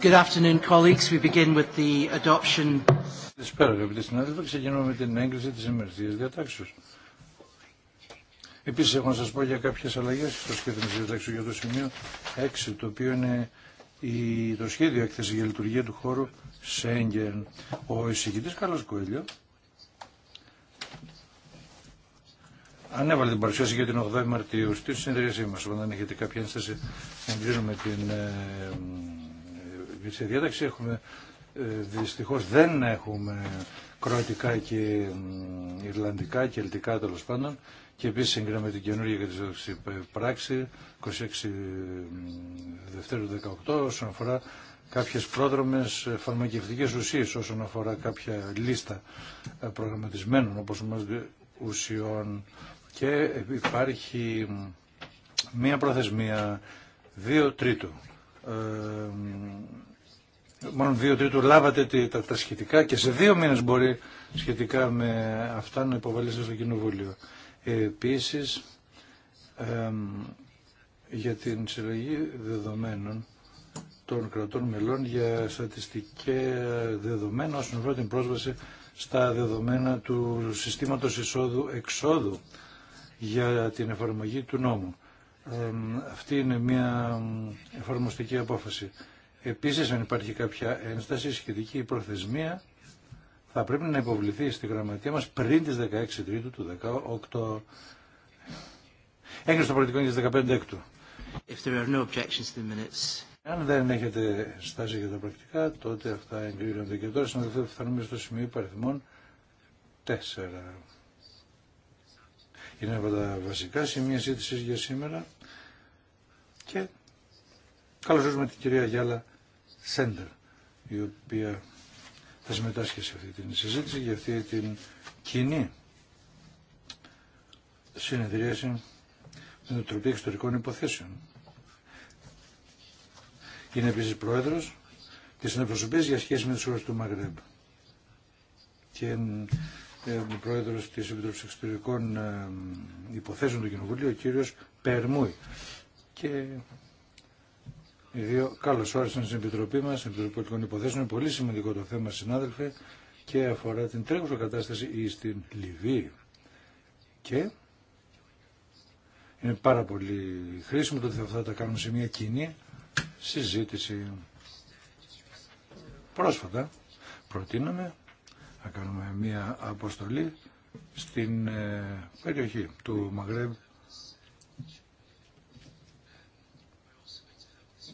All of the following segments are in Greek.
Good afternoon, colleagues. We begin with the adoption. Καλησπέρα, αγαπητοί συνάδελφοι. Ξεκινούμε με την έγκριση τη ημερησία διατάξεω. Επίση, έχω να σα πω για κάποιε αλλαγέ στο σχέδιο τη διατάξεω για το σημείο 6, το οποίο είναι η, το σχέδιο έκθεση για λειτουργία του χώρου Σέγγεν. Ο εισηγητή Καλός Κοέλιο ανέβαλε την παρουσίαση για την 8η Μαρτίου στη συνεδρίασή μα. Όταν λοιπόν, έχετε κάποια ένσταση, εγκρίνουμε την. Ε, σε διάταξη έχουμε, ε, δυστυχώς δεν έχουμε κροατικά και ιρλανδικά και ελτικά τέλο πάντων και επίσης συγκρίναμε την καινούργια κατησόδοξη πράξη 26 Δευτέρου 18 όσον αφορά κάποιες πρόδρομες φαρμακευτικές ουσίες όσον αφορά κάποια λίστα ε, προγραμματισμένων όπως μας ουσιών και υπάρχει μία προθεσμία 2 τρίτου ε, μόνο δύο τρίτου λάβατε τα, τα σχετικά και σε δύο μήνες μπορεί σχετικά με αυτά να υποβαλήσετε στο Κοινοβούλιο. Επίσης, για την συλλογή δεδομένων των κρατών μελών για στατιστικέ δεδομένα όσον αφορά την πρόσβαση στα δεδομένα του συστήματος εισόδου-εξόδου για την εφαρμογή του νόμου. αυτή είναι μια εφαρμοστική απόφαση. Επίσης, αν υπάρχει κάποια ένσταση σχετική η προθεσμία, θα πρέπει να υποβληθεί στη γραμματεία μας πριν τις 16 Τρίτου του 18. Έγινε στο πρωτικό για 15 Έκτου. If there no objections to the minutes. Αν δεν έχετε στάση για τα πρακτικά, τότε αυτά εγκρίνονται. Και τώρα θα φτάνουμε στο σημείο υπαριθμών 4. Είναι από τα βασικά σημεία σύντησης για σήμερα και Καλώς ήρθαμε την κυρία Γιάλα Σέντερ, η οποία θα συμμετάσχει σε αυτή την συζήτηση για αυτή την κοινή συνεδρίαση με την Τροπή Εξωτερικών Υποθέσεων. Είναι επίσης πρόεδρος της Συνεπροσωπής για σχέση με τις χώρες του Μαγρέμπ και ε, ε, πρόεδρος της Επιτροπής Εξωτερικών ε, Υποθέσεων του Κοινοβουλίου, ο κύριος Περμούη. Και οι δύο καλώ όρισαν στην Επιτροπή μα, στην Επιτροπή Πολιτικών Υποθέσεων. Είναι πολύ σημαντικό το θέμα, συνάδελφε, και αφορά την τρέχουσα κατάσταση στην Λιβύη. Και είναι πάρα πολύ χρήσιμο το ότι αυτά τα κάνουμε σε μια κοινή συζήτηση. Πρόσφατα προτείναμε να κάνουμε μια αποστολή στην ε, περιοχή του Μαγρέμπ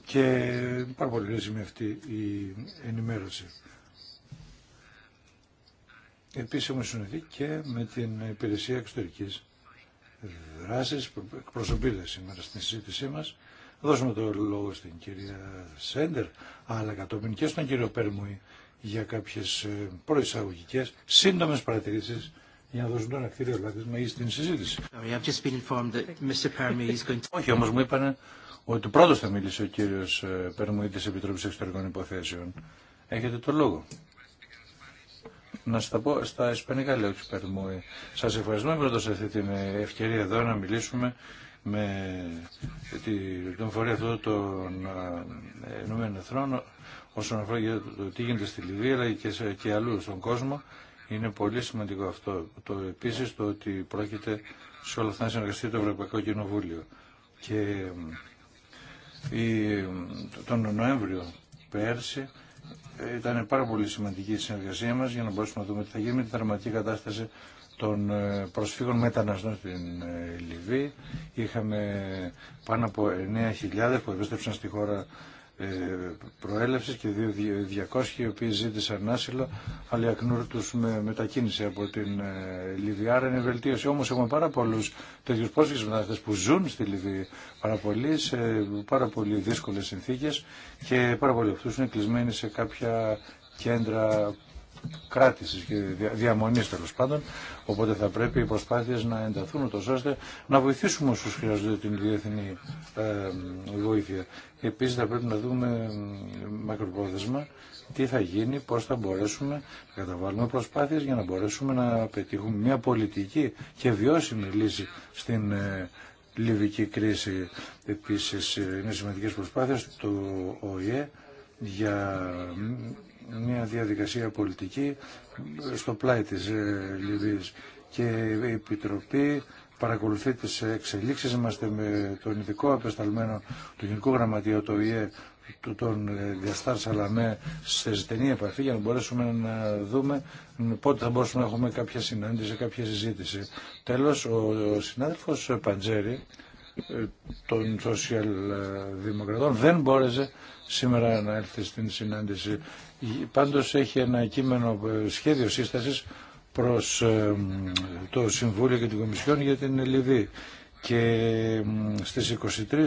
και πάρα πολύ χρήσιμη αυτή η ενημέρωση. Επίσης έχουμε συνοηθεί και με την υπηρεσία εξωτερικής δράσης που εκπροσωπείται σήμερα στην συζήτησή μας. δώσουμε το λόγο στην κυρία Σέντερ, αλλά κατόπιν και στον κύριο Πέρμουι για κάποιες ε, προεισαγωγικές σύντομες παρατηρήσεις για να δώσουν το ανακτήριο λάθισμα ή στην συζήτηση. Όχι, όμως μου είπανε ότι πρώτος θα μιλήσει ο κύριος ε, Περμουή της Επιτροπής Εξωτερικών Υποθέσεων. Έχετε το λόγο. Να σας τα πω στα ισπανικά λέω κύριε Περμουή. Σα ευχαριστώ πρώτα σε αυτή την ε, ευκαιρία εδώ να μιλήσουμε με την φορέα αυτό των ε, Ηνωμένων Εθνών όσον αφορά για το τι γίνεται στη Λιβύη αλλά και, σε, και αλλού στον κόσμο. Είναι πολύ σημαντικό αυτό. Το, επίσης το ότι πρόκειται σε όλα αυτά να συνεργαστεί το Ευρωπαϊκό Κοινοβούλιο. Και τον Νοέμβριο πέρσι ήταν πάρα πολύ σημαντική η συνεργασία μας για να μπορέσουμε να δούμε τι θα γίνει με την δραματική κατάσταση των ε, προσφύγων μεταναστών στην ε, Λιβύη. Είχαμε πάνω από 9.000 που επέστρεψαν στη χώρα ε, Προέλευση και 200 οι οποίοι ζήτησαν άσυλο, αλλά οι τους με μετακίνηση από την ε, Λιβύη. Άρα είναι βελτίωση. Όμως έχουμε πάρα πολλούς τέτοιους πρόσφυγες μεταναστές που ζουν στη Λιβύη πάρα πολύ, σε πάρα πολύ δύσκολες συνθήκες και πάρα πολλοί αυτούς είναι κλεισμένοι σε κάποια κέντρα κράτησης και διαμονής τέλο πάντων. Οπότε θα πρέπει οι προσπάθειες να ενταθούν ούτως ώστε να βοηθήσουμε όσους χρειάζονται την διεθνή ε, βοήθεια. Επίσης θα πρέπει να δούμε μακροπρόθεσμα τι θα γίνει, πώς θα μπορέσουμε να καταβάλουμε προσπάθειες για να μπορέσουμε να πετύχουμε μια πολιτική και βιώσιμη λύση στην ε, λιβική κρίση. Επίσης ε, είναι σημαντικές προσπάθειες του ΟΗΕ για μια διαδικασία πολιτική στο πλάι της ε, Λιβύης και Επιτροπή παρακολουθεί τις εξελίξεις. Είμαστε με τον ειδικό απεσταλμένο του Γενικού Γραμματείου το ΙΕ του τον ε, Διαστάρ Σαλαμέ σε ζητενή επαφή για να μπορέσουμε να δούμε πότε θα μπορούσαμε να έχουμε κάποια συνάντηση, κάποια συζήτηση. Τέλος, ο, ο συνάδελφος Παντζέρη ε, των σοσιαλδημοκρατών δεν μπόρεσε σήμερα να έρθει στην συνάντηση. Πάντως έχει ένα κείμενο ε, σχέδιο σύστασης προς ε, το Συμβούλιο και την Κομισιόν για την Λιβύη. Και στις 23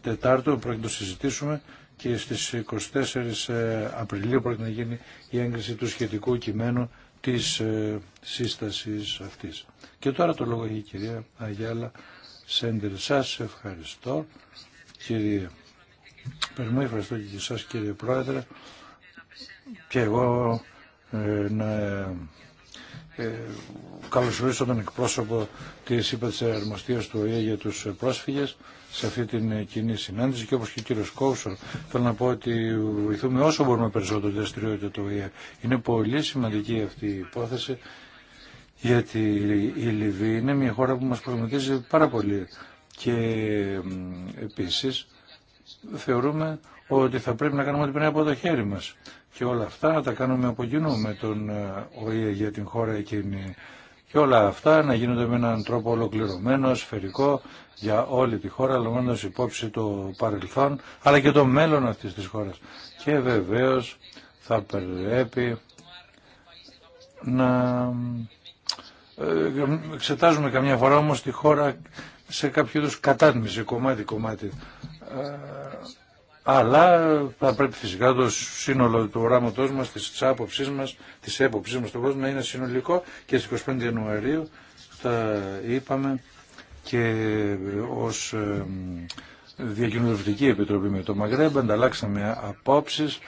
Τετάρτου πρέπει να το συζητήσουμε και στις 24 ε, Απριλίου πρέπει να γίνει η έγκριση του σχετικού κειμένου της ε, σύστασης αυτής. Και τώρα το λόγο έχει η κυρία Αγιάλα Σέντερ. Σας ευχαριστώ κύριε Περμού, ευχαριστώ και εσάς κύριε Πρόεδρε και εγώ να ε, καλωσορίσω τον εκπρόσωπο της είπα της του ΟΗΕ για τους πρόσφυγες σε αυτή την ε, κοινή συνάντηση και όπως και ο κύριος Κόουσο θέλω να πω ότι βοηθούμε όσο μπορούμε περισσότερο τη δραστηριότητα του ΟΗΕ. Είναι πολύ σημαντική αυτή η υπόθεση γιατί η Λιβύη είναι μια χώρα που μας προβληματίζει πάρα πολύ και επίσης θεωρούμε ότι θα πρέπει να κάνουμε ό,τι πρέπει από το χέρι μας και όλα αυτά τα κάνουμε από κοινού με τον ε, ΟΗΕ για την χώρα εκείνη. Και όλα αυτά να γίνονται με έναν τρόπο ολοκληρωμένο, σφαιρικό για όλη τη χώρα, λαμβάνοντα υπόψη το παρελθόν, αλλά και το μέλλον αυτής της χώρας. Και βεβαίως θα πρέπει να ε, εξετάζουμε καμιά φορά όμως τη χώρα σε κάποιο είδους κατάτμιση κομμάτι-κομμάτι αλλά θα πρέπει φυσικά το σύνολο του οράματός μας, της άποψή μας, της έποψής μας στον κόσμο να είναι συνολικό και στις 25 Ιανουαρίου τα είπαμε και ως ε, διακοινωτική επιτροπή με το Μαγρέμπ ανταλλάξαμε απόψεις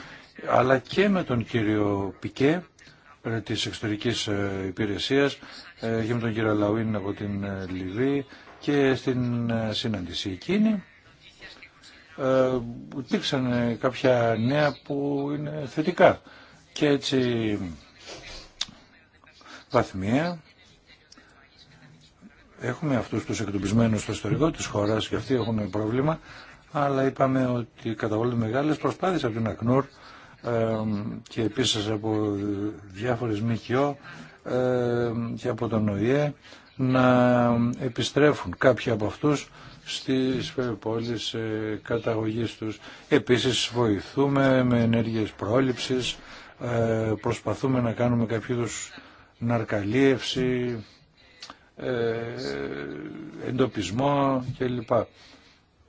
αλλά και με τον κύριο Πικέ ε, της εξωτερικής ε, υπηρεσίας και με τον κύριο Λαουίν από την Λιβύη και στην συνάντηση εκείνη ε, υπήρξαν κάποια νέα που είναι θετικά και έτσι βαθμία έχουμε αυτούς τους εκτοπισμένους στο ιστορικό της χώρας και αυτοί έχουν πρόβλημα αλλά είπαμε ότι κατά όλους μεγάλες προσπάθειες από την ΑΚΝΟΡ και επίσης από διάφορες ΜΚΟ και από τον ΟΗΕ να επιστρέφουν κάποιοι από αυτούς στις πόλεις ε, καταγωγής τους. Επίσης βοηθούμε με ενέργειες πρόληψης, ε, προσπαθούμε να κάνουμε κάποιο είδους ναρκαλίευση, ε, εντοπισμό κλπ.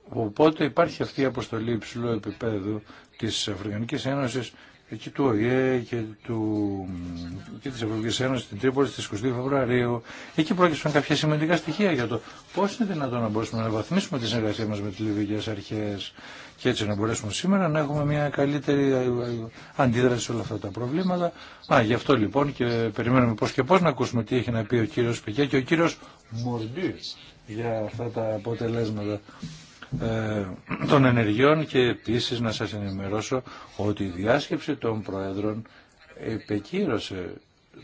Οπότε υπάρχει αυτή η αποστολή υψηλού επίπεδου της Αφρικανικής Ένωσης εκεί του ΟΗΕ και, του, και της Ευρωπαϊκής Ένωσης στην Τρίπολη στις 22 Φεβρουαρίου. Εκεί πρόκεισαν κάποια σημαντικά στοιχεία για το πώς είναι δυνατόν να μπορέσουμε να βαθμίσουμε τη συνεργασία μας με τις Λιβυγές Αρχές και έτσι να μπορέσουμε σήμερα να έχουμε μια καλύτερη ε, ε, αντίδραση σε όλα αυτά τα προβλήματα. Α, γι' αυτό λοιπόν και περιμένουμε πώς και πώς να ακούσουμε τι έχει να πει ο κύριος Πικέ και ο κύριος Μορντή για αυτά τα αποτελέσματα. Ε, των ενεργειών και επίσης να σας ενημερώσω ότι η διάσκεψη των Προέδρων επεκύρωσε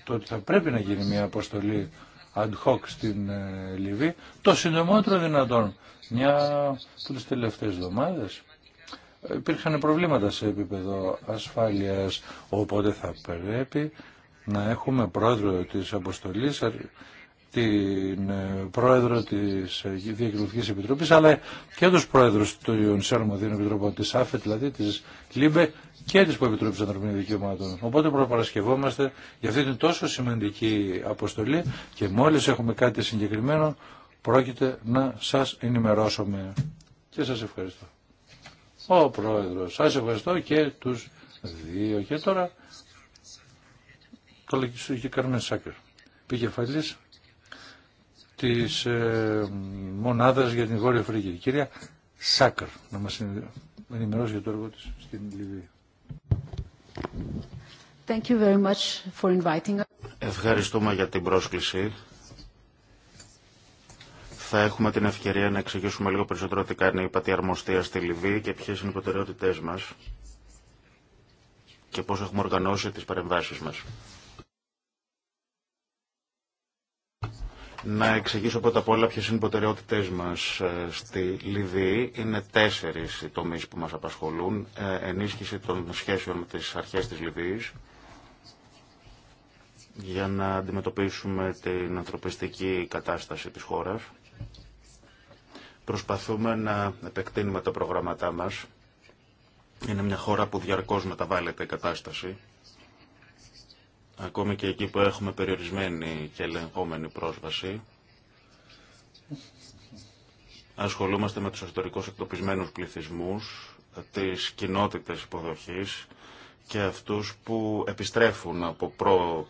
το ότι θα πρέπει να γίνει μια αποστολή ad hoc στην ε, Λιβύη το συντομότερο δυνατόν μια από τις τελευταίες εβδομάδες υπήρχαν προβλήματα σε επίπεδο ασφάλειας οπότε θα πρέπει να έχουμε πρόεδρο της αποστολής την ε, πρόεδρο τη ε, Διακοινωνικής Επιτροπή, αλλά και του πρόεδρους των Σερμοδίων Επιτροπών τη ΑΦΕ, δηλαδή τη ΛΥΜΠΕ και της Επιτροπής Ανθρωπίνων Δικαιωμάτων. Οπότε προπαρασκευόμαστε για αυτή την τόσο σημαντική αποστολή και μόλι έχουμε κάτι συγκεκριμένο πρόκειται να σα ενημερώσουμε. Και σα ευχαριστώ. Ο Πρόεδρο, σα ευχαριστώ και του δύο. Και τώρα, το λέγει και Καρμέν Σάκερ, φαλής της ε, μονάδας για την Βόρεια Αφρική. Η κυρία Σάκαρ, να μας ενημερώσει για το έργο της στην Λιβύη. Thank you very much for inviting Ευχαριστούμε για την πρόσκληση. Θα έχουμε την ευκαιρία να εξηγήσουμε λίγο περισσότερο τι κάνει η Αρμοστία στη Λιβύη και ποιες είναι οι προτεραιότητές μας και πώς έχουμε οργανώσει τις παρεμβάσεις μας. Να εξηγήσω πρώτα απ' όλα ποιε είναι οι προτεραιότητέ μα ε, στη Λιβύη. Είναι τέσσερι οι τομεί που μα απασχολούν. Ε, ενίσχυση των σχέσεων με τι αρχέ τη Λιβύη για να αντιμετωπίσουμε την ανθρωπιστική κατάσταση της χώρας. Προσπαθούμε να επεκτείνουμε τα προγράμματά μας. Είναι μια χώρα που διαρκώς μεταβάλλεται η κατάσταση ακόμη και εκεί που έχουμε περιορισμένη και ελεγχόμενη πρόσβαση. Ασχολούμαστε με τους ιστορικούς εκτοπισμένους πληθυσμούς, τις κοινότητες υποδοχής και αυτούς που επιστρέφουν από από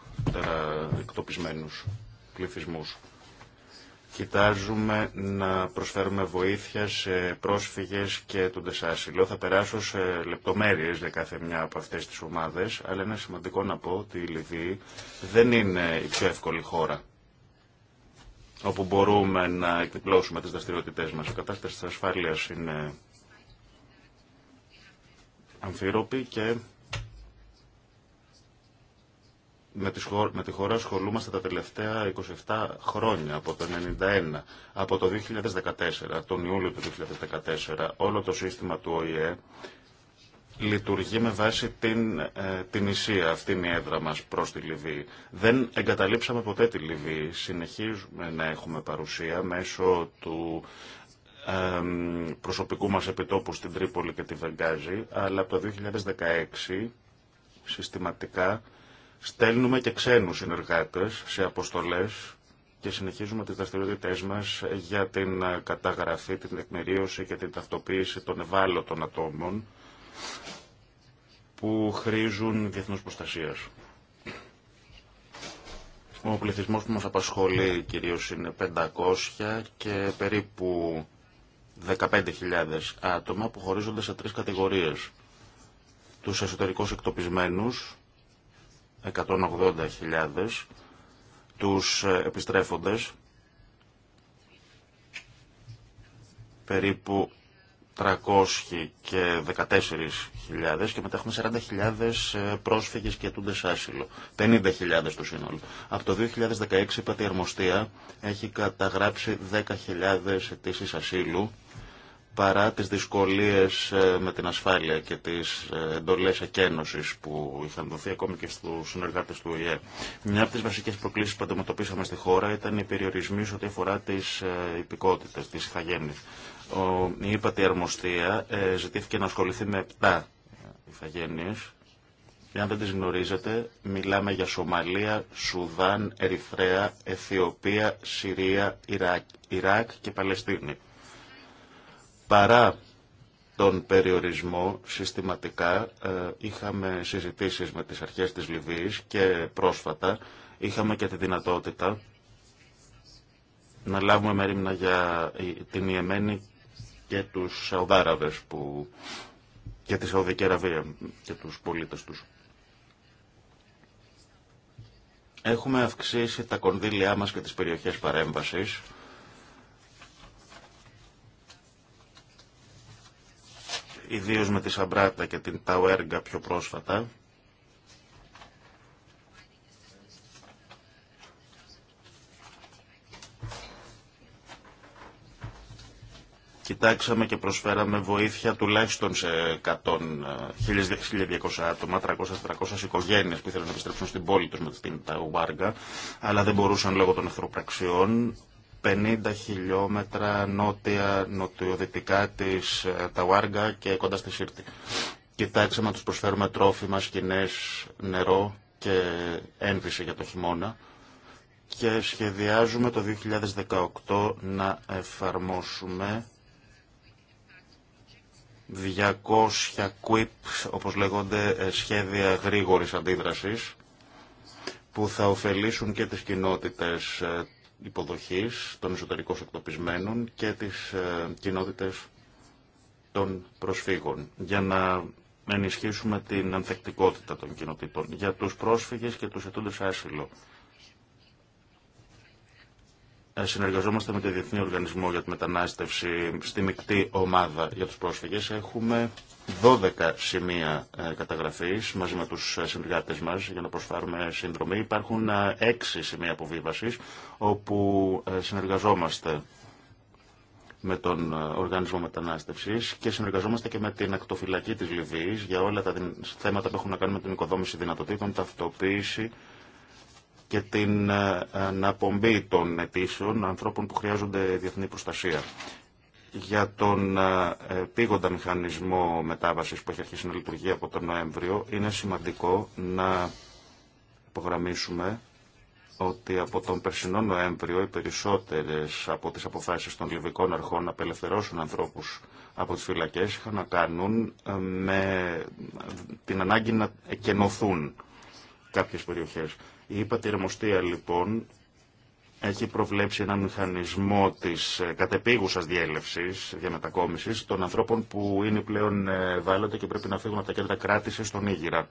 εκτοπισμένους πληθυσμούς. Κοιτάζουμε να προσφέρουμε βοήθεια σε πρόσφυγες και τον τεσσάσυλο. Θα περάσω σε λεπτομέρειες για κάθε μια από αυτές τις ομάδες, αλλά είναι σημαντικό να πω ότι η Λιβύη δεν είναι η πιο εύκολη χώρα όπου μπορούμε να εκτυπλώσουμε τις δραστηριότητές μας. Η κατάσταση της ασφάλειας είναι αμφιρόπη και με τη, χώρα, με ασχολούμαστε τα τελευταία 27 χρόνια, από το 1991, από το 2014, τον Ιούλιο του 2014, όλο το σύστημα του ΟΗΕ λειτουργεί με βάση την, ε, την Ισία, αυτή είναι η έδρα μας προς τη Λιβύη. Δεν εγκαταλείψαμε ποτέ τη Λιβύη, συνεχίζουμε να έχουμε παρουσία μέσω του προσωπικού μας επιτόπου στην Τρίπολη και τη Βεγγάζη, αλλά από το 2016 συστηματικά Στέλνουμε και ξένους συνεργάτες σε αποστολές και συνεχίζουμε τις δραστηριότητές μας για την καταγραφή, την εκμερίωση και την ταυτοποίηση των ευάλωτων ατόμων που χρήζουν διεθνούς προστασία. Ο πληθυσμός που μας απασχολεί κυρίως είναι 500 και περίπου 15.000 άτομα που χωρίζονται σε τρεις κατηγορίες. Τους εσωτερικώς εκτοπισμένους, 180.000 τους ε, επιστρέφοντες, περίπου 314.000 και μετά έχουμε 40.000 ε, πρόσφυγες και αιτούντες άσυλο. 50.000 το σύνολο. Από το 2016 η Αρμοστία έχει καταγράψει 10.000 αιτήσει ασύλου παρά τις δυσκολίες ε, με την ασφάλεια και τις ε, εντολές εκένωσης που είχαν δοθεί ακόμη και στους συνεργάτες του ΟΗΕ. Μια από τις βασικές προκλήσεις που αντιμετωπίσαμε στη χώρα ήταν οι περιορισμοί σε ό,τι αφορά τις ε, υπηκότητες, τις ηθαγένειες. Η ύπατη αρμοστία ζητήθηκε να ασχοληθεί με 7 και αν δεν τις γνωρίζετε, μιλάμε για Σομαλία, Σουδάν, Ερυθρέα, Αιθιοπία, Συρία, Ιράκ, Ιράκ και Παλαιστίνη παρά τον περιορισμό συστηματικά ε, είχαμε συζητήσεις με τις αρχές της Λιβύης και πρόσφατα είχαμε και τη δυνατότητα να λάβουμε μερίμνα για την Ιεμένη και τους Σαουδάραβες που, και τη Σαουδική Αραβία και τους πολίτες τους. Έχουμε αυξήσει τα κονδύλια μας και τις περιοχές παρέμβασης ιδίως με τη Σαμπράτα και την Ταουέργα πιο πρόσφατα. Κοιτάξαμε και προσφέραμε βοήθεια τουλάχιστον σε 1.200 ε, άτομα, 300-400 οικογένειες που ήθελαν να επιστρέψουν στην πόλη τους με την Ταουάργα, αλλά δεν μπορούσαν λόγω των εχθροπραξιών. 50 χιλιόμετρα νότια, νοτιοδυτικά της ε, Ταουάργα και κοντά στη Σύρτη. Κοιτάξαμε να τους προσφέρουμε τρόφιμα, σκηνές, νερό και ένδυση για το χειμώνα και σχεδιάζουμε το 2018 να εφαρμόσουμε 200 quip, όπως λέγονται, ε, σχέδια γρήγορης αντίδρασης που θα ωφελήσουν και τις κοινότητες ε, υποδοχής των εσωτερικών εκτοπισμένων και τις ε, κοινότητες των προσφύγων για να ενισχύσουμε την ανθεκτικότητα των κοινοτήτων για τους πρόσφυγες και τους ετούντες άσυλο συνεργαζόμαστε με το Διεθνή Οργανισμό για τη Μετανάστευση στη μεικτή ομάδα για τους πρόσφυγες. Έχουμε 12 σημεία ε, καταγραφής μαζί με τους ε, συνεργάτες μας για να προσφέρουμε συνδρομή. Υπάρχουν 6 ε, σημεία αποβίβασης όπου συνεργαζόμαστε με τον Οργανισμό Μετανάστευση και συνεργαζόμαστε και με την ακτοφυλακή τη Λιβύη για όλα τα θέματα που έχουν να κάνουν με την οικοδόμηση δυνατοτήτων, ταυτοποίηση και την ε, αναπομπή των αιτήσεων ανθρώπων που χρειάζονται διεθνή προστασία. Για τον ε, πήγοντα μηχανισμό μετάβασης που έχει αρχίσει να λειτουργεί από τον Νοέμβριο, είναι σημαντικό να υπογραμμίσουμε ότι από τον περσινό Νοέμβριο οι περισσότερες από τις αποφάσεις των λιβικών αρχών να απελευθερώσουν ανθρώπους από τις φυλακές είχαν να κάνουν ε, με την ανάγκη να εκενωθούν κάποιες περιοχές. Η υπατηρεμοστία λοιπόν έχει προβλέψει ένα μηχανισμό της ε, κατεπίγουσας διέλευσης, διαμετακόμισης των ανθρώπων που είναι πλέον βάλλοντα ε, και πρέπει να φύγουν από τα κέντρα κράτησης στον Ήγηρα.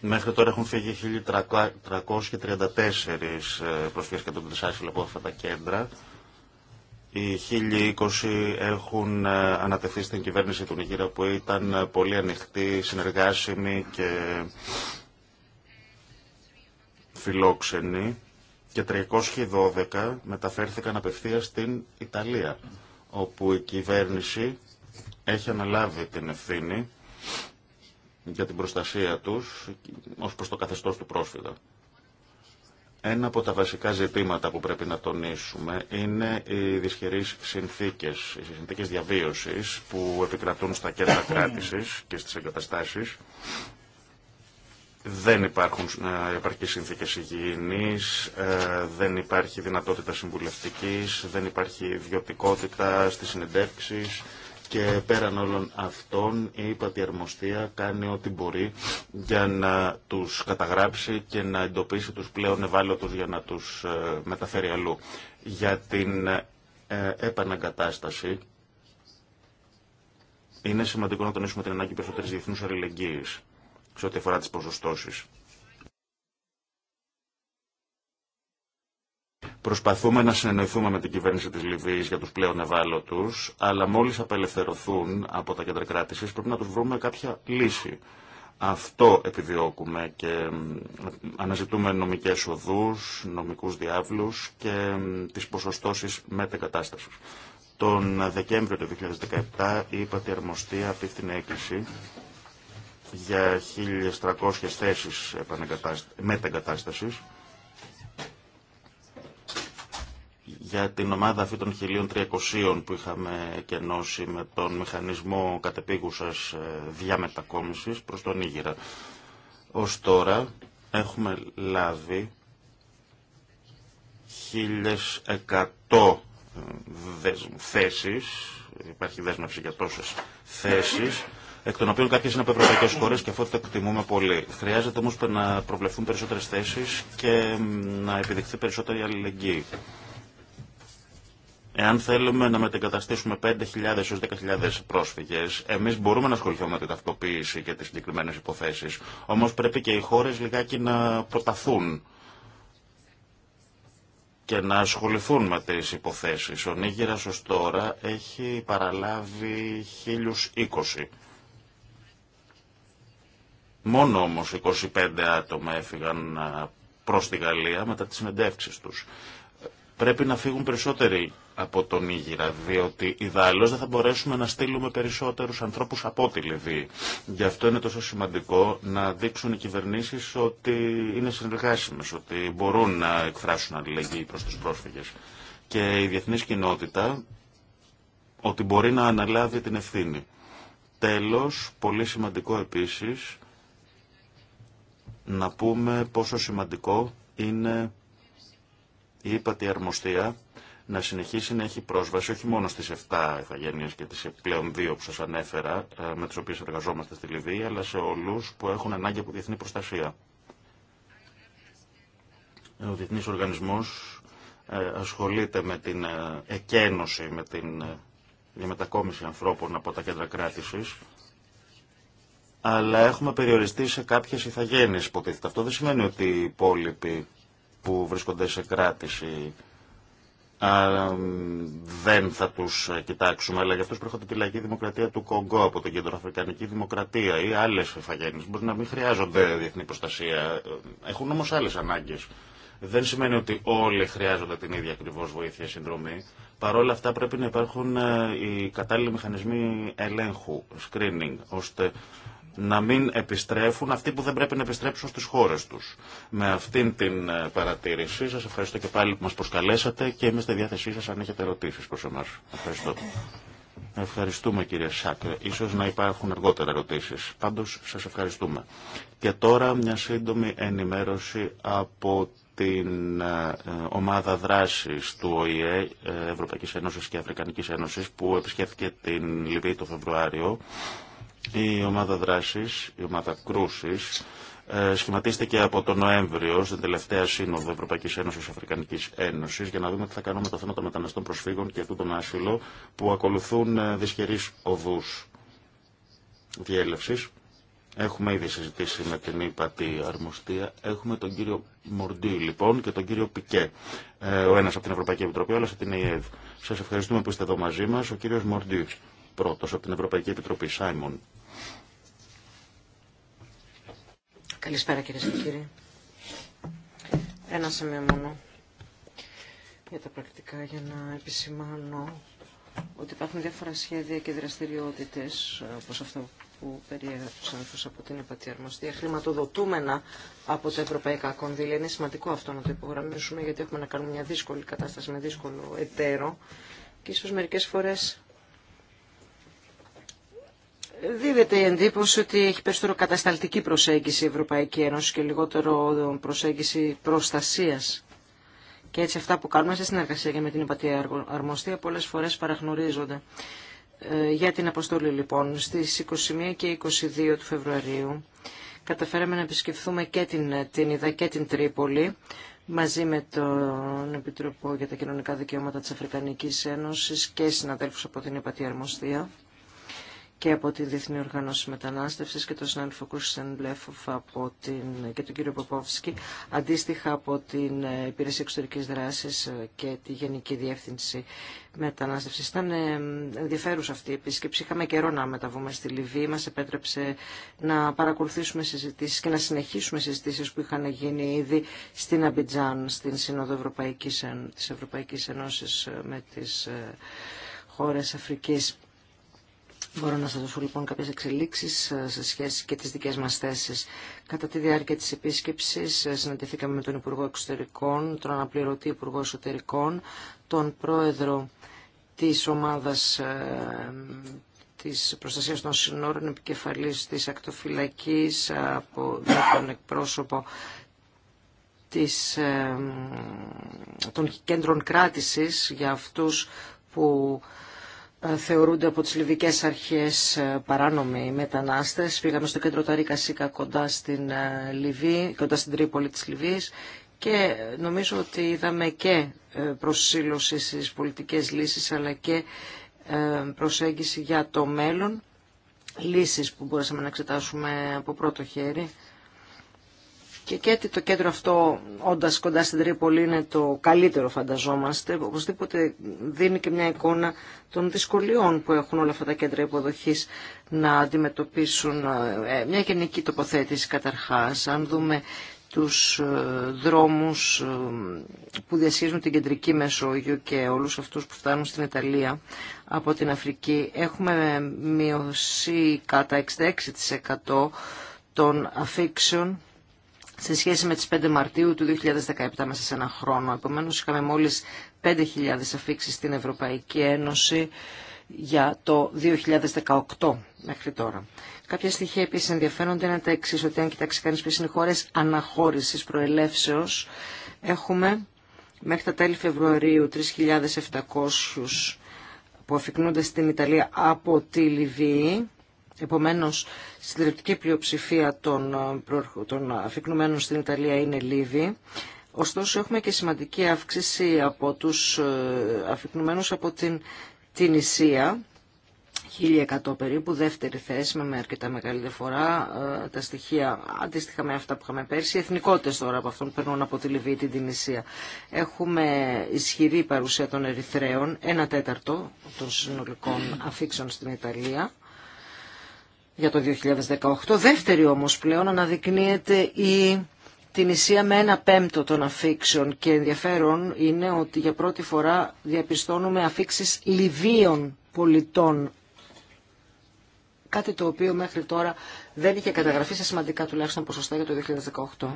Μέχρι τώρα έχουν φύγει 1.334 προσφύγες και τον από αυτά τα κέντρα οι 1020 έχουν ε, ανατεθεί στην κυβέρνηση του Νιγήρα που ήταν ε, πολύ ανοιχτή, συνεργάσιμη και φιλόξενη και 312 μεταφέρθηκαν απευθείας στην Ιταλία όπου η κυβέρνηση έχει αναλάβει την ευθύνη για την προστασία τους ως προς το καθεστώς του πρόσφυγα. Ένα από τα βασικά ζητήματα που πρέπει να τονίσουμε είναι οι δυσχερείς συνθήκες, οι συνθήκες διαβίωσης που επικρατούν στα κέντρα κράτησης και στις εγκαταστάσεις. Δεν υπάρχουν επαρκείς συνθήκες υγιεινής, ε, δεν υπάρχει δυνατότητα συμβουλευτικής, δεν υπάρχει ιδιωτικότητα στις συνεντεύξεις, και πέραν όλων αυτών η Πατιαρμοστία κάνει ό,τι μπορεί για να τους καταγράψει και να εντοπίσει τους πλέον ευάλωτους για να τους ε, μεταφέρει αλλού. Για την ε, επαναγκατάσταση είναι σημαντικό να τονίσουμε την ανάγκη περισσότερης διεθνούς αλληλεγγύης σε ό,τι αφορά τις ποσοστώσεις. Προσπαθούμε να συνεννοηθούμε με την κυβέρνηση τη Λιβύης για του πλέον ευάλωτου, αλλά μόλι απελευθερωθούν από τα κέντρα κράτηση πρέπει να του βρούμε κάποια λύση. Αυτό επιδιώκουμε και αναζητούμε νομικές οδούς, νομικούς διάβλους και τις ποσοστώσεις μετεγκατάστασης. Τον Δεκέμβριο του 2017 είπα η αυτή απίφθηνε έκκληση για 1.300 θέσεις μετεγκατάστασης για την ομάδα αυτή των 1300 που είχαμε κενώσει με τον μηχανισμό κατεπίγουσας ε, διαμετακόμισης προς τον Ήγηρα. Ως τώρα έχουμε λάβει 1100 ε, θέσεις, υπάρχει δέσμευση για τόσες θέσεις, εκ των οποίων κάποιες είναι από ευρωπαϊκέ χώρε και αυτό το εκτιμούμε πολύ. Χρειάζεται όμω να προβλεφθούν περισσότερε θέσει και να επιδειχθεί περισσότερη αλληλεγγύη. Εάν θέλουμε να μετεγκαταστήσουμε 5.000 έως 10.000 πρόσφυγες, εμείς μπορούμε να ασχοληθούμε με την ταυτοποίηση και τις συγκεκριμένε υποθέσεις. Όμως πρέπει και οι χώρες λιγάκι να προταθούν και να ασχοληθούν με τις υποθέσεις. Ο Νίγηρας ως τώρα έχει παραλάβει 1.020. Μόνο όμως 25 άτομα έφυγαν ε, προς τη Γαλλία μετά τις συνεντεύξεις τους. Πρέπει να φύγουν περισσότεροι από τον Ήγηρα, διότι ιδάλλως δεν θα μπορέσουμε να στείλουμε περισσότερους ανθρώπους από τη Λιβύη. Γι' αυτό είναι τόσο σημαντικό να δείξουν οι κυβερνήσεις ότι είναι συνεργάσιμες, ότι μπορούν να εκφράσουν αλληλεγγύη προς τους πρόσφυγες. Και η διεθνής κοινότητα ότι μπορεί να αναλάβει την ευθύνη. Τέλος, πολύ σημαντικό επίσης, να πούμε πόσο σημαντικό είναι η υπατιαρμοστία να συνεχίσει να έχει πρόσβαση όχι μόνο στις 7 ηθαγένειες και τις πλέον δύο που σας ανέφερα, ε, με τις οποίες εργαζόμαστε στη Λιβύη, αλλά σε όλους που έχουν ανάγκη από διεθνή προστασία. Ο Διεθνής Οργανισμός ε, ασχολείται με την ε, εκένωση, με την διαμετακόμιση ανθρώπων από τα κέντρα κράτησης, αλλά έχουμε περιοριστεί σε κάποιες ηθαγένειες υποτίθεται. Αυτό δεν σημαίνει ότι οι υπόλοιποι που βρίσκονται σε κράτηση δεν θα τους ε, κοιτάξουμε, αλλά για αυτούς προέρχονται τη λαϊκή δημοκρατία του Κογκό, από την κεντροαφρικανική δημοκρατία ή άλλες εφαγένειες. Μπορεί να μην χρειάζονται διεθνή προστασία, ε, έχουν όμως άλλες ανάγκες. Δεν σημαίνει ότι όλοι χρειάζονται την ίδια ακριβώ βοήθεια συνδρομή. Παρ' όλα αυτά πρέπει να υπάρχουν ε, οι κατάλληλοι μηχανισμοί ελέγχου, screening, ώστε να μην επιστρέφουν αυτοί που δεν πρέπει να επιστρέψουν στις χώρες τους. Με αυτήν την ε, παρατήρηση σας ευχαριστώ και πάλι που μας προσκαλέσατε και είμαι στη διάθεσή σας αν έχετε ερωτήσεις προς εμάς. Ευχαριστώ. Ευχαριστούμε κύριε Σάκρε. Ίσως να υπάρχουν αργότερα ερωτήσεις. Πάντως σας ευχαριστούμε. Και τώρα μια σύντομη ενημέρωση από την ε, ομάδα δράσης του ΟΗΕ, ε, Ευρωπαϊκής Ένωσης και Αφρικανικής Ένωσης, που επισκέφθηκε την Λιβύη το Φεβρουάριο η ομάδα δράσης, η ομάδα κρούσης, ε, σχηματίστηκε από τον Νοέμβριο στην τελευταία σύνοδο Ευρωπαϊκής Ένωσης Αφρικανικής Ένωσης για να δούμε τι θα κάνουμε με το θέμα των μεταναστών προσφύγων και αυτού τον άσυλο που ακολουθούν ε, δυσχερείς οδούς διέλευσης. Έχουμε ήδη συζητήσει με την ύπατη αρμοστία. Έχουμε τον κύριο Μορντή λοιπόν και τον κύριο Πικέ. Ε, ο ένας από την Ευρωπαϊκή Επιτροπή, ο άλλος από την ΕΕΔ. Σας ευχαριστούμε που είστε εδώ μαζί μας. Ο κύριος Μορντή πρώτος από την Ευρωπαϊκή Επιτροπή. Σάιμον. Καλησπέρα κυρίε και κύριοι. Ένα σημείο μόνο για τα πρακτικά για να επισημάνω ότι υπάρχουν διάφορα σχέδια και δραστηριότητες όπως αυτό που αφού από την Επατή Αρμοστία, χρηματοδοτούμενα από τα ευρωπαϊκά κονδύλια. Είναι σημαντικό αυτό να το υπογραμμίσουμε γιατί έχουμε να κάνουμε μια δύσκολη κατάσταση με δύσκολο εταίρο και ίσως μερικές φορέ. Δίδεται η εντύπωση ότι έχει περισσότερο κατασταλτική προσέγγιση η Ευρωπαϊκή Ένωση και λιγότερο προσέγγιση προστασίας. Και έτσι αυτά που κάνουμε σε συνεργασία και με την υπατή αρμοστία πολλές φορές παραγνωρίζονται. Ε, για την αποστολή λοιπόν στις 21 και 22 του Φεβρουαρίου καταφέραμε να επισκεφθούμε και την, την και την Τρίπολη μαζί με τον Επιτροπό για τα Κοινωνικά Δικαιώματα της Αφρικανικής Ένωσης και συναδέλφους από την Υπατή Αρμοστία και από την Διεθνή Οργανώση Μετανάστευσης και τον συνάδελφο Κούρσεν Μπλέφοφ και τον κύριο Ποπόφσκι, αντίστοιχα από την ε, Υπηρεσία Εξωτερικής Δράσης ε, και τη Γενική Διεύθυνση μετανάστευση. Ήταν ε, ενδιαφέρουσα αυτή η επίσκεψη. Είχαμε καιρό να μεταβούμε στη Λιβύη. Μα επέτρεψε να παρακολουθήσουμε συζητήσει και να συνεχίσουμε συζητήσει που είχαν γίνει ήδη στην Αμπιτζάν, στην Σύνοδο Ευρωπαϊκής, Ευρωπαϊκή Ένωση με τι χώρε Αφρική. Μπορώ να σα δώσω λοιπόν κάποιε εξελίξεις ε, σε σχέση και τι δικές μας θέσεις. Κατά τη διάρκεια της επίσκεψης ε, συναντηθήκαμε με τον Υπουργό Εξωτερικών, τον αναπληρωτή Υπουργό Εσωτερικών, τον Πρόεδρο της ομάδας ε, της προστασίας των συνόρων, επικεφαλής της ακτοφυλακής, από τον εκπρόσωπο της, των κέντρων κράτησης για αυτούς που ε, θεωρούνται από τις λιβικές αρχές ε, παράνομοι μετανάστες. Πήγαμε στο κέντρο Ταρίκα κοντά στην, ε, Λιβύη, κοντά στην Τρίπολη της Λιβύης και νομίζω ότι είδαμε και προσήλωση στις πολιτικές λύσεις αλλά και προσέγγιση για το μέλλον, λύσεις που μπορέσαμε να εξετάσουμε από πρώτο χέρι και γιατί το κέντρο αυτό, όντα κοντά στην Τρίπολη, είναι το καλύτερο, φανταζόμαστε. Οπωσδήποτε δίνει και μια εικόνα των δυσκολιών που έχουν όλα αυτά τα κέντρα υποδοχή να αντιμετωπίσουν. Ε, μια γενική τοποθέτηση, καταρχά. Αν δούμε τους ε, δρόμους ε, που διασχίζουν την κεντρική Μεσόγειο και όλους αυτούς που φτάνουν στην Ιταλία από την Αφρική. Έχουμε μειωσεί κατά 66% των αφήξεων σε σχέση με τις 5 Μαρτίου του 2017 μέσα σε ένα χρόνο. Επομένως είχαμε μόλις 5.000 αφήξεις στην Ευρωπαϊκή Ένωση για το 2018 μέχρι τώρα. Κάποια στοιχεία επίσης ενδιαφέρονται είναι τα εξής, ότι αν κοιτάξει κανείς ποιες είναι οι χώρες αναχώρησης προελεύσεως, έχουμε μέχρι τα τέλη Φεβρουαρίου 3.700 που αφικνούνται στην Ιταλία από τη Λιβύη, Επομένως, η συντριπτική πλειοψηφία των, ε, των αφικνουμένων στην Ιταλία είναι Λίβοι. Ωστόσο, έχουμε και σημαντική αύξηση από τους ε, αφικνουμένους από την, την Ισία, 1100 περίπου, δεύτερη θέση με αρκετά μεγάλη διαφορά. Ε, τα στοιχεία αντίστοιχα με αυτά που είχαμε πέρσι. Οι εθνικότητε τώρα από αυτόν περνούν από τη Λιβύη την Τινησία. Έχουμε ισχυρή παρουσία των Ερυθρέων, ένα τέταρτο των συνολικών αφήξεων στην Ιταλία για το 2018. Δεύτερη όμως πλέον αναδεικνύεται η την Ισία με ένα πέμπτο των αφήξεων και ενδιαφέρον είναι ότι για πρώτη φορά διαπιστώνουμε αφήξεις Λιβύων πολιτών. Κάτι το οποίο μέχρι τώρα δεν είχε καταγραφεί σε σημαντικά τουλάχιστον ποσοστά για το 2018.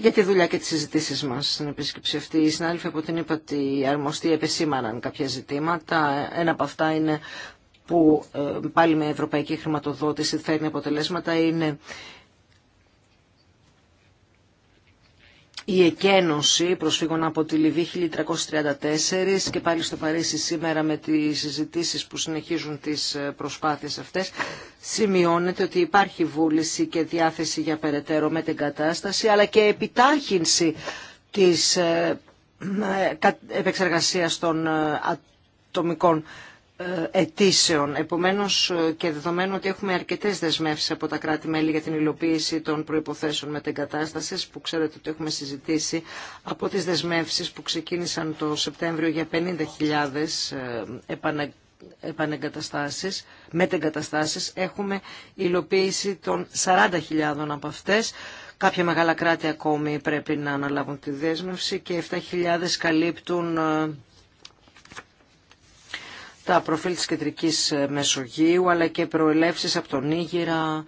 για τη δουλειά και τις συζητήσεις μας στην επίσκεψη αυτή. Οι συνάδελφοι από την είπα ότι αρμοστοί επεσήμαναν κάποια ζητήματα. Ένα από αυτά είναι που ε, πάλι με ευρωπαϊκή χρηματοδότηση φέρνει αποτελέσματα είναι η εκένωση προσφύγων από τη Λιβύη 1334 και πάλι στο Παρίσι σήμερα με τις συζητήσεις που συνεχίζουν τις ε, προσπάθειες αυτές σημειώνεται ότι υπάρχει βούληση και διάθεση για περαιτέρω με την κατάσταση αλλά και επιτάχυνση της ε, ε, επεξεργασίας των ατομικών ε, αιτήσεων. Επομένως ε, και δεδομένου ότι έχουμε αρκετές δεσμεύσεις από τα κράτη-μέλη για την υλοποίηση των προϋποθέσεων μετεγκατάστασης που ξέρετε ότι έχουμε συζητήσει από τις δεσμεύσεις που ξεκίνησαν το Σεπτέμβριο για 50.000 ε, επανα επανεγκαταστάσεις, μετεγκαταστάσεις. Έχουμε υλοποίηση των 40.000 από αυτές. Κάποια μεγάλα κράτη ακόμη πρέπει να αναλάβουν τη δέσμευση και 7.000 καλύπτουν τα προφίλ της Κεντρικής ε, Μεσογείου, αλλά και προελεύσεις από τον Ήγηρα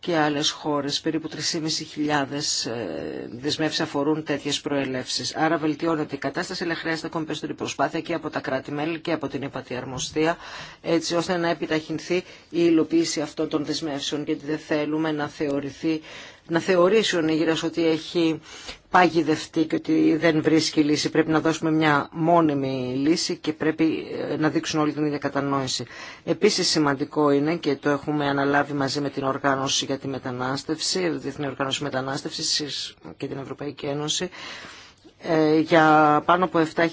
και άλλες χώρες. Περίπου 3.500 ε, δεσμεύσεις αφορούν τέτοιες προελεύσεις. Άρα βελτιώνεται η κατάσταση, αλλά χρειάζεται ακόμη περισσότερη προσπάθεια και από τα κράτη-μέλη και από την υπατιαρμοστία, έτσι ώστε να επιταχυνθεί η υλοποίηση αυτών των δεσμεύσεων, γιατί δεν θέλουμε να θεωρηθεί να θεωρήσει ο Νίγηρας ότι έχει παγιδευτεί και ότι δεν βρίσκει λύση. Πρέπει να δώσουμε μια μόνιμη λύση και πρέπει ε, να δείξουν όλη την ίδια κατανόηση. Επίσης σημαντικό είναι και το έχουμε αναλάβει μαζί με την Οργάνωση για τη Μετανάστευση, Διεθνή Οργάνωση Μετανάστευσης και την Ευρωπαϊκή Ένωση, ε, για πάνω από 7.000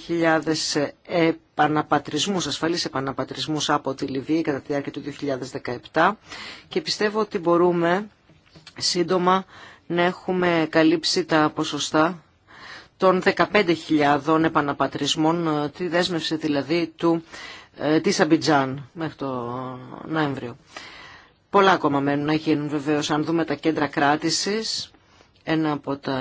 επαναπατρισμούς, ασφαλείς επαναπατρισμούς από τη Λιβύη κατά τη διάρκεια του 2017 και πιστεύω ότι μπορούμε σύντομα να έχουμε καλύψει τα ποσοστά των 15.000 επαναπατρισμών, ε, τη δέσμευση δηλαδή του, ε, της Αμπιτζάν μέχρι το Νοέμβριο. Πολλά ακόμα μένουν να γίνουν βεβαίως αν δούμε τα κέντρα κράτησης. Ένα από τα...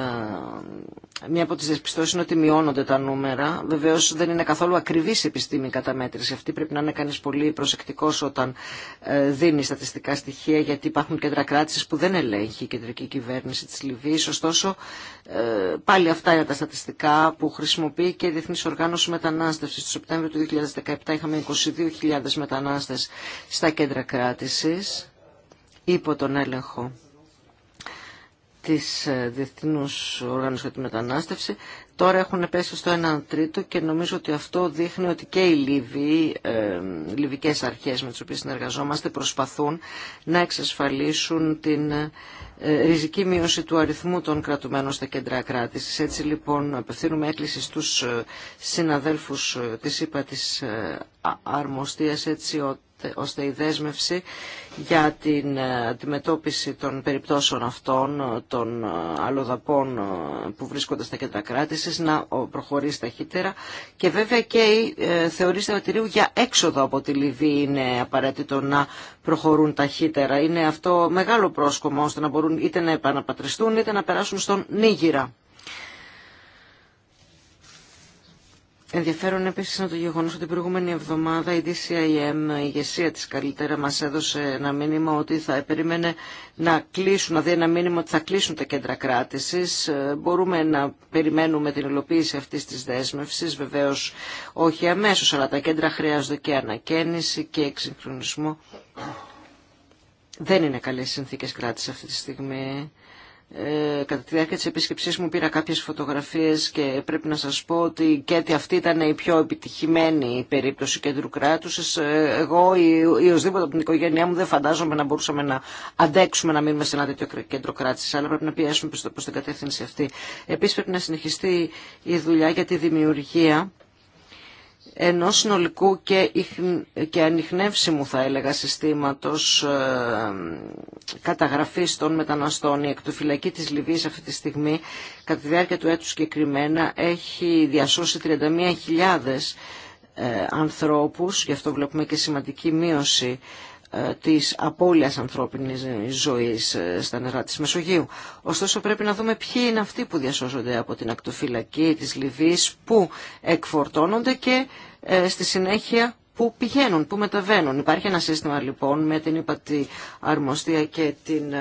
Μία από τις δεσπιστώσεις είναι ότι μειώνονται τα νούμερα. Βεβαίως δεν είναι καθόλου ακριβής η επιστήμη κατά μέτρηση. Αυτή πρέπει να είναι κανείς πολύ προσεκτικός όταν ε, δίνει στατιστικά στοιχεία γιατί υπάρχουν κέντρα κράτησης που δεν ελέγχει η κεντρική κυβέρνηση της Λιβύης. Ωστόσο ε, πάλι αυτά είναι τα στατιστικά που χρησιμοποιεί και η Διεθνής Οργάνωση Μετανάστευσης. Στο Σεπτέμβριο του 2017 είχαμε 22.000 μετανάστες στα κέντρα κράτησης υπό τον έλεγχο της ε, Διεθνούς Οργάνωσης για τη Μετανάστευση τώρα έχουν πέσει στο 1 τρίτο και νομίζω ότι αυτό δείχνει ότι και οι Λίβοι, οι ε, Λιβικές αρχές με τις οποίες συνεργαζόμαστε προσπαθούν να εξασφαλίσουν την ε, ριζική μείωση του αριθμού των κρατουμένων στα κέντρα κράτησης. Έτσι λοιπόν απευθύνουμε έκκληση στους συναδέλφους της ΥΠΑ της Αρμοστίας έτσι ότι ώστε η δέσμευση για την ε, αντιμετώπιση των περιπτώσεων αυτών, ε, των ε, αλλοδαπών που βρίσκονται στα κέντρα κράτησης, να προχωρήσει ταχύτερα. Και βέβαια και η θεωρήση θεωτηρίου για έξοδο από τη Λιβύη είναι απαραίτητο να προχωρούν ταχύτερα. Είναι αυτό μεγάλο πρόσκομο ώστε να μπορούν είτε να επαναπατριστούν είτε να περάσουν στον Νίγηρα. Ενδιαφέρον επίση είναι το γεγονό ότι την προηγούμενη εβδομάδα η DCIM, η ηγεσία τη καλύτερα, μα έδωσε ένα μήνυμα ότι θα περίμενε να κλείσουν, δει ένα μήνυμα ότι θα κλείσουν τα κέντρα κράτηση. Ε, μπορούμε να περιμένουμε την υλοποίηση αυτή τη δέσμευσης, βεβαίω, όχι αμέσω, αλλά τα κέντρα χρειάζονται και ανακαίνιση και εξυγχρονισμό. Δεν είναι καλέ συνθήκε κράτηση αυτή τη στιγμή. Ε, κατά τη διάρκεια της επίσκεψής μου πήρα κάποιες φωτογραφίες και πρέπει να σας πω ότι και ότι αυτή ήταν η πιο επιτυχημένη περίπτωση κέντρου κράτους. Ε, εγώ ή, οσδήποτε από την οικογένειά μου δεν φαντάζομαι να μπορούσαμε να αντέξουμε να μείνουμε σε ένα τέτοιο κέντρο κράτησης, αλλά πρέπει να πιέσουμε προς, προς την κατεύθυνση αυτή. Επίσης πρέπει να συνεχιστεί η δουλειά για τη δημιουργία ενός συνολικού και, και ανιχνεύσιμου θα έλεγα συστήματος ε, καταγραφής των μεταναστών. Η εκτοφυλακή της Λιβύης αυτή τη στιγμή κατά τη διάρκεια του έτους συγκεκριμένα έχει διασώσει 31.000 ε, ανθρώπους, γι' αυτό βλέπουμε και σημαντική μείωση ε, της απώλειας ανθρώπινης ζωής ε, στα νερά της Μεσογείου. Ωστόσο πρέπει να δούμε ποιοι είναι αυτοί που διασώζονται από την ακτοφυλακή της Λιβύης, που εκφορτώνονται και ε, στη συνέχεια που πηγαίνουν, που μεταβαίνουν. Υπάρχει ένα σύστημα λοιπόν με την υπατή αρμοστία και την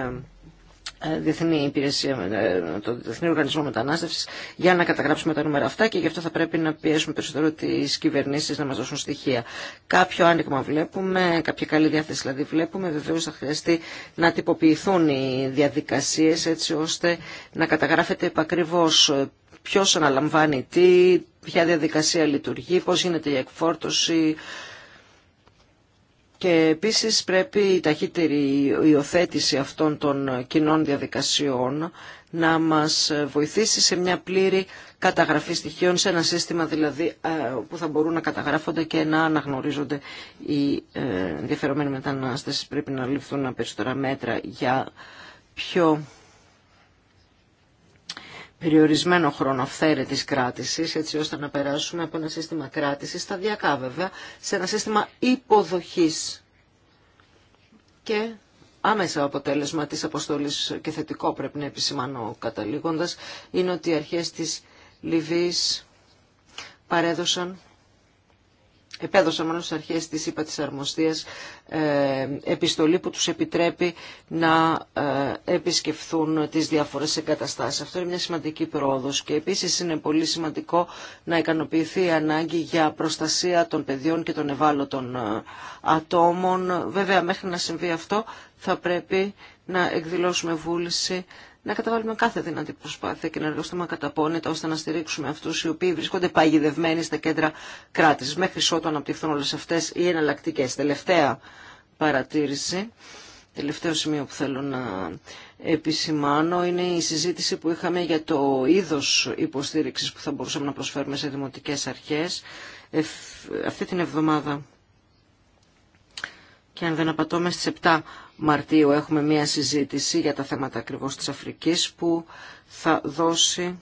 ε, διεθνή υπηρεσία, ε, το Διεθνή Οργανισμό Μετανάστευση, για να καταγράψουμε τα νούμερα αυτά και γι' αυτό θα πρέπει να πιέσουμε περισσότερο τι κυβερνήσει να μα δώσουν στοιχεία. Κάποιο άνοιγμα βλέπουμε, κάποια καλή διάθεση δηλαδή βλέπουμε. Βεβαίω θα χρειαστεί να τυποποιηθούν οι διαδικασίε έτσι ώστε να καταγράφεται επακριβώ ε, ποιο αναλαμβάνει τι, ποια διαδικασία λειτουργεί, πώ γίνεται η εκφόρτωση, και επίσης πρέπει η ταχύτερη υιοθέτηση αυτών των κοινών διαδικασιών να μας βοηθήσει σε μια πλήρη καταγραφή στοιχείων, σε ένα σύστημα δηλαδή ε, που θα μπορούν να καταγράφονται και να αναγνωρίζονται οι ε, ενδιαφερομένοι μετανάστες. Πρέπει να ληφθούν περισσότερα μέτρα για πιο περιορισμένο χρόνο αυθαίρετης κράτησης, έτσι ώστε να περάσουμε από ένα σύστημα κράτησης, σταδιακά βέβαια, σε ένα σύστημα υποδοχής. Και άμεσα αποτέλεσμα της αποστολής και θετικό πρέπει να επισημανώ καταλήγοντας, είναι ότι οι αρχές της Λιβύης παρέδωσαν επέδωσα μόνο στις αρχές της ΥΠΑ της Αρμοστίας ε, επιστολή που τους επιτρέπει να ε, επισκεφθούν τις διάφορες εγκαταστάσεις. Αυτό είναι μια σημαντική πρόοδος και επίσης είναι πολύ σημαντικό να ικανοποιηθεί η ανάγκη για προστασία των παιδιών και των ευάλωτων ε, ατόμων. Βέβαια μέχρι να συμβεί αυτό θα πρέπει να εκδηλώσουμε βούληση να καταβάλουμε κάθε δυνατή προσπάθεια και να εργαστούμε καταπώνητα ώστε να στηρίξουμε αυτού οι οποίοι βρίσκονται παγιδευμένοι στα κέντρα κράτη. Μέχρι ότου αναπτυχθούν όλε αυτέ οι εναλλακτικέ. Τελευταία παρατήρηση, τελευταίο σημείο που θέλω να επισημάνω είναι η συζήτηση που είχαμε για το είδο υποστήριξη που θα μπορούσαμε να προσφέρουμε σε δημοτικές αρχές αυτή την εβδομάδα. Και αν δεν απατώμε στις 7 Μαρτίου έχουμε μία συζήτηση για τα θέματα ακριβώς της Αφρικής που θα δώσει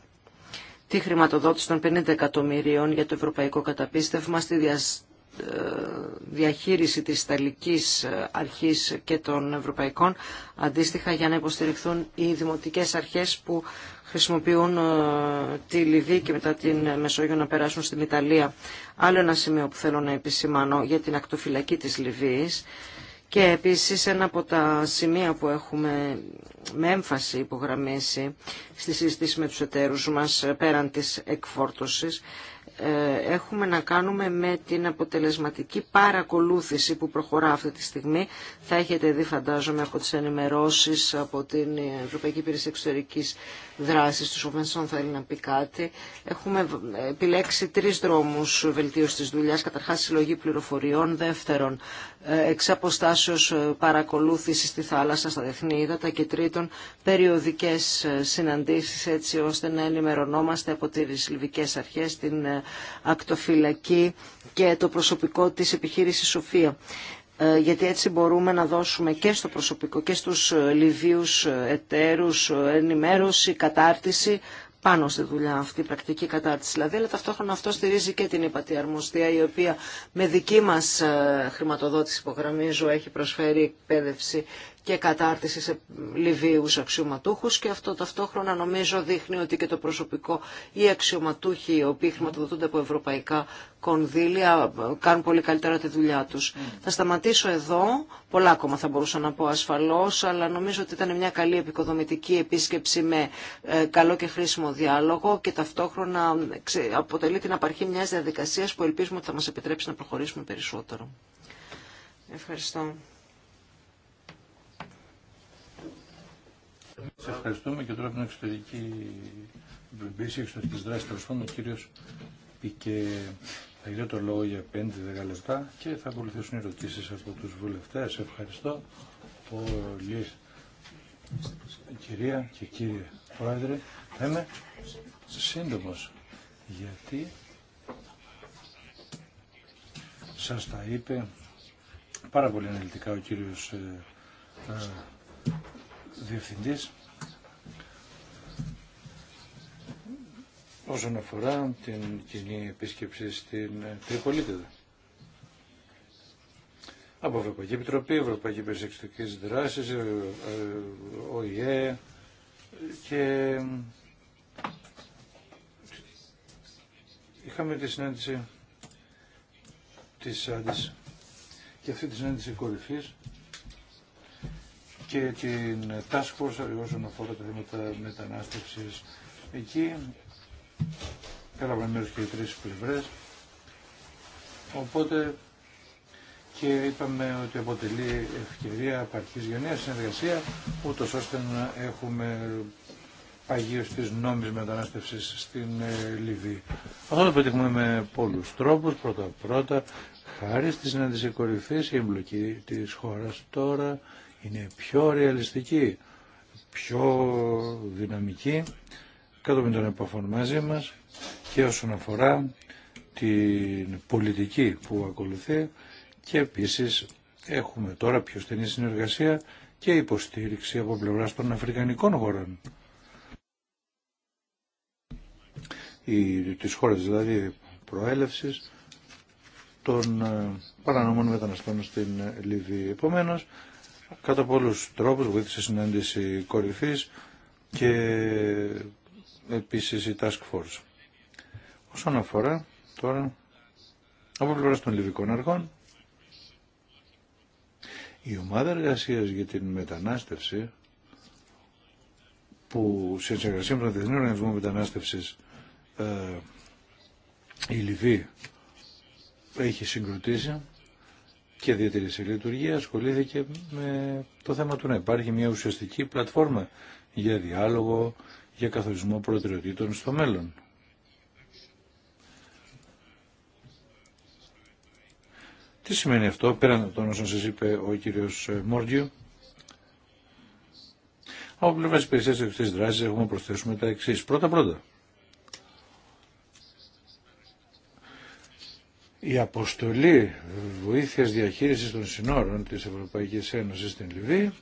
τη χρηματοδότηση των 50 εκατομμυρίων για το ευρωπαϊκό καταπίστευμα στη ε, διαχείριση της Ιταλικής ε, Αρχής και των Ευρωπαϊκών αντίστοιχα για να υποστηριχθούν οι δημοτικές αρχές που χρησιμοποιούν ε, τη Λιβύη και μετά την Μεσόγειο να περάσουν στην Ιταλία. Άλλο ένα σημείο που θέλω να επισημάνω για την ακτοφυλακή της Λιβύης και επίσης ένα από τα σημεία που έχουμε με έμφαση υπογραμμίσει στη συζήτηση με τους εταίρους μας πέραν της εκφόρτωσης ε, έχουμε να κάνουμε με την αποτελεσματική παρακολούθηση που προχωρά αυτή τη στιγμή. Θα έχετε δει φαντάζομαι από τις ενημερώσεις από την Ευρωπαϊκή Υπηρεσία Εξωτερικής Δράσης του θα θέλει να πει κάτι. Έχουμε επιλέξει τρεις δρόμους βελτίωσης της δουλειάς. Καταρχάς συλλογή πληροφοριών. Δεύτερον εξ αποστάσεως ε, παρακολούθηση στη θάλασσα, στα διεθνή ύδατα και τρίτον περιοδικές ε, συναντήσεις έτσι ώστε να ενημερωνόμαστε από τις λιβικές αρχές, την ε, ακτοφυλακή και το προσωπικό της επιχείρησης Σοφία γιατί έτσι μπορούμε να δώσουμε και στο προσωπικό και στους Λιβύους εταίρους ενημέρωση, κατάρτιση πάνω στη δουλειά αυτή, η πρακτική κατάρτιση δηλαδή, αλλά ταυτόχρονα αυτό στηρίζει και την υπατή αρμοστία, η οποία με δική μας ε, χρηματοδότηση υπογραμμίζω έχει προσφέρει εκπαίδευση και κατάρτιση σε Λιβύους αξιωματούχους και αυτό ταυτόχρονα νομίζω δείχνει ότι και το προσωπικό ή αξιωματούχοι οι οποίοι χρηματοδοτούνται από ευρωπαϊκά κονδύλια κάνουν πολύ καλύτερα τη δουλειά τους. Mm. Θα σταματήσω εδώ, πολλά ακόμα θα μπορούσα να πω ασφαλώς, αλλά νομίζω ότι ήταν μια καλή επικοδομητική επίσκεψη με ε, καλό και χρήσιμο διάλογο και ταυτόχρονα αποτελεί την απαρχή μιας διαδικασίας που ελπίζουμε ότι θα μας επιτρέψει να προχωρήσουμε περισσότερο. Ευχαριστώ. Σα ευχαριστούμε και τώρα από την εξωτερική μπλήση εξωτερική δράση τέλο πάντων, κύριο Πικέ. Θα γυρίσω το λόγο για 5-10 λεπτά και θα ακολουθήσουν ερωτήσει από του βουλευτέ. Ευχαριστώ πολύ. Κυρία και κύριε Πρόεδρε, θα είμαι σύντομο γιατί σα τα είπε πάρα πολύ αναλυτικά ο κύριο. Ε, Διευθυντής όσον αφορά την κοινή επίσκεψη στην Τριπολίτιδα. Από Ευρωπαϊκή Επιτροπή, Ευρωπαϊκή Περισσεξιτικής Δράσης, ε, ε, ΟΗΕ και είχαμε τη συνάντηση της Άντης και αυτή τη συνάντηση κορυφής και την Task Force όσον αφορά τα θέματα μετανάστευσης. Εκεί έλαβαν μέρος και οι τρεις πλευρές. Οπότε και είπαμε ότι αποτελεί ευκαιρία απαρχής για νέα συνεργασία, ούτω ώστε να έχουμε παγίωση της νόμης μετανάστευση στην ε, Λιβύη. Αυτό το πετύχουμε με πολλούς τρόπους. Πρώτα-πρώτα, χάρη στη συνάντηση κορυφής, η εμπλοκή της χώρας τώρα είναι πιο ρεαλιστική, πιο δυναμική, κάτω με τον επαφών μαζί μας και όσον αφορά την πολιτική που ακολουθεί και επίσης έχουμε τώρα πιο στενή συνεργασία και υποστήριξη από πλευράς των Αφρικανικών χωρών. Η, της δηλαδή προέλευσης των ε, παρανομών μεταναστών στην Λιβύη. Επομένως, κατά πολλούς τρόπους, βοήθησε συνάντηση κορυφής και επίσης η Task Force. Όσον αφορά τώρα από πλευρά των Λιβικών αρχών, η ομάδα εργασία για την μετανάστευση που σε συνεργασία με τον Διεθνή Οργανισμό Μετανάστευσης ε, η Λιβύη έχει συγκροτήσει και διατηρήσε λειτουργία ασχολήθηκε με το θέμα του να υπάρχει μια ουσιαστική πλατφόρμα για διάλογο, για καθορισμό προτεραιοτήτων στο μέλλον. Τι σημαίνει αυτό, πέραν από όσων όσον σας είπε ο κύριος Μόρτιο. Από πλευρά τη υπηρεσία τη έχουμε προσθέσουμε τα εξή. Πρώτα-πρώτα, Η αποστολή βοήθειας διαχείρισης των συνόρων της Ευρωπαϊκής Ένωσης στην Λιβύη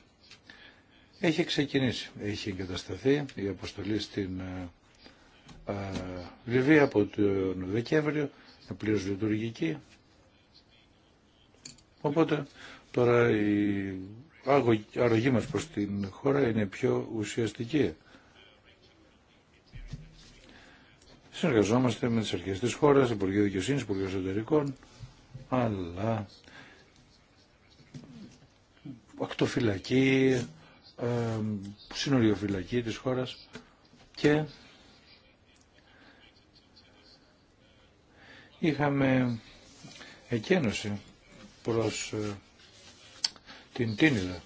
έχει ξεκινήσει. Έχει εγκατασταθεί η αποστολή στην α, ε, ε, Λιβύη από τον Δεκέμβριο, είναι πλήρως λειτουργική. Οπότε τώρα η αρρωγή μας προς την χώρα είναι πιο ουσιαστική. Συνεργαζόμαστε με τις αρχές της χώρας, Υπουργείο Δικαιοσύνη, Υπουργείο Εσωτερικών, αλλά ακτοφυλακή, ε, συνοριοφυλακή της χώρας και είχαμε εκένωση προς ε, την Τίνιδα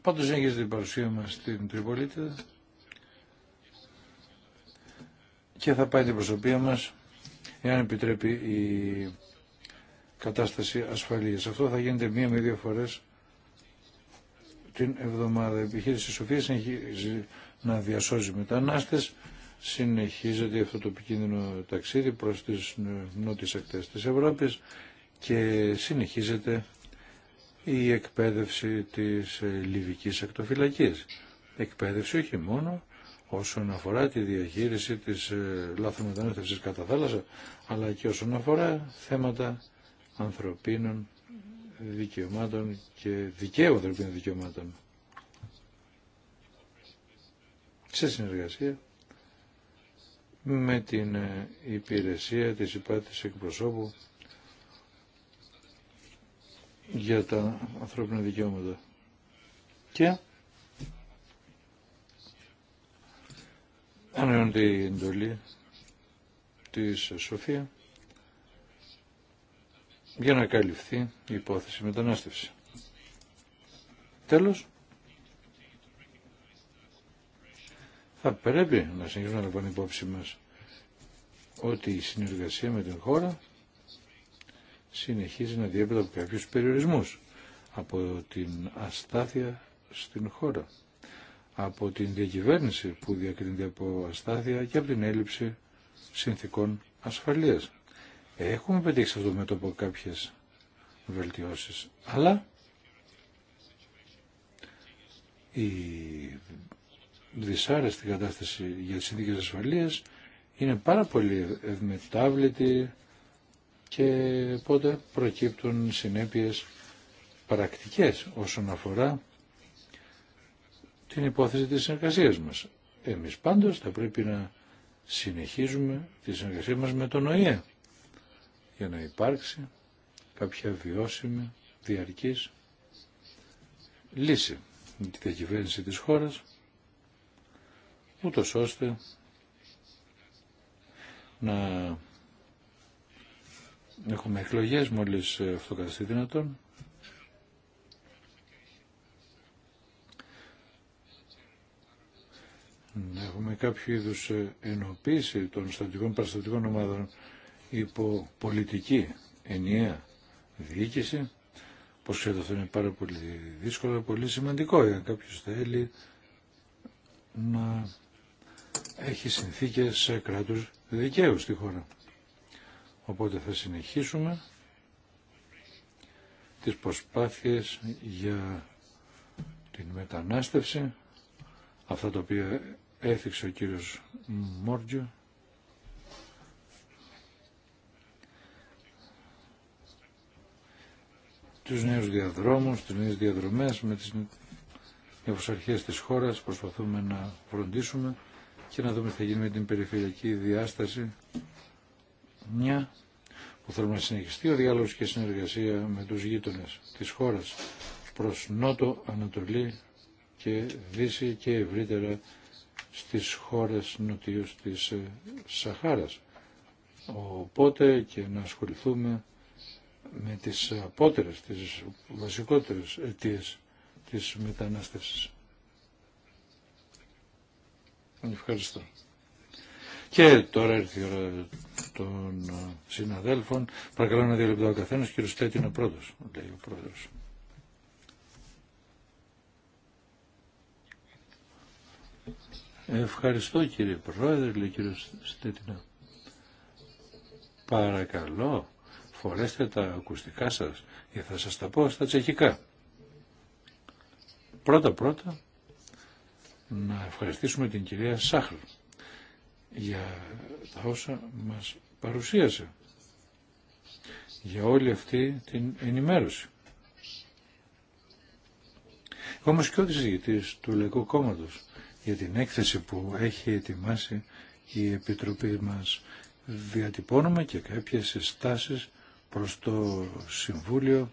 Πάντως έγινε την παρουσία μας στην Τριπολίτη και θα πάει την προσωπία μας εάν επιτρέπει η κατάσταση ασφαλείας. Αυτό θα γίνεται μία με δύο φορές την εβδομάδα. Η επιχείρηση Σοφία συνεχίζει να διασώζει μετανάστες, συνεχίζεται αυτό το επικίνδυνο ταξίδι προς τις νότιες ακτές της Ευρώπης και συνεχίζεται η εκπαίδευση της ε, λιβικής ακτοφυλακής. Εκπαίδευση όχι μόνο όσον αφορά τη διαχείριση της ε, λάθρομετανάστευσης κατά θάλασσα, αλλά και όσον αφορά θέματα ανθρωπίνων δικαιωμάτων και δικαίου ανθρωπίνων δικαιωμάτων. Σε συνεργασία με την ε, υπηρεσία της υπάτης εκπροσώπου για τα ανθρώπινα δικαιώματα. Και ανανεώνεται η εντολή της Σοφία για να καλυφθεί η υπόθεση μετανάστευση. Τέλος, θα πρέπει να συνεχίσουμε να λοιπόν υπόψη μας ότι η συνεργασία με την χώρα συνεχίζει να διέπεται από κάποιους περιορισμούς, από την αστάθεια στην χώρα, από την διακυβέρνηση που διακρίνεται από αστάθεια και από την έλλειψη συνθήκων ασφαλείας. Έχουμε πετύχει σε αυτό το μέτωπο κάποιες βελτιώσεις, αλλά η δυσάρεστη κατάσταση για τις συνθήκες ασφαλείας είναι πάρα πολύ ευμετάβλητη, και πότε προκύπτουν συνέπειες πρακτικές όσον αφορά την υπόθεση της συνεργασίας μας. Εμείς πάντως θα πρέπει να συνεχίζουμε τη συνεργασία μας με τον ΟΗΕ για να υπάρξει κάποια βιώσιμη διαρκής λύση με τη διακυβέρνηση της χώρας ούτως ώστε να Έχουμε εκλογές μόλις ε, αυτό καταστεί δυνατόν. Έχουμε κάποιο είδους ε, ενοποίηση των στατικών παραστατικών ομάδων υπό πολιτική ενιαία διοίκηση. Πώς ξέρετε αυτό είναι πάρα πολύ δύσκολο, πολύ σημαντικό. για ε, κάποιος θέλει να έχει συνθήκες κράτους δικαίου στη χώρα. Οπότε θα συνεχίσουμε τις προσπάθειες για την μετανάστευση, αυτά τα οποία έθιξε ο κύριος Μόρτζιο. τους νέους διαδρόμους, τις νέες διαδρομές με τις νέες της χώρας προσπαθούμε να φροντίσουμε και να δούμε τι θα γίνει με την περιφερειακή διάσταση μια που θέλουμε να συνεχιστεί ο διάλογος και η συνεργασία με τους γείτονες της χώρας προς Νότο, Ανατολή και Δύση και ευρύτερα στις χώρες νοτίου της ε, Σαχάρας. Οπότε και να ασχοληθούμε με τις απότερες, τις βασικότερες αιτίες της μετανάστευσης. Ευχαριστώ. Και τώρα έρθει η ώρα των ε, συναδέλφων. Παρακαλώ να δύο ο καθένας. Κύριο Στέτη είναι πρώτος, λέει ο πρόεδρος. Ευχαριστώ κύριε Πρόεδρε, λέει κύριο Στέτινα. Παρακαλώ, φορέστε τα ακουστικά σας και θα σας τα πω στα τσεχικά. Πρώτα πρώτα, να ευχαριστήσουμε την κυρία Σάχλου για τα όσα μας παρουσίασε, για όλη αυτή την ενημέρωση. όμως και ο διηγητής του Λαϊκού Κόμματος για την έκθεση που έχει ετοιμάσει η Επιτροπή μας διατυπώνουμε και κάποιες συστάσεις προς το Συμβούλιο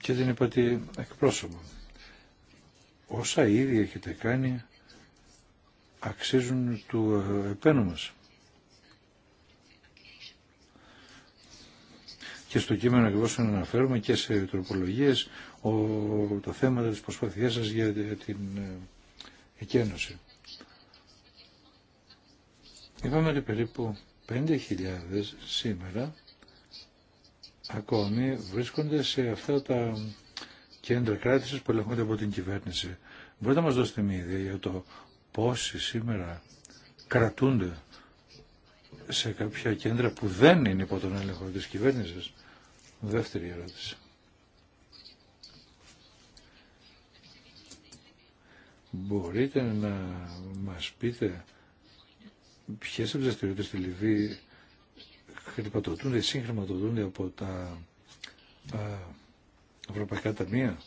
και την υπατή εκπρόσωπο. Όσα ήδη έχετε κάνει αξίζουν του επένου μας. Και στο κείμενο ακριβώ αναφέρουμε και σε τροπολογίες ο, τα θέματα της προσπάθειάς σας για την ε, εκένωση. Είπαμε ότι περίπου 5.000 σήμερα ακόμη βρίσκονται σε αυτά τα κέντρα κράτησης που ελεγχόνται από την κυβέρνηση. Μπορείτε να μας δώσετε μια ιδέα για το πόσοι σήμερα κρατούνται σε κάποια κέντρα που δεν είναι υπό τον έλεγχο της κυβέρνησης. Δεύτερη ερώτηση. Μπορείτε να μας πείτε ποιες από τις δραστηριότητες στη Λιβύη χρηματοδοτούνται ή συγχρηματοδοτούνται από τα ευρωπαϊκά ταμεία.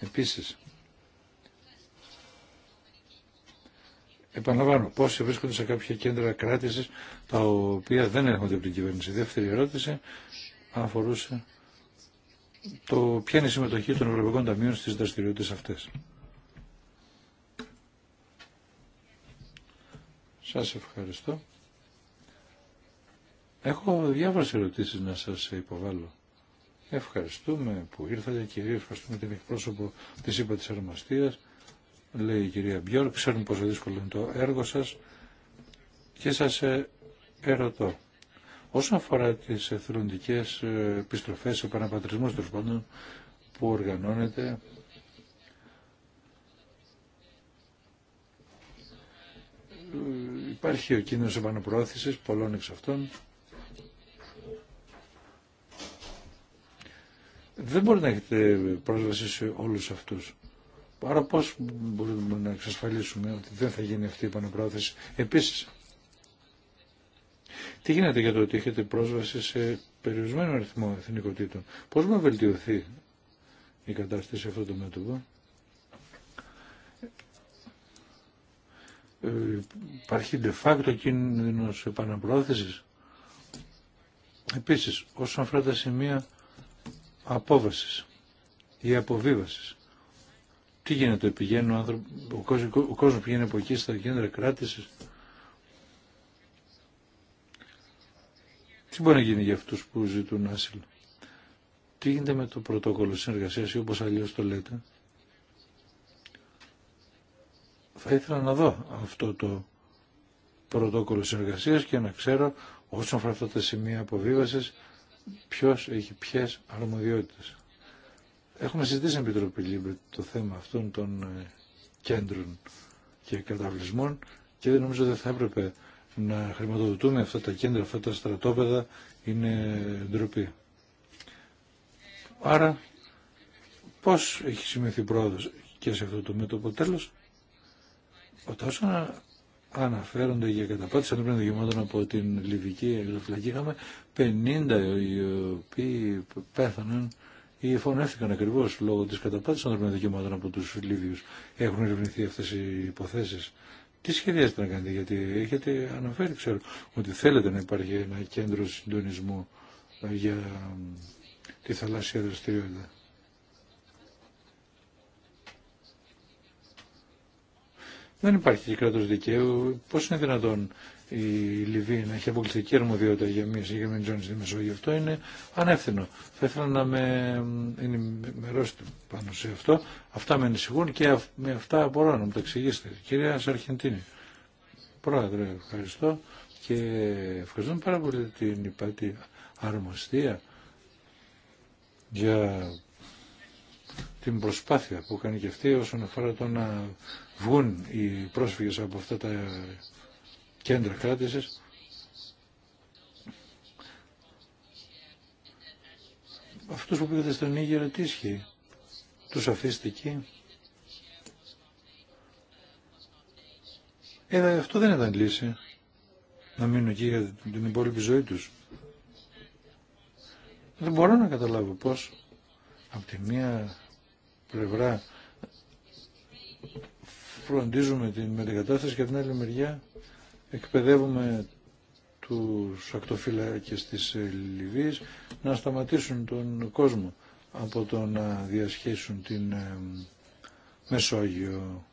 Επίσης, Επαναλαμβάνω, πόσοι βρίσκονται σε κάποια κέντρα κράτηση τα οποία δεν έρχονται από την κυβέρνηση. Η δεύτερη ερώτηση αφορούσε το ποια είναι η συμμετοχή των Ευρωπαϊκών Ταμείων στις δραστηριότητε αυτές. Σας ευχαριστώ. Έχω διάφορε ερωτήσεις να σας υποβάλω. Ευχαριστούμε που ήρθατε και ευχαριστούμε την εκπρόσωπο τη ΥΠΑ της Αρμαστίας λέει η κυρία Μπιόρ, ξέρουμε πόσο δύσκολο είναι το έργο σας και σας ε, ερωτώ. Όσον αφορά τις εθελοντικές ε, επιστροφές, επαναπατρισμούς τέλο πάντων που οργανώνεται, ε, υπάρχει ο κίνδυνος επαναπροώθησης πολλών εξ αυτών. Δεν μπορεί να έχετε πρόσβαση σε όλους αυτούς. Άρα πώ μπορούμε να εξασφαλίσουμε ότι δεν θα γίνει αυτή η επαναπρόθεση. Επίση. τι γίνεται για το ότι έχετε πρόσβαση σε περιορισμένο αριθμό εθνικοτήτων. Πώς να βελτιωθεί η κατάσταση σε αυτό το μέτωπο. Ε, υπάρχει de facto κίνδυνο επαναπρόθεση. Επίση, όσον αφορά τα σημεία απόβαση ή αποβίβασης. Τι γίνεται, πηγαίνει ο, άνθρωπο, ο, κόσμος, ο πηγαίνει από εκεί στα κέντρα κράτηση. Τι μπορεί να γίνει για αυτούς που ζητούν άσυλο. Τι γίνεται με το πρωτόκολλο συνεργασίας ή όπως αλλιώς το λέτε. Θα ήθελα να δω αυτό το πρωτόκολλο συνεργασίας και να ξέρω όσον αφορά αυτά τα σημεία αποβίβασης ποιος έχει ποιες αρμοδιότητες. Έχουμε συζητήσει στην Επιτροπή το θέμα αυτών των ε, κέντρων και καταβλισμών και δεν νομίζω ότι θα έπρεπε να χρηματοδοτούμε αυτά τα κέντρα, αυτά τα στρατόπεδα είναι ντροπή. Άρα πώς έχει σημειωθεί πρόοδος και σε αυτό το μέτωπο τέλος όταν όσο αναφέρονται για καταπάτηση ανθρωπίνων δικαιωμάτων από την Λιβική Εγγραφυλακή είχαμε 50 οι οποίοι πέθαναν οι φωνεύτηκαν ακριβώ λόγω τη καταπάτηση των ανθρωπίνων δικαιωμάτων από του Λίβιου. Έχουν ερευνηθεί αυτέ οι υποθέσει. Τι σχεδιάζετε να κάνετε, γιατί έχετε αναφέρει, ξέρω, ότι θέλετε να υπάρχει ένα κέντρο συντονισμού για τη θαλάσσια δραστηριότητα. Δεν υπάρχει κράτο δικαίου. Πώ είναι δυνατόν η Λιβύη να έχει αποκλειστική αρμοδιότητα για μια συγκεκριμένη ζώνη στη Μεσόγειο. Αυτό είναι ανεύθυνο. Θα ήθελα να με ε, ενημερώσετε πάνω σε αυτό. Αυτά με ανησυχούν και με αυτά μπορώ να μου τα εξηγήσετε. Κυρία Σαρχεντίνη, πρόεδρε, ευχαριστώ και ευχαριστούμε πάρα πολύ την υπάτη αρμοστία για την προσπάθεια που κάνει και αυτή όσον αφορά το να βγουν οι πρόσφυγες από αυτά τα κέντρα κράτησης αυτούς που πήγατε στον Νίγερ τι ισχύει τους αφήστε εκεί ε, αυτό δεν ήταν λύση να μείνουν εκεί για την υπόλοιπη ζωή τους δεν μπορώ να καταλάβω πως από τη μία πλευρά φροντίζουμε την μετακατάσταση και από την άλλη μεριά εκπαιδεύουμε τους ακτοφύλακες της ε, Λιβύης να σταματήσουν τον κόσμο από το να διασχίσουν την ε, Μεσόγειο.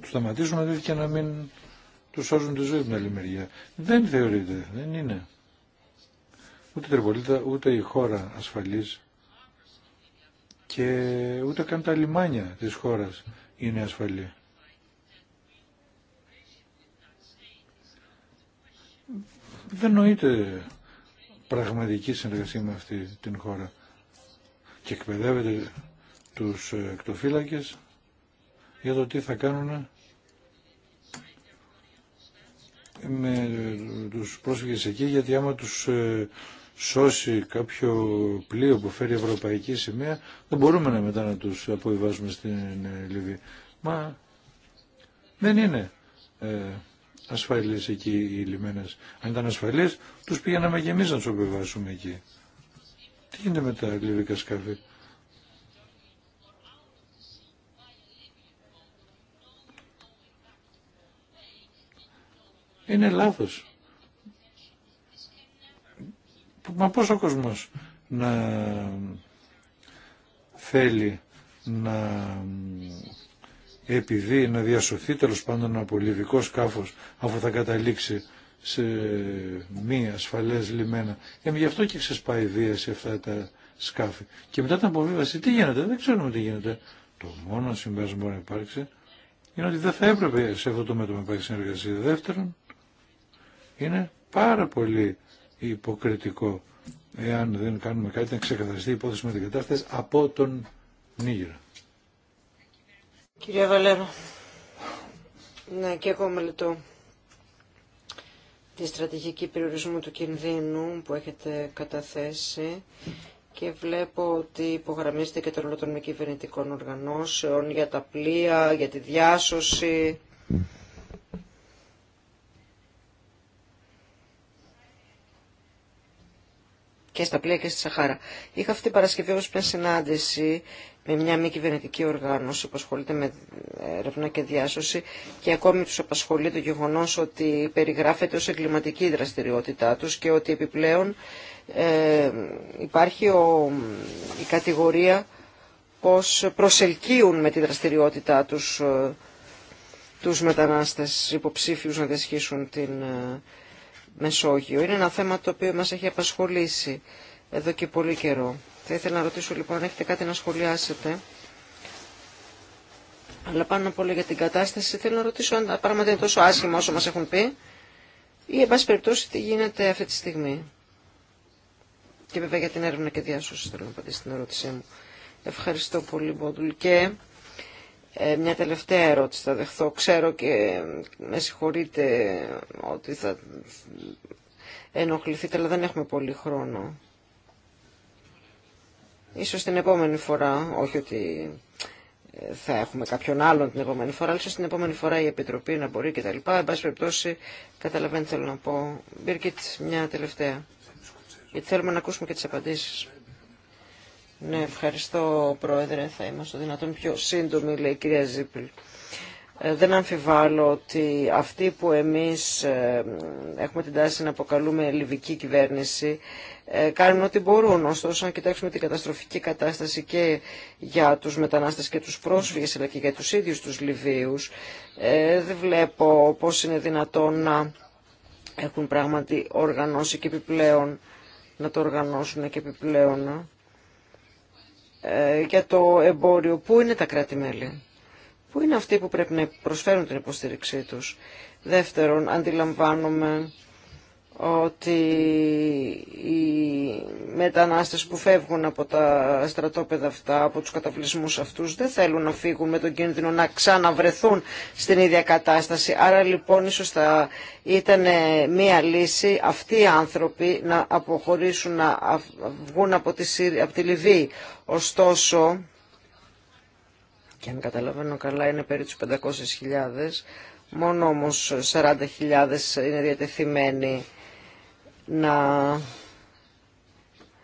Τους σταματήσουν δηλαδή και να μην τους σώζουν τη ζωή την άλλη μεριά. Δεν θεωρείται, δεν είναι. Ούτε η ούτε η χώρα ασφαλής και ούτε καν τα λιμάνια της χώρας είναι ασφαλή. Δεν νοείται πραγματική συνεργασία με αυτή την χώρα και εκπαιδεύεται τους εκτοφύλακες για το τι θα κάνουν με τους πρόσφυγες εκεί γιατί άμα τους ε, σώσει κάποιο πλοίο που φέρει ευρωπαϊκή σημαία, δεν μπορούμε να μετά να τους αποβιβάζουμε στην ε, Λιβύη. Μα δεν είναι ε, ασφαλείς εκεί οι λιμένες. Αν ήταν ασφαλείς, τους πήγαμε και εμείς να τους αποβιβάσουμε εκεί. Τι γίνεται με τα λιβικά σκάφη. Είναι λάθος Μα πώς ο κόσμος να θέλει να επειδή να διασωθεί τελος πάντων ένα λιβικό σκάφος αφού θα καταλήξει σε μη ασφαλές λιμένα. Ε, γι' αυτό και ξεσπάει βία σε αυτά τα σκάφη. Και μετά την αποβίβαση τι γίνεται, δεν ξέρουμε τι γίνεται. Το μόνο συμπέρασμα μπορεί να υπάρξει είναι ότι δεν θα έπρεπε σε αυτό το μέτωπο να υπάρξει συνεργασία. Δεύτερον, είναι πάρα πολύ υποκριτικό εάν δεν κάνουμε κάτι να ξεκαθαριστεί η υπόθεση με την κατάσταση από τον Νίγηρα. Κυρία Βαλέρο, ναι και εγώ μελετώ τη στρατηγική περιορισμού του κινδύνου που έχετε καταθέσει και βλέπω ότι υπογραμμίζεται και το ρόλο των μη κυβερνητικών οργανώσεων για τα πλοία, για τη διάσωση. και στα πλοία και στη Σαχάρα. Είχα αυτή την Παρασκευή ως μια συνάντηση με μια μη κυβερνητική οργάνωση που ασχολείται με έρευνα και διάσωση και ακόμη τους απασχολεί το γεγονός ότι περιγράφεται ως εγκληματική δραστηριότητά τους και ότι επιπλέον ε, υπάρχει η κατηγορία πως προσελκύουν με τη δραστηριότητά τους ε, τους μετανάστες υποψήφιους να διασχίσουν την ε, Μεσόγειο. Είναι ένα θέμα το οποίο μας έχει απασχολήσει εδώ και πολύ καιρό. Θα ήθελα να ρωτήσω λοιπόν αν έχετε κάτι να σχολιάσετε. Αλλά πάνω απ' όλα για την κατάσταση θέλω να ρωτήσω αν τα πράγματα είναι τόσο άσχημα όσο μας έχουν πει ή εν πάση περιπτώσει τι γίνεται αυτή τη στιγμή. Και βέβαια για την έρευνα και διάσωση θέλω να απαντήσω στην ερώτησή μου. Ευχαριστώ πολύ Μπόντουλ και ε, μια τελευταία ερώτηση θα δεχθώ. Ξέρω και με συγχωρείτε ότι θα ενοχληθείτε, αλλά δεν έχουμε πολύ χρόνο. Ίσως την επόμενη φορά, όχι ότι ε, θα έχουμε κάποιον άλλον την επόμενη φορά, αλλά ίσως την επόμενη φορά η Επιτροπή να μπορεί και τα λοιπά. Εν πάση περιπτώσει, καταλαβαίνετε θέλω να πω. Μπίρκετ, μια τελευταία. Γιατί θέλουμε να ακούσουμε και τις απαντήσεις. Ναι, ευχαριστώ Πρόεδρε. Θα είμαστε δυνατόν πιο σύντομοι, λέει η κυρία Ζήπηλ. Ε, δεν αμφιβάλλω ότι αυτοί που εμείς ε, έχουμε την τάση να αποκαλούμε λιβική κυβέρνηση ε, κάνουν ό,τι μπορούν. Ωστόσο, αν κοιτάξουμε την καταστροφική κατάσταση και για τους μετανάστες και τους πρόσφυγες, αλλά και για τους ίδιους τους Λιβύους, δεν βλέπω πώς είναι δυνατόν να έχουν πράγματι οργανώσει και επιπλέον, να το οργανώσουν και επιπλέον ε, για το εμπόριο. Πού είναι τα κράτη-μέλη. Πού είναι αυτοί που πρέπει να προσφέρουν την υποστήριξή τους. Δεύτερον, αντιλαμβάνομαι ότι οι μετανάστες που φεύγουν από τα στρατόπεδα αυτά, από τους καταβλισμούς αυτούς, δεν θέλουν να φύγουν με τον κίνδυνο να ξαναβρεθούν στην ίδια κατάσταση. Άρα λοιπόν ίσως θα ήταν μία λύση αυτοί οι άνθρωποι να αποχωρήσουν, να βγουν από τη, από τη Λιβύη. Ωστόσο, και αν καταλαβαίνω καλά είναι περί τους 500.000, μόνο όμως 40.000 είναι διατεθειμένοι να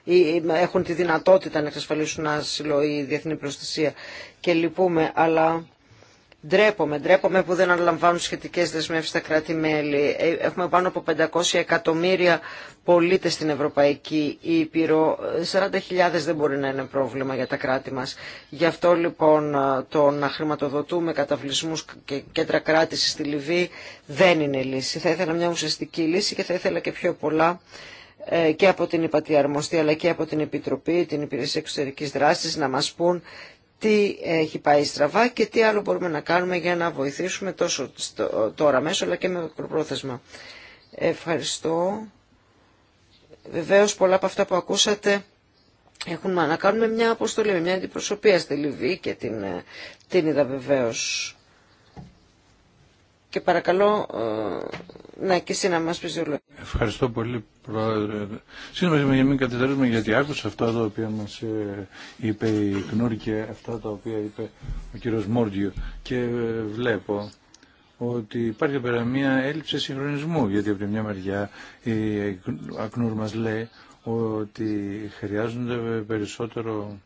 ή έχουν τη δυνατότητα να εξασφαλίσουν άσυλο ή διεθνή προστασία και λυπούμε, αλλά Ντρέπομαι, ντρέπομαι που δεν αναλαμβάνουν σχετικές δεσμεύσεις τα κράτη-μέλη. Ε, έχουμε πάνω από 500 εκατομμύρια πολίτες στην Ευρωπαϊκή Ήπειρο. 40.000 δεν μπορεί να είναι πρόβλημα για τα κράτη μας. Γι' αυτό λοιπόν ε, το να χρηματοδοτούμε καταβλισμούς και κέντρα κράτηση στη Λιβύη δεν είναι λύση. Θα ήθελα μια ουσιαστική λύση και θα ήθελα και πιο πολλά ε, και από την Υπατή αλλά και από την Επιτροπή, την Υπηρεσία Εξωτερικής Δράσης να μας πούν τι έχει πάει στραβά και τι άλλο μπορούμε να κάνουμε για να βοηθήσουμε τόσο τώρα μέσω αλλά και με πρόθεσμα. Ευχαριστώ. Βεβαίως πολλά από αυτά που ακούσατε έχουν να κάνουμε μια αποστολή, μια αντιπροσωπεία στη Λιβύη και την, ε, την είδα βεβαίως και παρακαλώ ε, να και εσύ να μας πεις Ευχαριστώ πολύ Πρόεδρε. Σύντομα για μην κατηγορούμε γιατί άκουσα αυτά τα οποία μας ε, είπε η Κνούρ και αυτά τα οποία είπε ο κύριος Μόρτιου. και ε, βλέπω ότι υπάρχει πέρα μια έλλειψη συγχρονισμού γιατί από τη μια μεριά η Ακνούρ μας λέει ότι χρειάζονται περισσότερο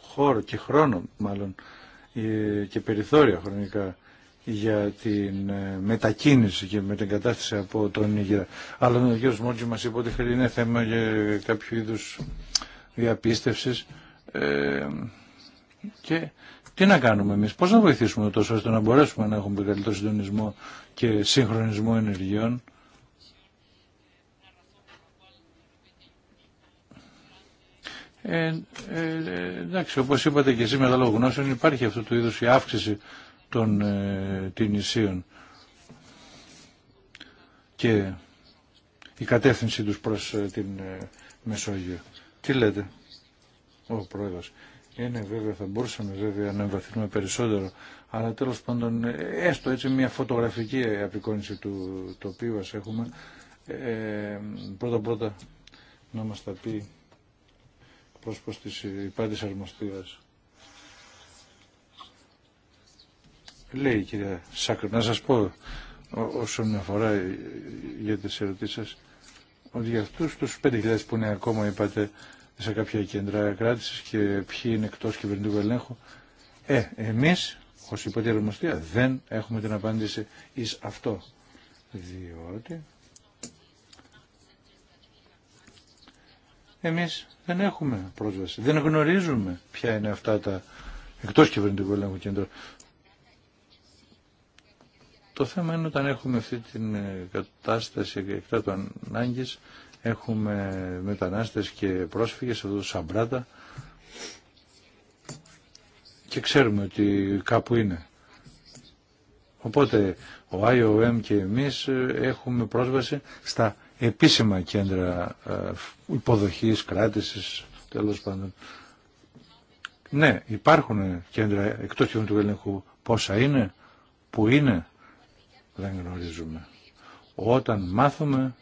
χώρο και χρόνο μάλλον και περιθώρια χρονικά για την ε, μετακίνηση και με την κατάσταση από τον Ήγηρα. Αλλά ο κ. Μόρτζη μας είπε ότι είναι θέμα για κάποιο είδους διαπίστευσης. Ε, και τι να κάνουμε εμείς, πώς να βοηθήσουμε τόσο ώστε να μπορέσουμε να έχουμε καλύτερο συντονισμό και συγχρονισμό ενεργειών. Ε, ε, ε εντάξει, όπως είπατε και εσείς με τα λόγω γνώσεων υπάρχει αυτού του είδους η αύξηση των ε, Τινησίων και η κατεύθυνση τους προς ε, την ε, Μεσόγειο. Τι λέτε, ο Πρόεδρος. Είναι βέβαια, θα μπορούσαμε βέβαια να εμβαθύνουμε περισσότερο, αλλά τέλος πάντων ε, έστω έτσι μια φωτογραφική απεικόνιση του τοπίου ας έχουμε. πρώτα πρώτα να μας τα πει πρόσωπος της υπάτης αρμοστίας. λέει η κυρία Σάκρο, να σας πω όσον αφορά ε, για τις ερωτήσεις σας, ότι για αυτούς τους 5.000 που είναι ακόμα, είπατε, σε κάποια κέντρα κράτησης και ποιοι είναι εκτός κυβερνητικού ελέγχου, ε, εμείς, ως μαστία δεν έχουμε την απάντηση εις αυτό. Διότι εμείς δεν έχουμε πρόσβαση, δεν γνωρίζουμε ποια είναι αυτά τα εκτός κυβερνητικού ελέγχου κέντρα. Το θέμα είναι όταν έχουμε αυτή την ε, κατάσταση εκτά των ανάγκη, έχουμε μετανάστες και πρόσφυγες εδώ σαν Σαμπράτα και ξέρουμε ότι κάπου είναι. Οπότε ο IOM και εμείς ε, έχουμε πρόσβαση στα επίσημα κέντρα ε, υποδοχής, κράτησης, τέλος πάντων. Ναι, υπάρχουν κέντρα εκτός του ελέγχου πόσα είναι, που είναι, δεν γνωρίζουμε. Όταν μάθουμε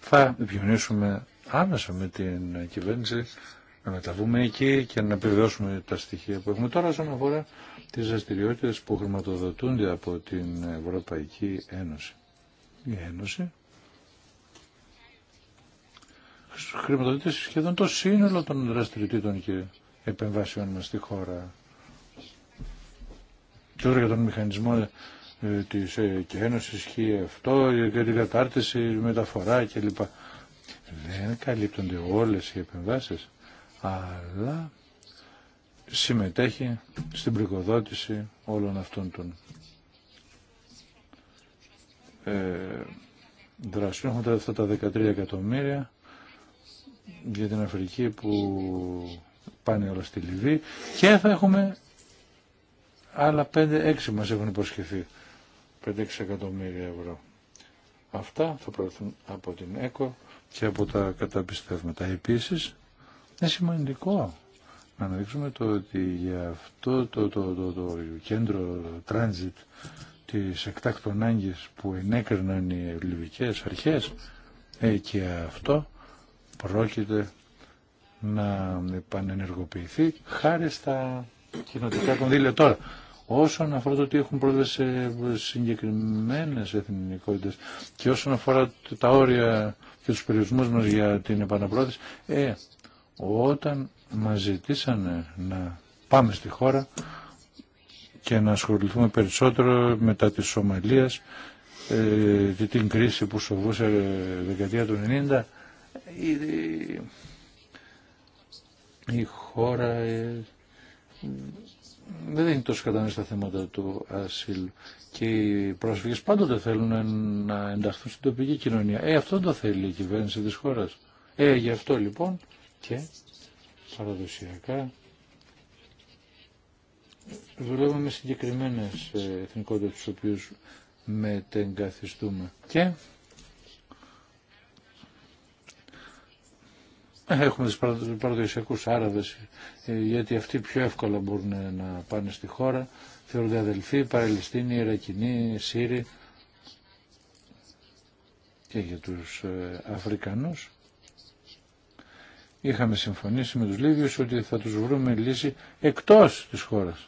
θα επικοινωνήσουμε άμεσα με την κυβέρνηση να μεταβούμε εκεί και να επιβεβαιώσουμε τα στοιχεία που έχουμε τώρα όσον αφορά τις δραστηριότητε που χρηματοδοτούνται από την Ευρωπαϊκή Ένωση. Η Ένωση χρηματοδοτεί σχεδόν το σύνολο των δραστηριοτήτων και επεμβάσεων μας στη χώρα. Τώρα για τον μηχανισμό ε, της ε, και Ένωσης και αυτό την κατάρτιση, μεταφορά κλπ. Δεν καλύπτονται όλες οι επεμβάσεις, αλλά συμμετέχει στην πρικοδότηση όλων αυτών των ε, δρασιών. Έχουμε αυτά τα 13 εκατομμύρια για την Αφρική που πάνε όλα στη Λιβύη και θα έχουμε άλλα 5-6 μας έχουν υποσχεθεί 5-6 ευρώ. Αυτά θα προωθούν από την ΕΚΟ και από τα καταπιστεύματα. Επίσης, είναι σημαντικό να αναδείξουμε το ότι για αυτό το, το, το, το κέντρο Transit, της εκτάκτων ανάγκης που ενέκριναν οι ελληνικές αρχές ε, και αυτό πρόκειται να επανενεργοποιηθεί χάρη στα κοινοτικά κονδύλια τώρα όσον αφορά το ότι έχουν πρόσβαση σε συγκεκριμένες εθνικότητες και όσον αφορά τα όρια και τους περιορισμούς μας για την επαναπρόθεση, ε, όταν μας ζητήσανε να πάμε στη χώρα και να ασχοληθούμε περισσότερο μετά τη Σομαλία ε, την κρίση που σοβούσε ε, δεκαετία του 90, η, η χώρα ε, δεν είναι τόσο κατανόηση στα θέματα του ασύλου. Και οι πρόσφυγες πάντοτε θέλουν να ενταχθούν στην τοπική κοινωνία. Ε, αυτό το θέλει η κυβέρνηση τη χώρα. Ε, γι' αυτό λοιπόν και παραδοσιακά δουλεύουμε με συγκεκριμένες ε, εθνικότητε του οποίους μετεγκαθιστούμε. Και Έχουμε τους παραδοσιακούς Άραβες, ε, γιατί αυτοί πιο εύκολα μπορούν να πάνε στη χώρα. Θεωρούνται αδελφοί, Παρελιστίνοι, Ιρακινοί, Σύριοι και για τους ε, Αφρικανούς. Είχαμε συμφωνήσει με τους Λίβιους ότι θα τους βρούμε λύση εκτός της χώρας.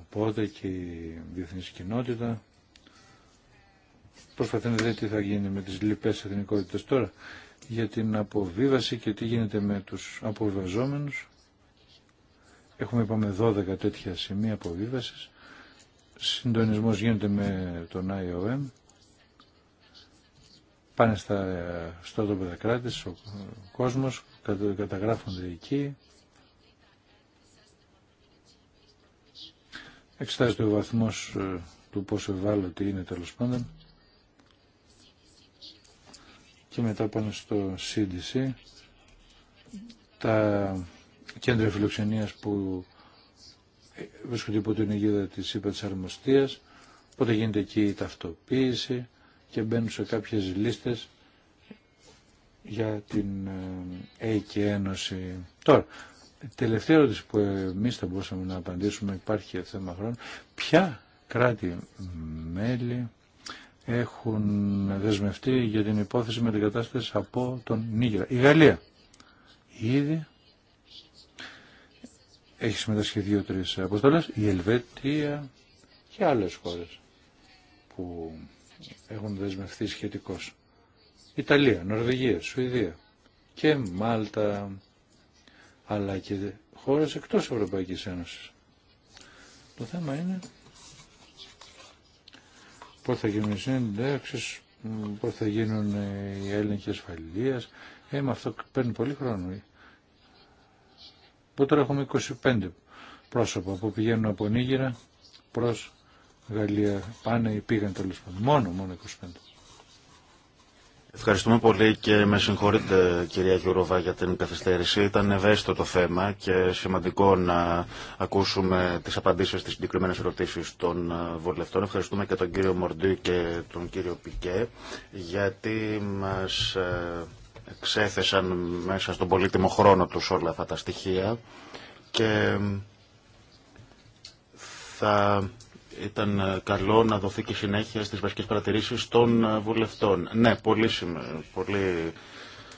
Οπότε και η διεθνής κοινότητα Προσπαθεί να δει τι θα γίνει με τις λοιπές εθνικότητες τώρα για την αποβίβαση και τι γίνεται με τους αποβιβαζόμενους. Έχουμε είπαμε 12 τέτοια σημεία αποβίβασης. Συντονισμός γίνεται με τον IOM. Πάνε στα τόπεδα κράτη, ο κόσμος, καταγράφονται εκεί. Εξετάζεται ο βαθμός ε, του πόσο ευάλωτη είναι τέλος πάντων και μετά πάνω στο CDC τα κέντρα φιλοξενίας που βρίσκονται υπό την αιγίδα της ΥΠΑ της Αρμοστίας, οπότε γίνεται εκεί η ταυτοποίηση και μπαίνουν σε κάποιες λίστες για την ΕΕ Ένωση. Τώρα, τελευταία ερώτηση που εμεί θα μπορούσαμε να απαντήσουμε, υπάρχει θέμα χρόνου, ποια κράτη-μέλη έχουν δεσμευτεί για την υπόθεση με την κατάσταση από τον Νίγηρα. Η Γαλλία ήδη έχει συμμετάσχει δύο-τρεις αποστολές, η Ελβετία και άλλες χώρες που έχουν δεσμευτεί σχετικώς. Ιταλία, Νορβηγία, Σουηδία και Μάλτα, αλλά και χώρες εκτός Ευρωπαϊκής Ένωσης. Το θέμα είναι πώς θα γίνουν οι συνέντευξες, πώς θα γίνουν οι έλεγχοι ασφαλείας. Ε, με αυτό παίρνει πολύ χρόνο. Που τώρα έχουμε 25 πρόσωπα που πηγαίνουν από Νίγηρα προς Γαλλία. Πάνε ή πήγαν τέλο πάντων. Μόνο, μόνο 25. Ευχαριστούμε πολύ και με συγχωρείτε κυρία Γιουροβά για την καθυστέρηση. Ήταν ευαίσθητο το θέμα και σημαντικό να ακούσουμε τις απαντήσεις στις συγκεκριμένε ερωτήσεις των ε, βουλευτών. Ευχαριστούμε και τον κύριο Μορντή και τον κύριο Πικέ γιατί μας ε, εξέθεσαν μέσα στον πολύτιμο χρόνο τους όλα αυτά τα στοιχεία και θα ήταν ε, καλό να δοθεί και συνέχεια στις βασικές παρατηρήσεις των ε, βουλευτών. Ναι, πολύ, πολύ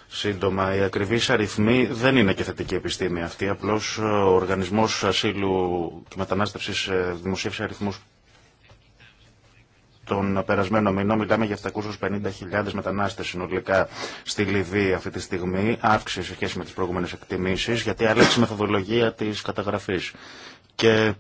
σύντομα. Οι ακριβείς αριθμοί δεν είναι και θετική επιστήμη αυτή. Απλώς ε, ο Οργανισμός Ασύλου και Μετανάστευσης δημοσίευσε αριθμούς τον περασμένο μηνό μιλάμε για 750.000 μετανάστες συνολικά στη Λιβύη αυτή τη στιγμή, αύξηση σε σχέση με τις προηγούμενες εκτιμήσεις, γιατί άλλαξε η μεθοδολογία της καταγραφής. Και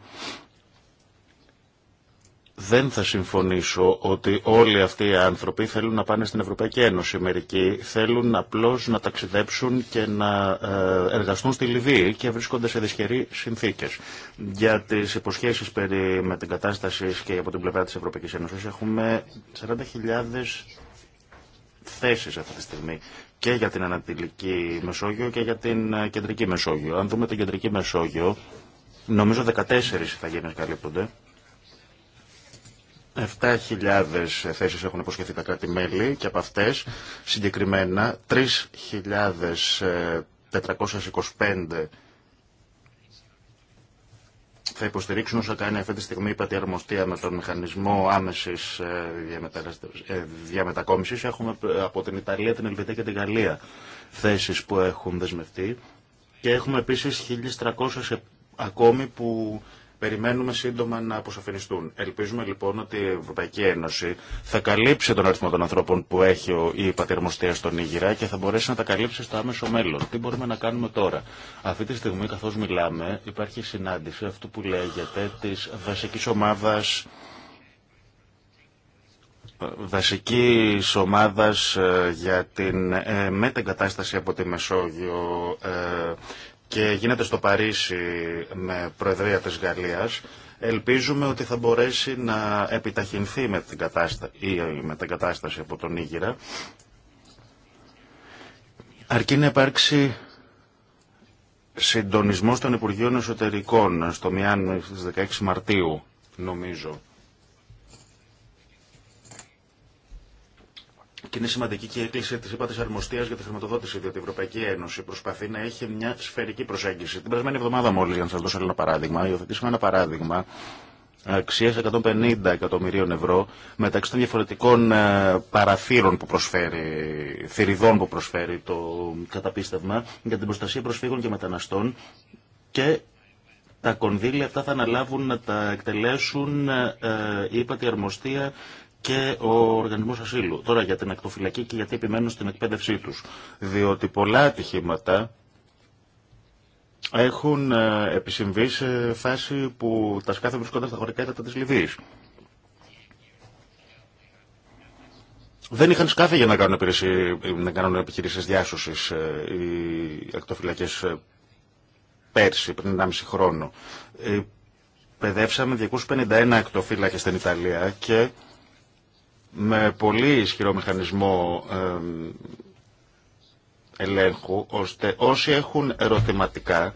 δεν θα συμφωνήσω ότι όλοι αυτοί οι άνθρωποι θέλουν να πάνε στην Ευρωπαϊκή Ένωση. Μερικοί θέλουν απλώς να ταξιδέψουν και να ε, εργαστούν στη Λιβύη και βρίσκονται σε δυσχερεί συνθήκες. Για τις υποσχέσεις περί με την κατάσταση και από την πλευρά της Ευρωπαϊκής Ένωσης έχουμε 40.000 θέσεις αυτή τη στιγμή και για την Ανατολική Μεσόγειο και για την ε, Κεντρική Μεσόγειο. Αν δούμε την Κεντρική Μεσόγειο, νομίζω 14 Ιθαγένειες καλύπτονται 7.000 θέσεις έχουν υποσχεθεί τα κράτη-μέλη και από αυτές συγκεκριμένα 3.425 ε, θα υποστηρίξουν όσα κάνει αυτή τη στιγμή η πατιαρμοστία με τον μηχανισμό άμεσης ε, ε, διαμετακόμιση. Έχουμε από την Ιταλία, την Ελβετία και την Γαλλία θέσεις που έχουν δεσμευτεί. Και έχουμε επίσης 1.300 ακόμη που Περιμένουμε σύντομα να αποσαφινιστούν. Ελπίζουμε λοιπόν ότι η Ευρωπαϊκή Ένωση θα καλύψει τον αριθμό των ανθρώπων που έχει η πατερμοστία στον Ήγηρα και θα μπορέσει να τα καλύψει στο άμεσο μέλλον. Τι μπορούμε να κάνουμε τώρα. Αυτή τη στιγμή, καθώ μιλάμε, υπάρχει συνάντηση αυτού που λέγεται τη βασική ομάδα βασική ομάδα ε, για την ε, μετεγκατάσταση από τη Μεσόγειο ε, και γίνεται στο Παρίσι με προεδρία της Γαλλίας, ελπίζουμε ότι θα μπορέσει να επιταχυνθεί με την κατάσταση, ή ε, με την κατάσταση από τον Ήγηρα, αρκεί να υπάρξει συντονισμός των Υπουργείων Εσωτερικών στο Μιάν στις 16 Μαρτίου, νομίζω. Και είναι σημαντική και η έκκληση τη ΥΠΑ Αρμοστία για τη χρηματοδότηση, διότι η Ευρωπαϊκή Ένωση προσπαθεί να έχει μια σφαιρική προσέγγιση. Την περασμένη εβδομάδα, μόλι, για να σα δώσω ένα παράδειγμα, υιοθετήσαμε ένα παράδειγμα αξία 150 εκατομμυρίων ευρώ μεταξύ των διαφορετικών ε, παραθύρων που προσφέρει, θηριδών που προσφέρει το καταπίστευμα για την προστασία προσφύγων και μεταναστών και τα κονδύλια αυτά θα αναλάβουν να τα εκτελέσουν η ε, ε, τη αρμοστία και ο Οργανισμό Ασύλου. Τώρα για την ακτοφυλακή και γιατί επιμένουν στην εκπαίδευσή του. Διότι πολλά ατυχήματα έχουν ε, επισυμβεί σε φάση που τα σκάφη βρισκόταν στα χωρικά έδατα τη Λιβύη. Δεν είχαν σκάφη για να κάνουν, κάνουν επιχειρήσεις διάσωσης ε, οι ακτοφυλακές ε, πέρσι, πριν 1,5 χρόνο. Παιδεύσαμε 251 ακτοφύλακε στην Ιταλία και με πολύ ισχυρό μηχανισμό ελέγχου, ώστε όσοι έχουν ερωτηματικά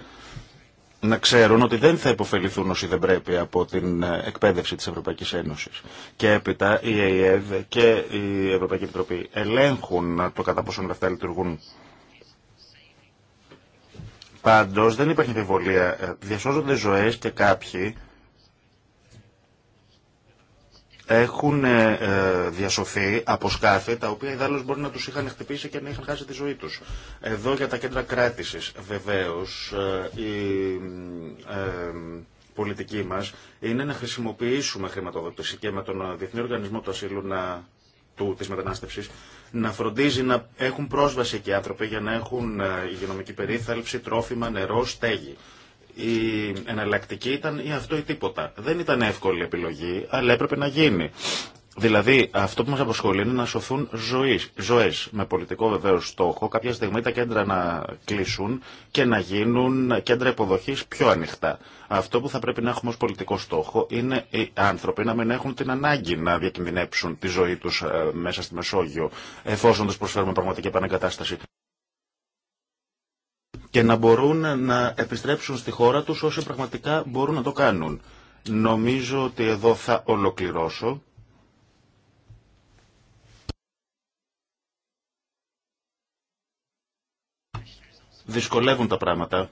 να ξέρουν ότι δεν θα υποφεληθούν όσοι δεν πρέπει από την ε, εκπαίδευση της Ευρωπαϊκής Ένωσης. Και έπειτα η ΕΕΔ και η Ευρωπαϊκή Επιτροπή ελέγχουν το κατά πόσον αυτά λειτουργούν. Πάντως δεν υπάρχει επιβολία. Ε, διασώζονται ζωές και κάποιοι έχουν ε, ε, διασωθεί από σκάφη τα οποία ιδάλω μπορεί να του είχαν χτυπήσει και να είχαν χάσει τη ζωή του. Εδώ για τα κέντρα κράτηση. Βεβαίω ε, η πολιτική μα είναι να χρησιμοποιήσουμε χρηματοδότηση και με τον Διεθνή Οργανισμό του Ασύλου να της μετανάστευσης, να φροντίζει να έχουν πρόσβαση και άνθρωποι για να έχουν υγειονομική περίθαλψη, τρόφιμα, νερό, στέγη. Η εναλλακτική ήταν ή αυτό ή τίποτα. Δεν ήταν εύκολη επιλογή, αλλά έπρεπε να γίνει. Δηλαδή, αυτό που μα αποσχολεί είναι να σωθούν ζωέ. Με πολιτικό βεβαίω στόχο, κάποια στιγμή τα κέντρα να κλείσουν και να γίνουν κέντρα υποδοχή πιο ανοιχτά. Αυτό που θα πρέπει να έχουμε ω πολιτικό στόχο είναι οι άνθρωποι να μην έχουν την ανάγκη να διακινδυνέψουν τη ζωή του ε, μέσα στη Μεσόγειο, εφόσον του προσφέρουμε πραγματική επανεγκατάσταση και να μπορούν να επιστρέψουν στη χώρα τους όσοι πραγματικά μπορούν να το κάνουν. Νομίζω ότι εδώ θα ολοκληρώσω. Δυσκολεύουν τα πράγματα.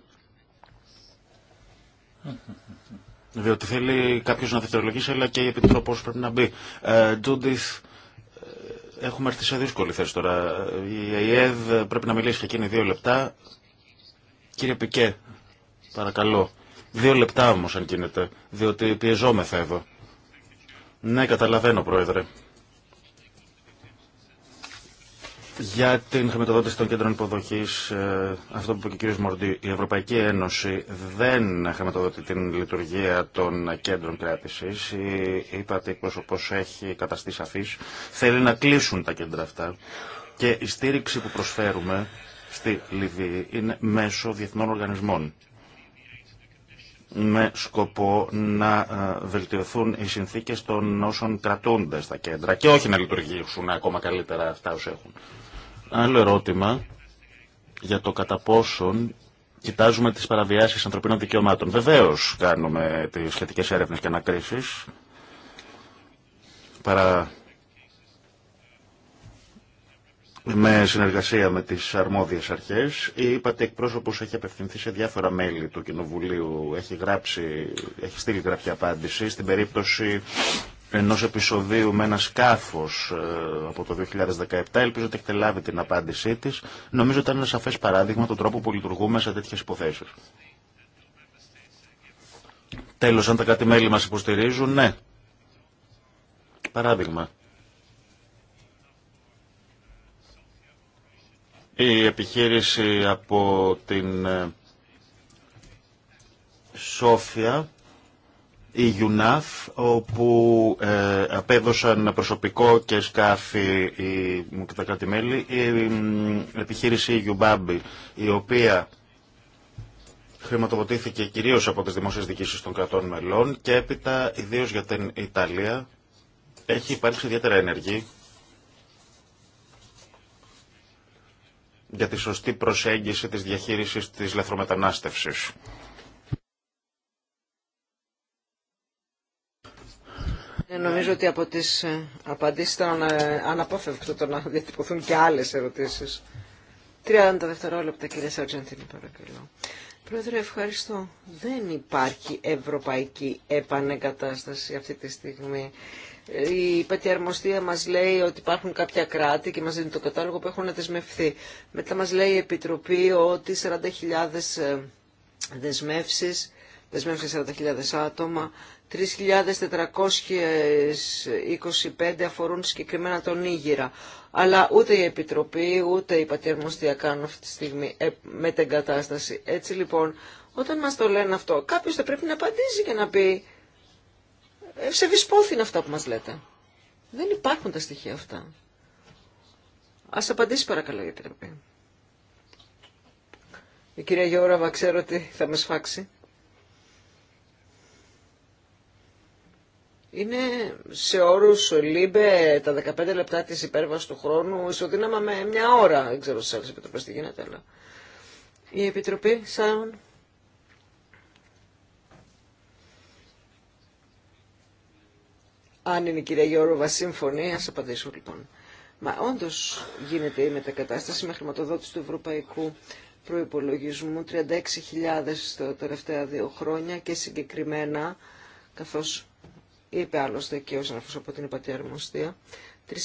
Διότι θέλει κάποιο να δευτερολογήσει, αλλά και η επιτροπή πρέπει να μπει. Ε, Τζούντιθ, ε, έχουμε έρθει σε δύσκολη θέση τώρα. Η ΕΕΔ πρέπει να μιλήσει και εκείνη δύο λεπτά. Κύριε Πικέ, παρακαλώ. Δύο λεπτά όμω, αν γίνεται, διότι πιεζόμεθα εδώ. Ναι, καταλαβαίνω, Πρόεδρε. Για την χρηματοδότηση των κέντρων υποδοχή, ε, αυτό που είπε και ο κ. Μορντή, η Ευρωπαϊκή Ένωση δεν χρηματοδοτεί την λειτουργία των κέντρων κράτηση. Η πω όπω έχει καταστεί σαφή. Θέλει να κλείσουν τα κέντρα αυτά. Και η στήριξη που προσφέρουμε στη Λιβύη είναι μέσω διεθνών οργανισμών με σκοπό να ε, βελτιωθούν οι συνθήκες των όσων κρατούνται στα κέντρα και όχι να λειτουργήσουν ακόμα καλύτερα αυτά όσοι έχουν. Άλλο ερώτημα για το κατά πόσον κοιτάζουμε τις παραβιάσεις ανθρωπίνων δικαιωμάτων. Βεβαίως κάνουμε τις σχετικές έρευνες και ανακρίσεις παρά με συνεργασία με τις αρμόδιες αρχές. είπατε εκπρόσωπος έχει απευθυνθεί σε διάφορα μέλη του Κοινοβουλίου, έχει, γράψει, έχει στείλει γραπτή απάντηση στην περίπτωση ενός επεισοδίου με ένα σκάφος ε, από το 2017. Ελπίζω ότι έχετε λάβει την απάντησή της. Νομίζω ότι ήταν ένα σαφές παράδειγμα τον τρόπο που λειτουργούμε σε τέτοιες υποθέσεις. Τέλος, αν τα κάτι μέλη μας υποστηρίζουν, ναι. Παράδειγμα. Η επιχείρηση από την ε, Σόφια, η UNAF, όπου ε, απέδωσαν προσωπικό και σκάφη μου και τα κράτη-μέλη, η, επιχείρηση Ιουμπάμπη, η οποία χρηματοδοτήθηκε κυρίως από τις δημόσιες διοικήσεις των κρατών μελών και έπειτα, ιδίως για την Ιταλία, έχει υπάρξει ιδιαίτερα ενεργή για τη σωστή προσέγγιση της διαχείρισης της λαθρομετανάστευσης. Ε, νομίζω ότι από τις ε, απαντήσεις ήταν ε, αναπόφευκτο το να διατυπωθούν και άλλες ερωτήσεις. 30 δευτερόλεπτα κύριε Σαρτζαντίνη παρακαλώ. Πρόεδρε ευχαριστώ. Δεν υπάρχει ευρωπαϊκή επανεγκατάσταση αυτή τη στιγμή. Η Πατιαρμοστία μας λέει ότι υπάρχουν κάποια κράτη και μας δίνει το κατάλογο που έχουν δεσμευθεί. Μετά μας λέει η Επιτροπή ότι 40.000 ε, δεσμεύσεις, δεσμεύσεις 40.000 άτομα, 3.425 αφορούν συγκεκριμένα τον Ήγηρα. Αλλά ούτε η Επιτροπή, ούτε η Πατιαρμοστία κάνουν αυτή τη στιγμή ε, με την κατάσταση. Έτσι λοιπόν, όταν μας το λένε αυτό, κάποιος θα πρέπει να απαντήσει και να πει ε, σε είναι αυτά που μας λέτε. Δεν υπάρχουν τα στοιχεία αυτά. Ας απαντήσει παρακαλώ η Επιτροπή. Η κυρία Γιώραβα ξέρω ότι θα με σφάξει. Είναι σε όρους λίμπε τα 15 λεπτά της υπέρβασης του χρόνου ισοδύναμα με μια ώρα. Δεν ξέρω σε άλλες επιτροπές τι γίνεται, αλλά η Επιτροπή σαν Αν είναι η κυρία Γιώργοβα σύμφωνη, α απαντήσω λοιπόν. Μα όντως γίνεται η μετακατάσταση με χρηματοδότηση του Ευρωπαϊκού Προπολογισμού, 36.000 τα τελευταία δύο χρόνια και συγκεκριμένα, καθώ είπε άλλωστε και ο συναφός από την Υπατή Αρμοστία, 3.500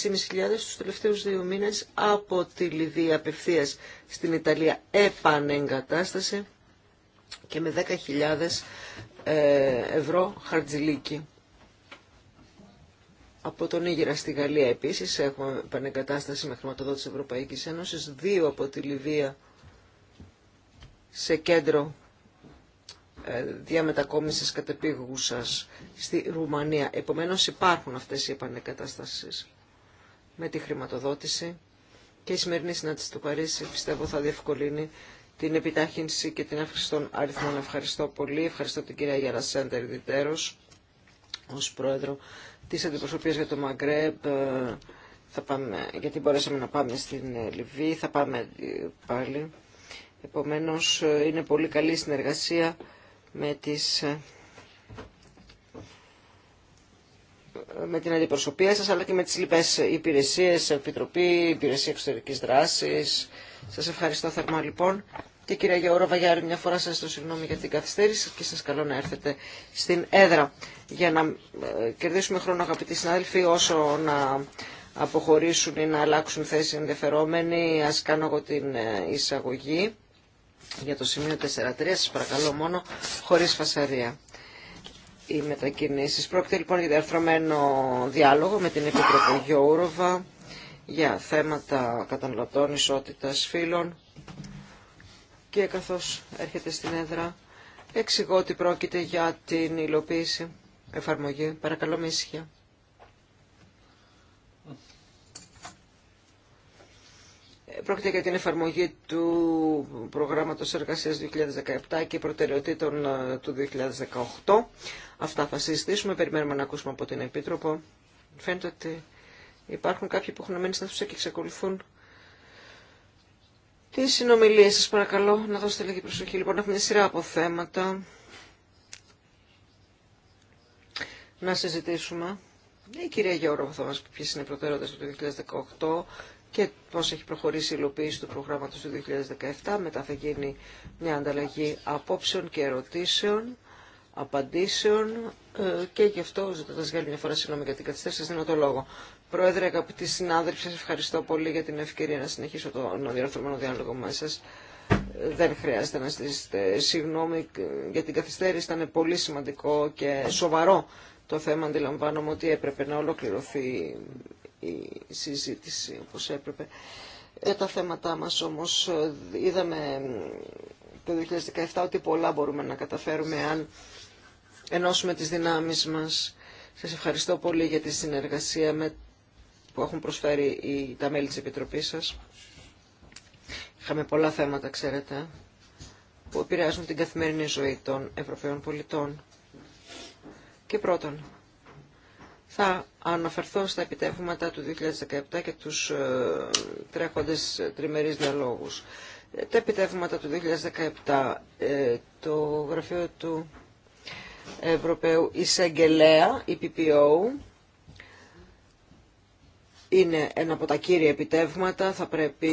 τους τελευταίους δύο μήνες από τη Λιβύη απευθείας στην Ιταλία επανεγκατάσταση και με 10.000 ε, ευρώ χαρτζηλίκι από τον Ήγερα στη Γαλλία επίσης έχουμε επανεγκατάσταση με χρηματοδότηση Ευρωπαϊκής Ένωσης, δύο από τη Λιβύα σε κέντρο ε, διαμετακόμισης κατεπίγουσας στη Ρουμανία. Επομένως υπάρχουν αυτές οι επανεγκατάστασεις με τη χρηματοδότηση και η σημερινή συνάντηση του Παρίσι πιστεύω θα διευκολύνει την επιτάχυνση και την αύξηση των αριθμών. Ευχαριστώ πολύ. Ευχαριστώ την κυρία Γιάννα Σέντερ ως πρόεδρο Τις αντιπροσωπείας για το μαγκρέπ, ε, θα πάμε, γιατί μπορέσαμε να πάμε στην ε, Λιβύη, θα πάμε ε, πάλι. Επομένως, είναι πολύ καλή συνεργασία με, τις, με την αντιπροσωπεία σας, αλλά και με τις λοιπές υπηρεσίες, Επιτροπή, Υπηρεσία Εξωτερικής Δράσης. Σας ευχαριστώ θερμά λοιπόν και κυρία Γεώροβα, για άλλη μια φορά σας το συγγνώμη για την καθυστέρηση και σας καλώ να έρθετε στην έδρα για να ε, κερδίσουμε χρόνο αγαπητοί συνάδελφοι όσο να αποχωρήσουν ή να αλλάξουν θέση ενδιαφερόμενοι. Ας κάνω εγώ την ε, εισαγωγή για το σημείο 4.3. Σας παρακαλώ μόνο χωρίς φασαρία οι μετακινήσεις. Πρόκειται λοιπόν για διαρθρωμένο διάλογο με την Επίτροπο Βαγιάρη για θέματα καταναλωτών, ισότητας, φύλων και καθώς έρχεται στην έδρα εξηγώ ότι πρόκειται για την υλοποίηση εφαρμογή. Παρακαλώ με ησυχία. Πρόκειται για την εφαρμογή του προγράμματος εργασίας 2017 και προτεραιοτήτων ε, του 2018. Αυτά θα συζητήσουμε. Περιμένουμε να ακούσουμε από την Επίτροπο. Φαίνεται ότι υπάρχουν κάποιοι που έχουν μείνει στα και εξακολουθούν τι συνομιλίες σας παρακαλώ να δώσετε λίγη προσοχή. Λοιπόν, έχουμε μια σειρά από θέματα να συζητήσουμε. Η κυρία Γιώργο θα μας πει ποιες είναι οι προτεραιότητες του 2018 και πώς έχει προχωρήσει η υλοποίηση του προγράμματος του 2017. Μετά θα γίνει μια ανταλλαγή απόψεων και ερωτήσεων, απαντήσεων ε, και γι' αυτό ζητώντας για άλλη μια φορά συγγνώμη για την καθυστέρηση, δίνω το λόγο. Πρόεδρε, αγαπητοί συνάδελφοι, σας ευχαριστώ πολύ για την ευκαιρία να συνεχίσω τον διαρθρωμένο διάλογο μαζί σας. Δεν χρειάζεται να ζητήσετε συγγνώμη για την καθυστέρηση. Ήταν πολύ σημαντικό και σοβαρό το θέμα. Αντιλαμβάνομαι ότι έπρεπε να ολοκληρωθεί η συζήτηση όπως έπρεπε. Ε, τα θέματα μας όμως ε, είδαμε το 2017 ότι πολλά μπορούμε να καταφέρουμε αν ενώσουμε τις δυνάμεις μας. Σας ευχαριστώ πολύ για τη συνεργασία με που έχουν προσφέρει οι, τα μέλη της Επιτροπής σας. Είχαμε πολλά θέματα, ξέρετε, που επηρεάζουν την καθημερινή ζωή των Ευρωπαίων πολιτών. Και πρώτον, θα αναφερθώ στα επιτεύγματα του 2017 και τους ε, τρέχοντες τριμερείς διαλόγους. Ε, τα επιτεύγματα του 2017, ε, το γραφείο του Ευρωπαίου Εισαγγελέα, PPO, είναι ένα από τα κύρια επιτεύγματα. Θα πρέπει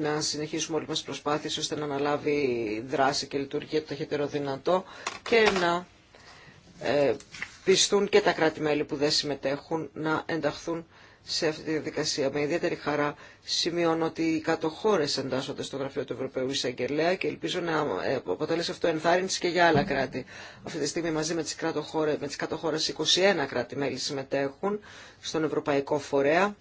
να συνεχίσουμε όλοι μας τις προσπάθειες ώστε να αναλάβει δράση και λειτουργία το ταχύτερο δυνατό και να ε, πιστούν και τα κράτη-μέλη που δεν συμμετέχουν να ενταχθούν σε αυτή τη διαδικασία. Με ιδιαίτερη χαρά σημειώνω ότι οι κατοχώρε εντάσσονται στο γραφείο του Ευρωπαίου Εισαγγελέα και ελπίζω να ε, αποτελέσει αυτό ενθάρρυνση και για άλλα κράτη. Αυτή τη στιγμή μαζί με τι κατοχώρε 21 κράτη-μέλη συμμετέχουν στον Ευρωπαϊκό Φορέα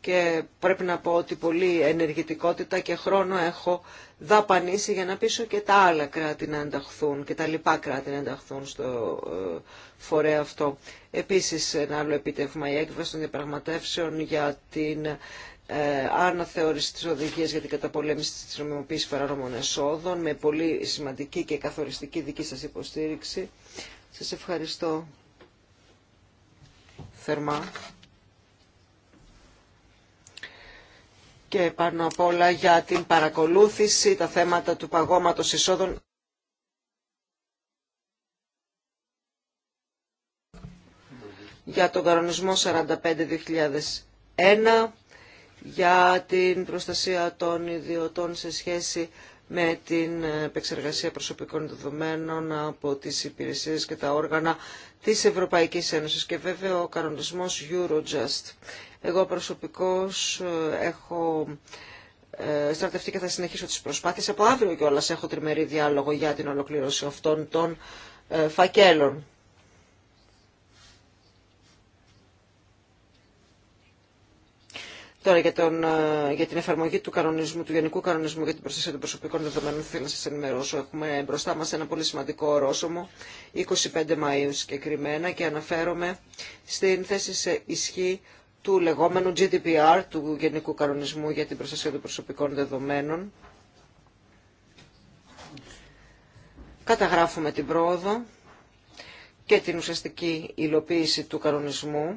και πρέπει να πω ότι πολύ ενεργητικότητα και χρόνο έχω δαπανίσει για να πείσω και τα άλλα κράτη να ενταχθούν και τα λοιπά κράτη να ενταχθούν στο ε, φορέα αυτό. Επίσης ένα άλλο επιτεύγμα η έκβαση των διαπραγματεύσεων για την ε, αναθεώρηση της οδηγίας για την καταπολέμηση της νομιμοποίησης παράνομων εσόδων με πολύ σημαντική και καθοριστική δική σας υποστήριξη. Σας ευχαριστώ θερμά. και πάνω απ' όλα για την παρακολούθηση, τα θέματα του παγώματος εισόδων. για τον κανονισμό 45-2001, για την προστασία των ιδιωτών σε σχέση με την επεξεργασία προσωπικών δεδομένων από τις υπηρεσίες και τα όργανα της Ευρωπαϊκής Ένωσης και βέβαια ο κανονισμός Eurojust. Εγώ προσωπικώς ε, έχω ε, στρατευτεί και θα συνεχίσω τις προσπάθειες. Από αύριο κιόλας έχω τριμερή διάλογο για την ολοκλήρωση αυτών των ε, φακέλων. Τώρα για, τον, για την εφαρμογή του, κανονισμού, του Γενικού Κανονισμού για την Προστασία των Προσωπικών Δεδομένων θέλω να σα ενημερώσω. Έχουμε μπροστά μα ένα πολύ σημαντικό ορόσωμο, 25 Μαου συγκεκριμένα, και αναφέρομαι στην θέση σε ισχύ του λεγόμενου GDPR, του Γενικού Κανονισμού για την Προστασία των Προσωπικών Δεδομένων. Καταγράφουμε την πρόοδο και την ουσιαστική υλοποίηση του κανονισμού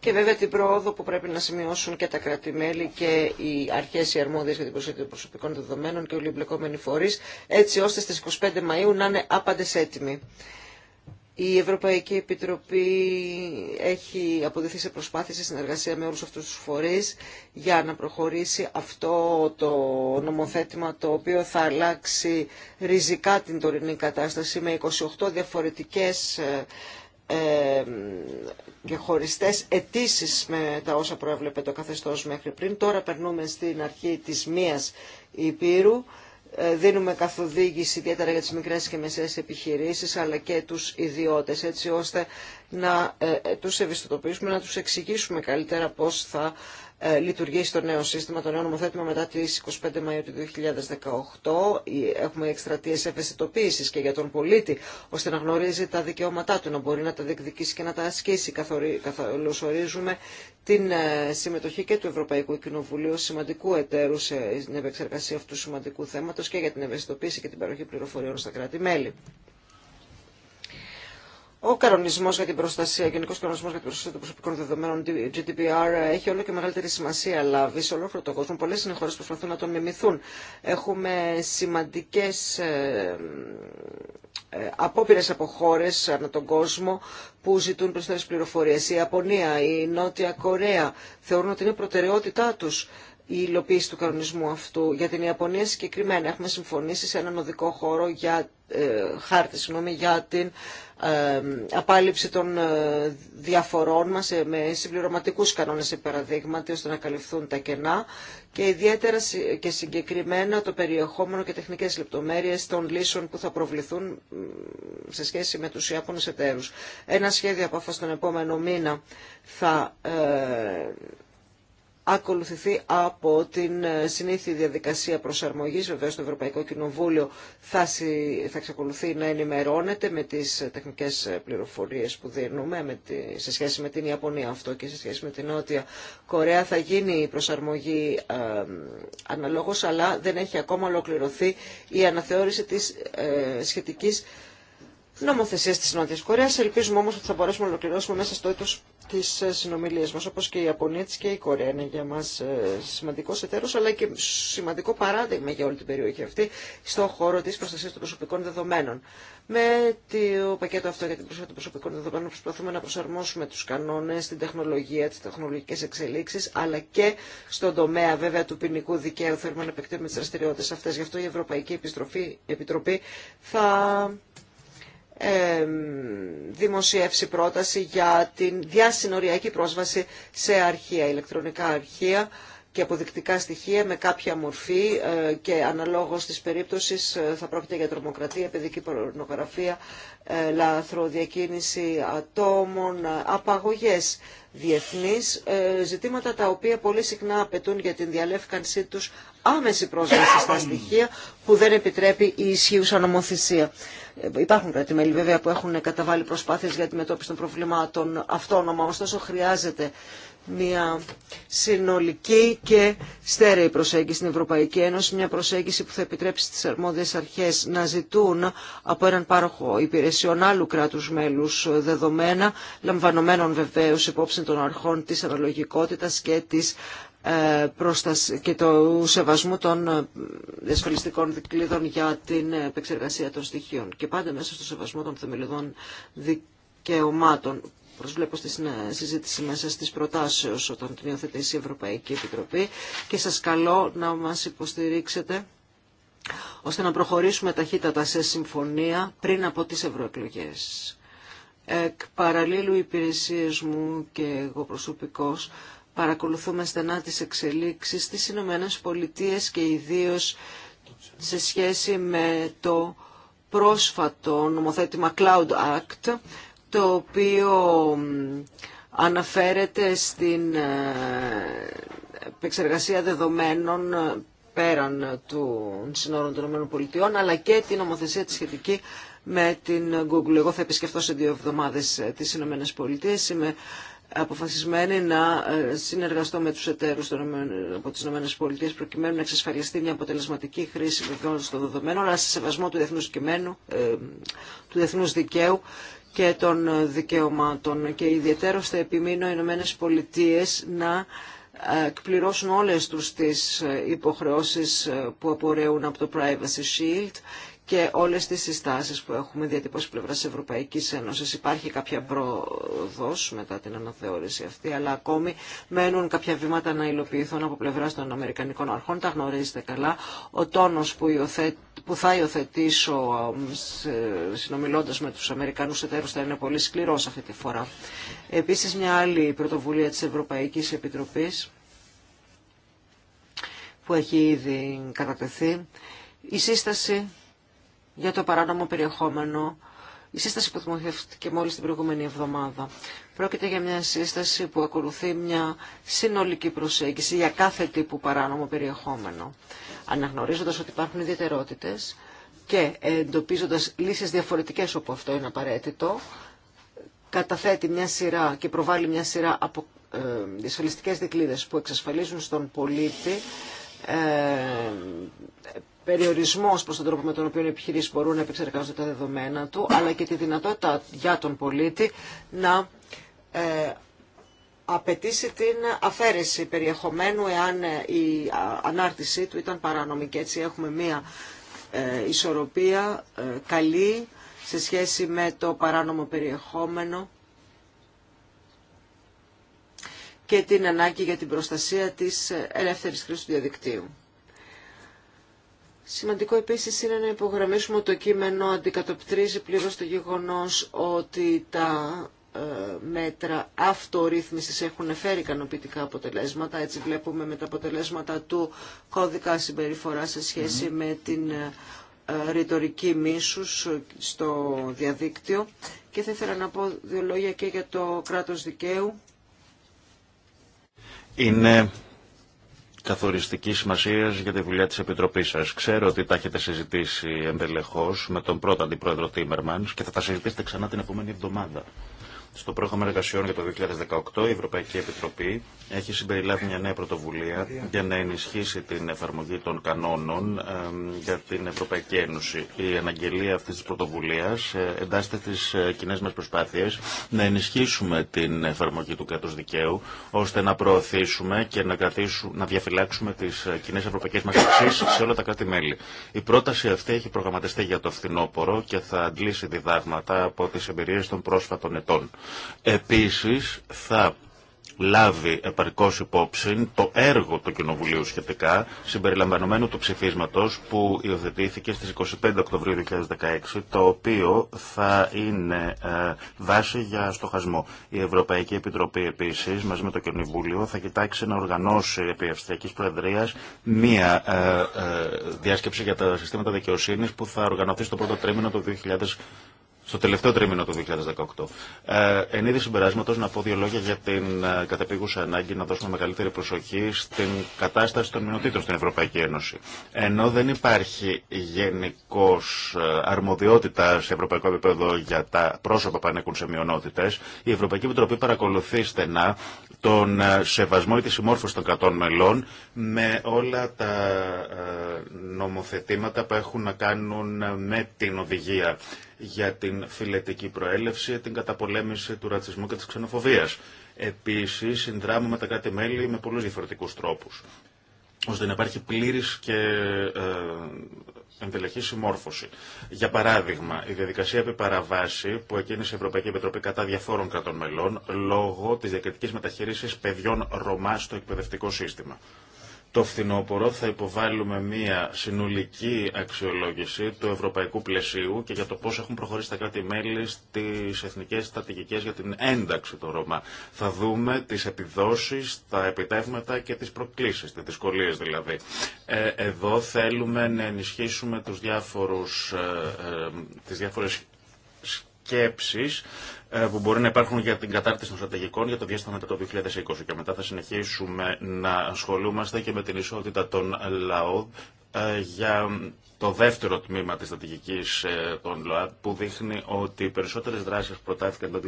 και βέβαια την πρόοδο που πρέπει να σημειώσουν και τα κρατημέλη και οι αρχές οι αρμόδιες για την προσέγγιση των προσωπικών δεδομένων και όλοι οι εμπλεκόμενοι φορείς έτσι ώστε στις 25 Μαΐου να είναι άπαντες έτοιμοι. Η Ευρωπαϊκή Επιτροπή έχει αποδεθεί σε προσπάθειες σε συνεργασία με όλους αυτούς τους φορείς για να προχωρήσει αυτό το νομοθέτημα το οποίο θα αλλάξει ριζικά την τωρινή κατάσταση με 28 διαφορετικές ε, ε, και χωριστές αιτήσει με τα όσα προέβλεπε το καθεστώς μέχρι πριν. Τώρα περνούμε στην αρχή της μίας Υπήρου ε, δίνουμε καθοδήγηση ιδιαίτερα για τις μικρές και μεσαίες επιχειρήσεις αλλά και τους ιδιώτες έτσι ώστε να ε, ε, τους ευαισθητοποιήσουμε, να τους εξηγήσουμε καλύτερα πώς θα ε, λειτουργήσει το νέο σύστημα, το νέο νομοθέτημα μετά τις 25 Μαΐου του 2018. Έχουμε εκστρατείες ευαισθητοποίησης και για τον πολίτη, ώστε να γνωρίζει τα δικαιώματά του, να μπορεί να τα διεκδικήσει και να τα ασκήσει. Καθολοσορίζουμε την ε, συμμετοχή και του Ευρωπαϊκού Κοινοβουλίου σημαντικού εταίρου στην επεξεργασία αυτού του σημαντικού θέματος και για την ευαισθητοποίηση και την παροχή πληροφοριών στα κράτη-μέλη. Ο κανονισμό για την προστασία, γενικό κανονισμό για την προστασία των προσωπικών δεδομένων, GDPR, έχει όλο και μεγαλύτερη σημασία αλλά σε ολόκληρο τον κόσμο. Πολλέ είναι χώρε που προσπαθούν να τον μιμηθούν. Έχουμε σημαντικέ ε, ε, απόπειρε από χώρε ανά τον κόσμο που ζητούν περισσότερε πληροφορίε. Η Ιαπωνία, η Νότια Κορέα θεωρούν ότι είναι προτεραιότητά του η υλοποίηση του κανονισμού αυτού. Για την Ιαπωνία συγκεκριμένα έχουμε συμφωνήσει σε έναν οδικό χώρο για, ε, χάρτη συγγνώμη, για την απάλληψη των ε, διαφορών μας ε, με συμπληρωματικούς κανόνες παραδείγματι ώστε να καλυφθούν τα κενά και ιδιαίτερα και συγκεκριμένα το περιεχόμενο και τεχνικές λεπτομέρειες των λύσεων που θα προβληθούν σε σχέση με τους Ιάπωνες εταίρους. Ένα σχέδιο από αυτό στον επόμενο μήνα θα ε, ακολουθηθεί από την ε, συνήθη διαδικασία προσαρμογής. Βεβαίως το Ευρωπαϊκό Κοινοβούλιο θα, θα εξακολουθεί να ενημερώνεται με τις τεχνικές πληροφορίες που δίνουμε με τη, σε σχέση με την Ιαπωνία αυτό και σε σχέση με την Νότια Κορέα. Θα γίνει η προσαρμογή ε, αναλόγως αλλά δεν έχει ακόμα ολοκληρωθεί η αναθεώρηση της ε, σχετικής νομοθεσία της Νότια Κορέα. Ελπίζουμε όμω ότι θα μπορέσουμε να ολοκληρώσουμε μέσα στο έτο τι ε, συνομιλίε μα, όπω και η Ιαπωνία και η Κορέα είναι για μα ε, σημαντικό εταίρο, αλλά και σημαντικό παράδειγμα για όλη την περιοχή αυτή στον χώρο τη προστασία των προσωπικών δεδομένων. Με το πακέτο αυτό για την προστασία των προσωπικών δεδομένων προσπαθούμε να προσαρμόσουμε του κανόνε στην τεχνολογία, τι τεχνολογικέ εξελίξει, αλλά και στον τομέα βέβαια του ποινικού δικαίου θέλουμε να επεκτείνουμε τι δραστηριότητε αυτέ, Γι' αυτό η Ευρωπαϊκή Επιστροφή, Επιτροπή θα δημοσιεύσει πρόταση για την διασυνοριακή πρόσβαση σε αρχεία, ηλεκτρονικά αρχεία και αποδεικτικά στοιχεία με κάποια μορφή ε, και αναλόγως της περίπτωσης ε, θα πρόκειται για τρομοκρατία, παιδική πορνογραφία, ε, λαθροδιακίνηση ατόμων, απαγωγές διεθνείς, ζητήματα τα οποία πολύ συχνά απαιτούν για την διαλεύκανσή τους άμεση πρόσβαση στα στοιχεία που δεν επιτρέπει η ισχύουσα νομοθεσία. Υπάρχουν κρατημέλη βέβαια που έχουν καταβάλει προσπάθειες για τη μετώπιση των προβλημάτων αυτόνομα, ωστόσο χρειάζεται μια συνολική και στέρεη προσέγγιση στην Ευρωπαϊκή Ένωση, μια προσέγγιση που θα επιτρέψει στις αρμόδιες αρχές να ζητούν από έναν πάροχο υπηρεσιών άλλου κράτους μέλους δεδομένα, λαμβανομένων βεβαίως υπόψη των αρχών της αναλογικότητας και της ε, και το σεβασμού των ε, ασφαλιστικών δικλείδων για την επεξεργασία των στοιχείων και πάντα μέσα στο σεβασμό των θεμελιδών δικαιωμάτων προσβλέπω στη συζήτηση μέσα στις προτάσεις όταν την υιοθετήσει η Ευρωπαϊκή Επιτροπή και σας καλώ να μας υποστηρίξετε ώστε να προχωρήσουμε ταχύτατα σε συμφωνία πριν από τις ευρωεκλογές. Εκ παραλλήλου υπηρεσίες μου και εγώ προσωπικώς παρακολουθούμε στενά τις εξελίξεις στις Ηνωμένε Πολιτείε και ιδίως σε σχέση με το πρόσφατο νομοθέτημα Cloud Act το οποίο αναφέρεται στην ε, επεξεργασία δεδομένων ε, πέραν των συνόρων των ΗΠΑ, αλλά και την ομοθεσία τη σχετική με την Google. Εγώ θα επισκεφτώ σε δύο εβδομάδες ε, τις ΗΠΑ. Είμαι αποφασισμένη να συνεργαστώ με τους εταίρους από τις ΗΠΑ προκειμένου να εξασφαλιστεί μια αποτελεσματική χρήση των δεδομένων, αλλά σε σεβασμό του διεθνούς, κειμένου, του διεθνούς δικαίου και των δικαιωμάτων και ιδιαίτερο θα επιμείνω οι Ηνωμένες να ε, εκπληρώσουν όλες τους τις ε, υποχρεώσεις ε, που απορρέουν από το Privacy Shield και όλες τις συστάσεις που έχουμε διατυπώσει πλευράς της Ευρωπαϊκής Ένωσης. Υπάρχει κάποια πρόοδος μετά την αναθεώρηση αυτή, αλλά ακόμη μένουν κάποια βήματα να υλοποιηθούν από πλευράς των Αμερικανικών αρχών. Τα γνωρίζετε καλά. Ο τόνος που, που θα υιοθετήσω συνομιλώντας με τους Αμερικανούς εταίρους θα είναι πολύ σκληρός αυτή τη φορά. Επίσης μια άλλη πρωτοβουλία της Ευρωπαϊκής Επιτροπής που έχει ήδη κατατεθεί, η σύσταση για το παράνομο περιεχόμενο. Η σύσταση που δημοσιεύτηκε μόλι την προηγούμενη εβδομάδα. Πρόκειται για μια σύσταση που ακολουθεί μια συνολική προσέγγιση για κάθε τύπου παράνομο περιεχόμενο. Αναγνωρίζοντας ότι υπάρχουν ιδιαιτερότητε και εντοπίζοντα λύσεις διαφορετικές όπου αυτό είναι απαραίτητο, καταθέτει μια σειρά και προβάλλει μια σειρά από ε, δικλείδε που εξασφαλίζουν στον πολίτη ε, περιορισμός προ τον τρόπο με τον οποίο οι επιχειρήσει μπορούν να επεξεργάζονται τα δεδομένα του, αλλά και τη δυνατότητα για τον πολίτη να ε, απαιτήσει την αφαίρεση περιεχομένου εάν ε, η ανάρτησή του ήταν παράνομη. Και έτσι έχουμε μία ε, ισορροπία καλή σε σχέση με το παράνομο περιεχόμενο και την ανάγκη για την προστασία της ελεύθερης χρήσης του διαδικτύου. Σημαντικό επίσης είναι να υπογραμμίσουμε ότι το κείμενο αντικατοπτρίζει πλήρως το γεγονός ότι τα ε, μέτρα αυτορύθμισης έχουν φέρει ικανοποιητικά αποτελέσματα. Έτσι βλέπουμε με τα αποτελέσματα του κώδικα συμπεριφορά σε σχέση με την ε, ρητορική μίσους στο διαδίκτυο. Και θα ήθελα να πω δύο λόγια και για το κράτος δικαίου. Είναι καθοριστική σημασία για τη δουλειά τη Επιτροπή σα. Ξέρω ότι τα έχετε συζητήσει εντελεχώ με τον πρώτο αντιπρόεδρο Τίμερμαν και θα τα συζητήσετε ξανά την επόμενη εβδομάδα. Στο πρόγραμμα εργασιών για το 2018 η Ευρωπαϊκή Επιτροπή έχει συμπεριλάβει μια νέα πρωτοβουλία για να ενισχύσει την εφαρμογή των κανόνων για την Ευρωπαϊκή Ένωση. Η αναγγελία αυτή τη πρωτοβουλία ε, εντάσσεται στι ε, κοινέ μα προσπάθειε να ενισχύσουμε την εφαρμογή του κράτου δικαίου ώστε να προωθήσουμε και να, κρατήσουμε, να διαφυλάξουμε τι ε, κοινέ ευρωπαϊκέ μα αξίε σε όλα τα κράτη-μέλη. Η πρόταση αυτή έχει προγραμματιστεί για το φθινόπωρο και θα αντλήσει διδάγματα από τι εμπειρίε των πρόσφατων ετών. Επίσης θα λάβει επαρκώς υπόψη το έργο του Κοινοβουλίου σχετικά, συμπεριλαμβανομένου του ψηφίσματος που υιοθετήθηκε στις 25 Οκτωβρίου 2016, το οποίο θα είναι ε, βάση για στοχασμό. Η Ευρωπαϊκή Επιτροπή επίσης, μαζί με το Κοινοβούλιο, θα κοιτάξει να οργανώσει επί Αυστριακής Προεδρίας μία ε, ε, διάσκεψη για τα συστήματα δικαιοσύνης που θα οργανωθεί στο πρώτο τρίμηνο του στο τελευταίο τρίμηνο του 2018. Ε, εν είδη συμπεράσματο, να πω δύο λόγια για την ε, ανάγκη να δώσουμε μεγαλύτερη προσοχή στην κατάσταση των μειονοτήτων στην Ευρωπαϊκή Ένωση. Ενώ δεν υπάρχει γενικώ ε, αρμοδιότητα σε ευρωπαϊκό επίπεδο για τα πρόσωπα που ανήκουν σε μειονότητε, η Ευρωπαϊκή Επιτροπή παρακολουθεί στενά τον ε, σεβασμό ή τη συμμόρφωση των κρατών μελών με όλα τα ε, νομοθετήματα που έχουν να κάνουν ε, με την οδηγία για την φιλετική προέλευση, την καταπολέμηση του ρατσισμού και της ξενοφοβίας. Επίσης, συνδράμουμε τα κράτη-μέλη με πολλούς διαφορετικούς τρόπους, ώστε να υπάρχει πλήρης και εντελεχή συμμόρφωση. Για παράδειγμα, η διαδικασία επί παραβάση που εκείνη η Ευρωπαϊκή Επιτροπή κατά διαφόρων κρατών μελών λόγω τη διακριτική μεταχείριση παιδιών Ρωμά στο εκπαιδευτικό σύστημα. Το φθινόπωρο θα υποβάλουμε μία συνολική αξιολόγηση του ευρωπαϊκού πλαισίου και για το πώς έχουν προχωρήσει τα κράτη-μέλη στις εθνικές στρατηγικές για την ένταξη των Ρωμά. Θα δούμε τις επιδόσεις, τα επιτεύγματα και τις προκλήσεις, τις δυσκολίες δηλαδή. Ε, εδώ θέλουμε να ενισχύσουμε τους διάφορους, ε, ε, τις διάφορες σκέψεις ε, που μπορεί να υπάρχουν για την κατάρτιση των στρατηγικών για το διάστημα μετά το 2020 και μετά θα συνεχίσουμε να ασχολούμαστε και με την ισότητα των λαών ε, για το δεύτερο τμήμα της στρατηγικής ε, των ΛΟΑΤ που δείχνει ότι οι περισσότερες δράσεις που προτάθηκαν το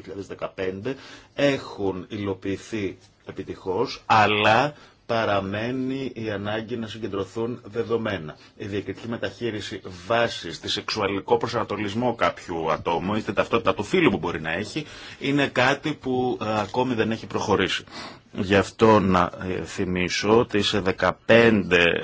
2015 έχουν υλοποιηθεί επιτυχώς αλλά παραμένει η ανάγκη να συγκεντρωθούν δεδομένα. Η διακριτική μεταχείριση βάσης στη σεξουαλικό προσανατολισμό κάποιου ατόμου ή την ταυτότητα του φίλου που μπορεί να έχει είναι κάτι που ε, ακόμη δεν έχει προχωρήσει. Γι' αυτό να ε, θυμίσω ότι σε 15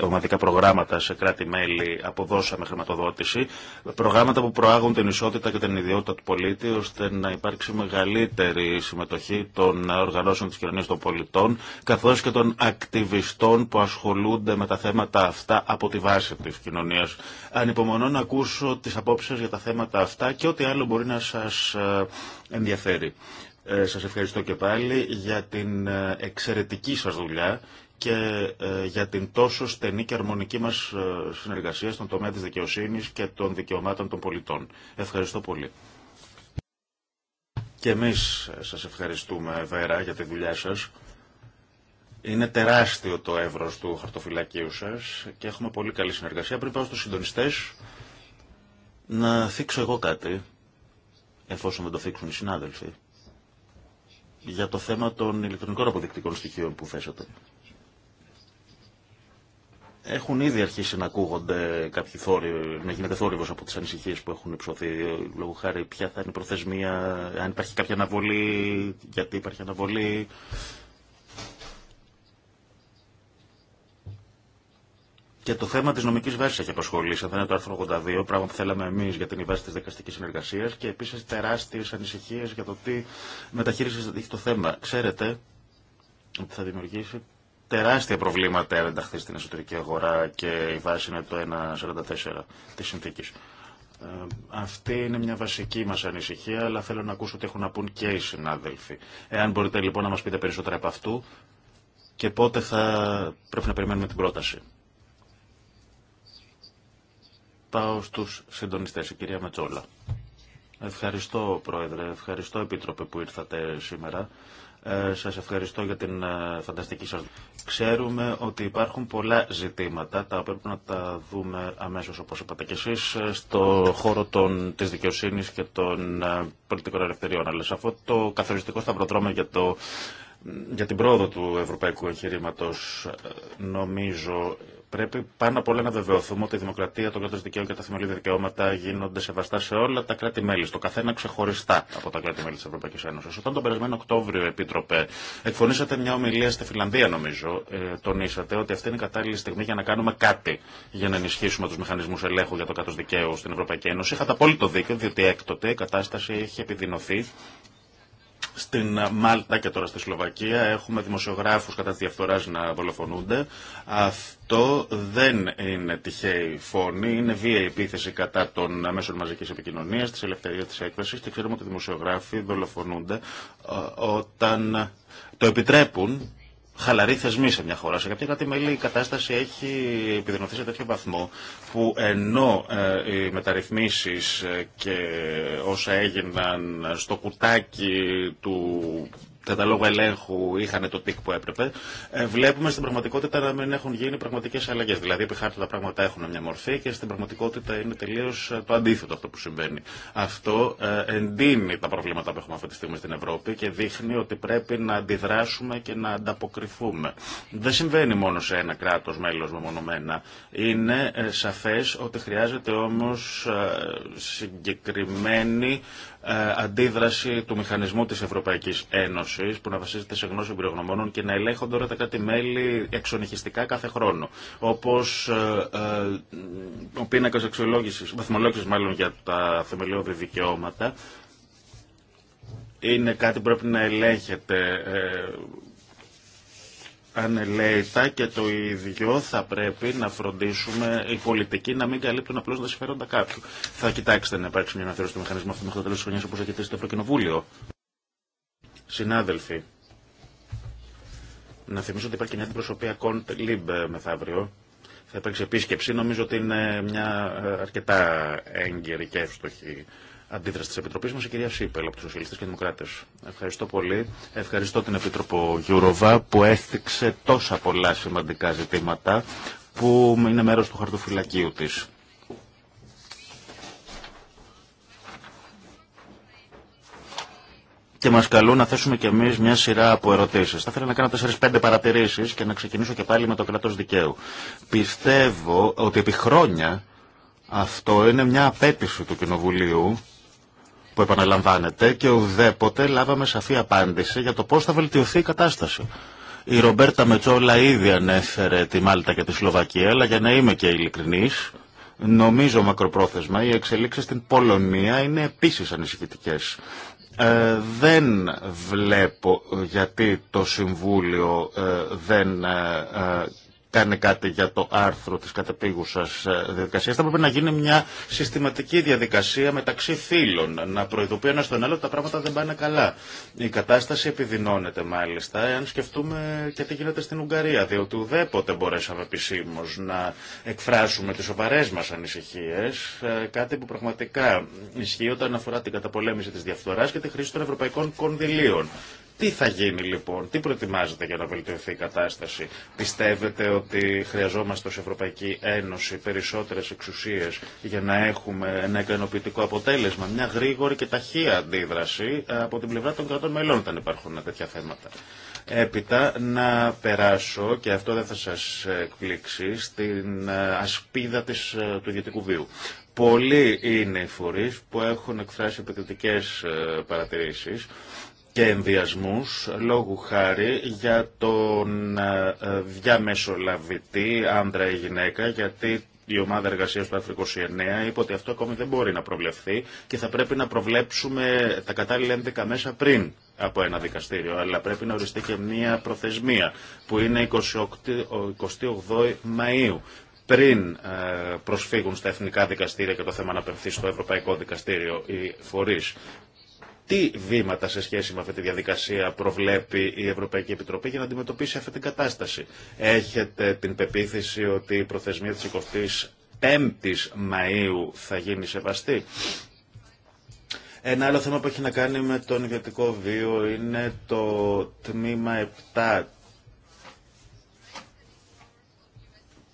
ομαδικά προγράμματα σε κράτη-μέλη αποδώσαμε χρηματοδότηση. Προγράμματα που προάγουν την ισότητα και την ιδιότητα του πολίτη, ώστε να υπάρξει μεγαλύτερη συμμετοχή των οργανώσεων της κοινωνίας των πολιτών, καθώς και των ακτιβιστών που ασχολούνται με τα θέματα αυτά από τη βάση της κοινωνίας. Ανυπομονώ να ακούσω τι απόψει για τα θέματα αυτά και ό,τι άλλο μπορεί να σα ε, ενδιαφέρει. Ε, σας ευχαριστώ και πάλι για την ε, εξαιρετική σας δουλειά και ε, για την τόσο στενή και αρμονική μας ε, συνεργασία στον τομέα της δικαιοσύνης και των δικαιωμάτων των πολιτών. Ευχαριστώ πολύ. Και εμείς σας ευχαριστούμε, Βέρα, για τη δουλειά σας. Είναι τεράστιο το εύρος του χαρτοφυλακίου σας και έχουμε πολύ καλή συνεργασία. Πριν πάω στους συντονιστές, να θίξω εγώ κάτι, εφόσον δεν το θίξουν οι συνάδελφοι για το θέμα των ηλεκτρονικών αποδεικτικών στοιχείων που θέσατε. Έχουν ήδη αρχίσει να ακούγονται κάποιοι θόρυβοι, να γίνεται θόρυβος από τις ανησυχίες που έχουν υψωθεί. Λόγω χάρη ποια θα είναι η προθεσμία, αν υπάρχει κάποια αναβολή, γιατί υπάρχει αναβολή, Και το θέμα τη νομική βάση έχει απασχολήσει. Αυτό είναι το άρθρο 82, πράγμα που θέλαμε εμεί για την βάση τη δικαστική συνεργασία και επίση τεράστιε ανησυχίε για το τι μεταχείριση θα το θέμα. Ξέρετε ότι θα δημιουργήσει τεράστια προβλήματα αν ενταχθεί στην εσωτερική αγορά και η βάση είναι το 1.44 τη συνθήκη. αυτή είναι μια βασική μας ανησυχία, αλλά θέλω να ακούσω τι έχουν να πούν και οι συνάδελφοι. Εάν μπορείτε λοιπόν να μας πείτε περισσότερα από αυτού και πότε θα πρέπει να περιμένουμε την πρόταση πάω στους συντονιστές, η κυρία Μετσόλα. Ευχαριστώ, Πρόεδρε. Ευχαριστώ, Επίτροπε, που ήρθατε σήμερα. Ε, σας ευχαριστώ για την ε, φανταστική σας Ξέρουμε ότι υπάρχουν πολλά ζητήματα, τα οποία πρέπει να τα δούμε αμέσως, όπως είπατε και εσείς, στο χώρο των, της δικαιοσύνης και των ε, πολιτικών ελευθεριών. Αλλά σε αυτό το καθοριστικό σταυροδρόμιο για το για την πρόοδο του ευρωπαϊκού εγχειρήματο ε, νομίζω Πρέπει πάνω απ' όλα να βεβαιωθούμε ότι η δημοκρατία, το κράτο δικαίου και τα θεμελιώδη δικαιώματα γίνονται σεβαστά σε όλα τα κράτη-μέλη, στο καθένα ξεχωριστά από τα κράτη-μέλη τη Ευρωπαϊκή Ένωση. Όταν τον περασμένο Οκτώβριο, Επίτροπε, εκφωνήσατε μια ομιλία στη Φιλανδία, νομίζω, ε, τονίσατε ότι αυτή είναι η κατάλληλη στιγμή για να κάνουμε κάτι για να ενισχύσουμε του μηχανισμού ελέγχου για το κράτο δικαίου στην Ευρωπαϊκή Ένωση. Είχατε απόλυτο δίκιο, διότι έκτοτε η κατάσταση έχει επιδεινωθεί στην ε, Μάλτα και τώρα στη Σλοβακία έχουμε δημοσιογράφους κατά τη διαφθοράς να δολοφονούνται. Αυτό δεν είναι τυχαίη φόνη, είναι βία η επίθεση κατά των μέσων μαζικής επικοινωνίας, της ελευθερίας της έκφρασης και ξέρουμε ότι δημοσιογράφοι δολοφονούνται ε, όταν το επιτρέπουν χαλαροί θεσμοί σε μια χώρα. Σε κάποια κράτη μέλη η κατάσταση έχει επιδεινωθεί σε τέτοιο βαθμό που ενώ ε, οι μεταρρυθμίσεις ε, και όσα έγιναν στο κουτάκι του κατά λόγω ελέγχου είχαν το τικ που έπρεπε, ε, βλέπουμε στην πραγματικότητα να μην έχουν γίνει πραγματικέ αλλαγέ. Δηλαδή, επί χάρτη τα πράγματα έχουν μια μορφή και στην πραγματικότητα είναι τελείω ε, το αντίθετο αυτό που συμβαίνει. Αυτό ε, εντείνει τα προβλήματα που έχουμε αυτή τη στιγμή στην Ευρώπη και δείχνει ότι πρέπει να αντιδράσουμε και να ανταποκριθούμε. Δεν συμβαίνει μόνο σε ένα κράτο μέλο μεμονωμένα. Είναι σαφέ ότι χρειάζεται όμω συγκεκριμένη ε, αντίδραση του μηχανισμού της Ευρωπαϊκής Ένωσης που να βασίζεται σε γνώση εμπειρογνωμόνων και να ελέγχονται όλα τα κράτη-μέλη εξονυχιστικά κάθε χρόνο. Όπως ε, ε, ο πίνακας αξιολόγηση, βαθμολόγησης μάλλον για τα θεμελιώδη δικαιώματα, είναι κάτι που πρέπει να ελέγχεται ανελαίητα και το ίδιο θα πρέπει να φροντίσουμε οι πολιτικοί να μην καλύπτουν απλώ τα συμφέροντα κάποιου. Θα κοιτάξετε να υπάρξει μια αναθεώρηση του μηχανισμού αυτού μέχρι το τέλο τη χρονιά όπω έχετε στο Ευρωκοινοβούλιο. Συνάδελφοι, να θυμίσω ότι υπάρχει και μια αντιπροσωπεία Κοντ Λιμπ μεθαύριο. Θα υπάρξει επίσκεψη. Νομίζω ότι είναι μια ε, αρκετά έγκαιρη και εύστοχη αντίδραση τη Επιτροπή μα, η κυρία Σίπελ από του Σοσιαλιστέ και Δημοκράτε. Ευχαριστώ πολύ. Ευχαριστώ την Επίτροπο Γιούροβα που έθιξε τόσα πολλά σημαντικά ζητήματα που είναι μέρο του χαρτοφυλακίου τη. Και μα καλούν να θέσουμε κι εμεί μια σειρά από ερωτήσει. Θα ήθελα να κάνω 4-5 παρατηρήσει και να ξεκινήσω και πάλι με το κράτο δικαίου. Πιστεύω ότι επί χρόνια αυτό είναι μια απέτηση του Κοινοβουλίου που επαναλαμβάνεται και ουδέποτε λάβαμε σαφή απάντηση για το πώς θα βελτιωθεί η κατάσταση. Η Ρομπέρτα Μετσόλα ήδη ανέφερε τη Μάλτα και τη Σλοβακία, αλλά για να είμαι και ειλικρινής, νομίζω μακροπρόθεσμα οι εξελίξεις στην Πολωνία είναι επίσης ανησυχητικές. Ε, δεν βλέπω γιατί το Συμβούλιο ε, δεν ε, κάνει κάτι για το άρθρο της κατεπήγουσας ε, διαδικασίας. Θα πρέπει να γίνει μια συστηματική διαδικασία μεταξύ φίλων, να προειδοποιεί ένα στον άλλο ότι τα πράγματα δεν πάνε καλά. Η κατάσταση επιδεινώνεται μάλιστα, εάν σκεφτούμε και τι γίνεται στην Ουγγαρία, διότι ουδέποτε μπορέσαμε επισήμω να εκφράσουμε τις σοβαρές μας ανησυχίες, ε, κάτι που πραγματικά ισχύει όταν αφορά την καταπολέμηση της διαφθοράς και τη χρήση των ευρωπαϊκών κονδυλίων. Τι θα γίνει λοιπόν, τι προετοιμάζετε για να βελτιωθεί η κατάσταση. Πιστεύετε ότι χρειαζόμαστε ως Ευρωπαϊκή Ένωση περισσότερες εξουσίες για να έχουμε ένα ικανοποιητικό αποτέλεσμα, μια γρήγορη και ταχεία αντίδραση ε, από την πλευρά των κρατών μελών όταν υπάρχουν τέτοια θέματα. Έπειτα να περάσω, και αυτό δεν θα σας εκπλήξει, στην ε, ασπίδα της, ε, του ιδιωτικού βίου. Πολλοί είναι οι φορείς που έχουν εκφράσει επικριτικές παρατηρήσεις και ενδιασμούς λόγου χάρη για τον ε, ε, διαμεσολαβητή άντρα ή γυναίκα γιατί η ομάδα εργασία του άρθρου 29 είπε ότι αυτό ακόμη δεν μπορεί να προβλεφθεί και θα πρέπει να προβλέψουμε τα κατάλληλα ένδικα μέσα πριν από ένα δικαστήριο. Αλλά πρέπει να οριστεί και μια προθεσμία που είναι 28, 28 Μαΐου πριν ε, προσφύγουν στα εθνικά δικαστήρια και το θέμα να απευθύνει στο Ευρωπαϊκό Δικαστήριο οι φορεί τι βήματα σε σχέση με αυτή τη διαδικασία προβλέπει η Ευρωπαϊκή Επιτροπή για να αντιμετωπίσει αυτή την κατάσταση. Έχετε την πεποίθηση ότι η προθεσμία της 25ης Μαΐου θα γίνει σεβαστή. Ένα άλλο θέμα που έχει να κάνει με τον ιδιωτικό βίο είναι το τμήμα 7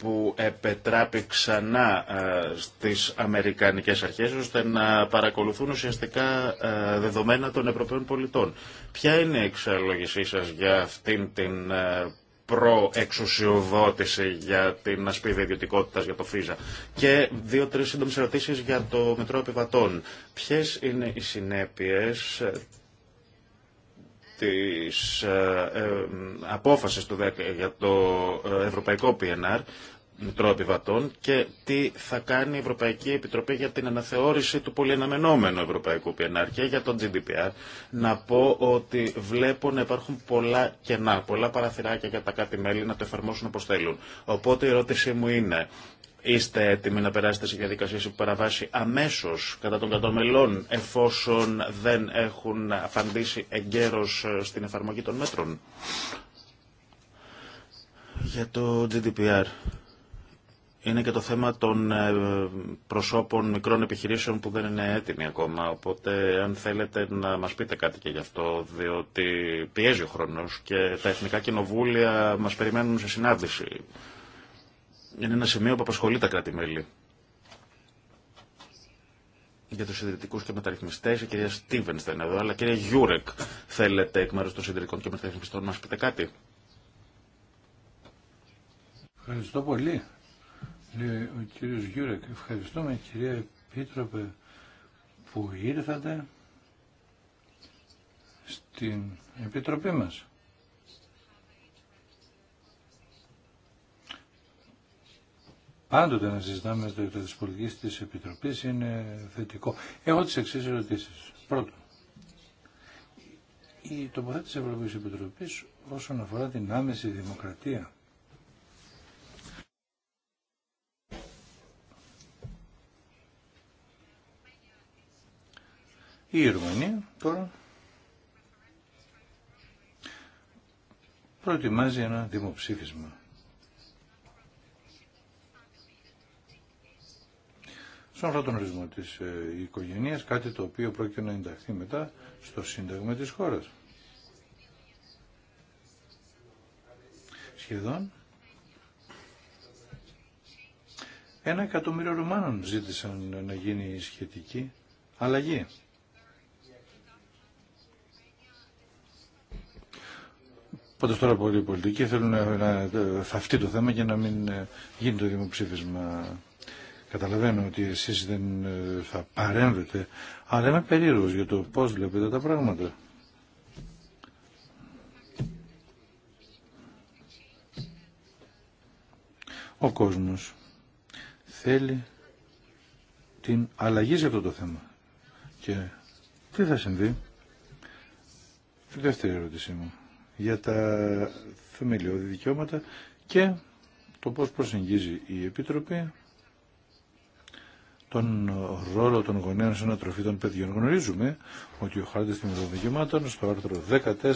που επετράπη ξανά ε, στις Αμερικανικές αρχές ώστε να παρακολουθούν ουσιαστικά ε, δεδομένα των Ευρωπαίων πολιτών. Ποια είναι η εξαλογισή σας για αυτήν την ε, προεξουσιοδότηση για την ασπίδα ιδιωτικότητα για το ΦΙΖΑ. Και δύο-τρει σύντομε ερωτήσει για το Μετρό Επιβατών. Ποιε είναι οι συνέπειες; της ε, ε, απόφασης του για το ε, Ευρωπαϊκό PNR, Μητρό Επιβατών και τι θα κάνει η Ευρωπαϊκή Επιτροπή για την αναθεώρηση του πολυεναμενόμενου Ευρωπαϊκού PNR και για τον GDPR. Να πω ότι βλέπω να υπάρχουν πολλά κενά, πολλά παραθυράκια για τα κάτι μέλη να το εφαρμόσουν όπως θέλουν. Οπότε η ερώτησή μου είναι, Είστε έτοιμοι να περάσετε σε διαδικασίε που παραβάσει αμέσω κατά των κατομελών, εφόσον δεν έχουν απαντήσει εγκαίρως ε, στην εφαρμογή των μέτρων. Για το GDPR. Είναι και το θέμα των ε, προσώπων μικρών επιχειρήσεων που δεν είναι έτοιμοι ακόμα. Οπότε, αν θέλετε να μας πείτε κάτι και γι' αυτό, διότι πιέζει ο χρόνος και τα εθνικά κοινοβούλια μας περιμένουν σε συνάντηση είναι ένα σημείο που απασχολεί τα κράτη-μέλη. Για του συντηρητικού και μεταρρυθμιστέ, η κυρία Στίβεν δεν είναι εδώ, αλλά κυρία Γιούρεκ, θέλετε εκ μέρου των συντηρητικών και μεταρρυθμιστών να μα πείτε κάτι. Ευχαριστώ πολύ. Λέει ο κύριο Γιούρεκ, ευχαριστούμε κυρία Επίτροπε που ήρθατε στην Επιτροπή μας. πάντοτε να συζητάμε το εκτό τη πολιτική τη Επιτροπή είναι θετικό. Έχω τι εξή ερωτήσει. Πρώτον, η τοποθέτηση τη Ευρωπαϊκή Επιτροπή όσον αφορά την άμεση δημοκρατία. Η Ρουμανία τώρα προετοιμάζει ένα δημοψήφισμα Σαν αυτόν τον ορισμό της ε, οικογένειας, κάτι το οποίο πρόκειται να ενταχθεί μετά στο Σύνταγμα της χώρας. Σχεδόν ένα εκατομμύριο Ρουμάνων ζήτησαν να γίνει η σχετική αλλαγή. Πάντως τώρα πολλοί πολιτικοί θέλουν να θαυτεί το θέμα για να μην ε, γίνει το δημοψήφισμα. Καταλαβαίνω ότι εσείς δεν ε, θα παρέμβετε, αλλά είμαι περίεργος για το πώς βλέπετε τα πράγματα. Ο κόσμος θέλει την αλλαγή σε αυτό το θέμα. Και τι θα συμβεί. δεύτερη ερώτησή μου. Για τα θεμελιώδη δικαιώματα και το πώς προσεγγίζει η Επιτροπή τον ρόλο των γονέων σε ανατροφή των παιδιών. Γνωρίζουμε ότι ο χάρτη των δικαιωμάτων στο άρθρο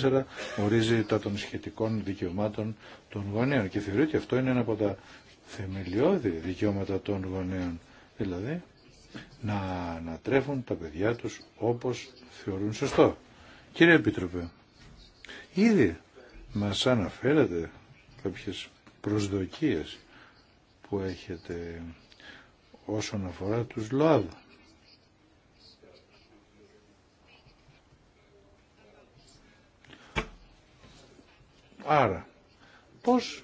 14 ορίζει τα των σχετικών δικαιωμάτων των γονέων και θεωρεί ότι αυτό είναι ένα από τα θεμελιώδη δικαιώματα των γονέων. Δηλαδή να ανατρέφουν τα παιδιά τους όπως θεωρούν σωστό. Κύριε Επίτροπε, ήδη μας αναφέρατε κάποιες προσδοκίες που έχετε όσον αφορά τους ΛΟΑΔ. Άρα, πώς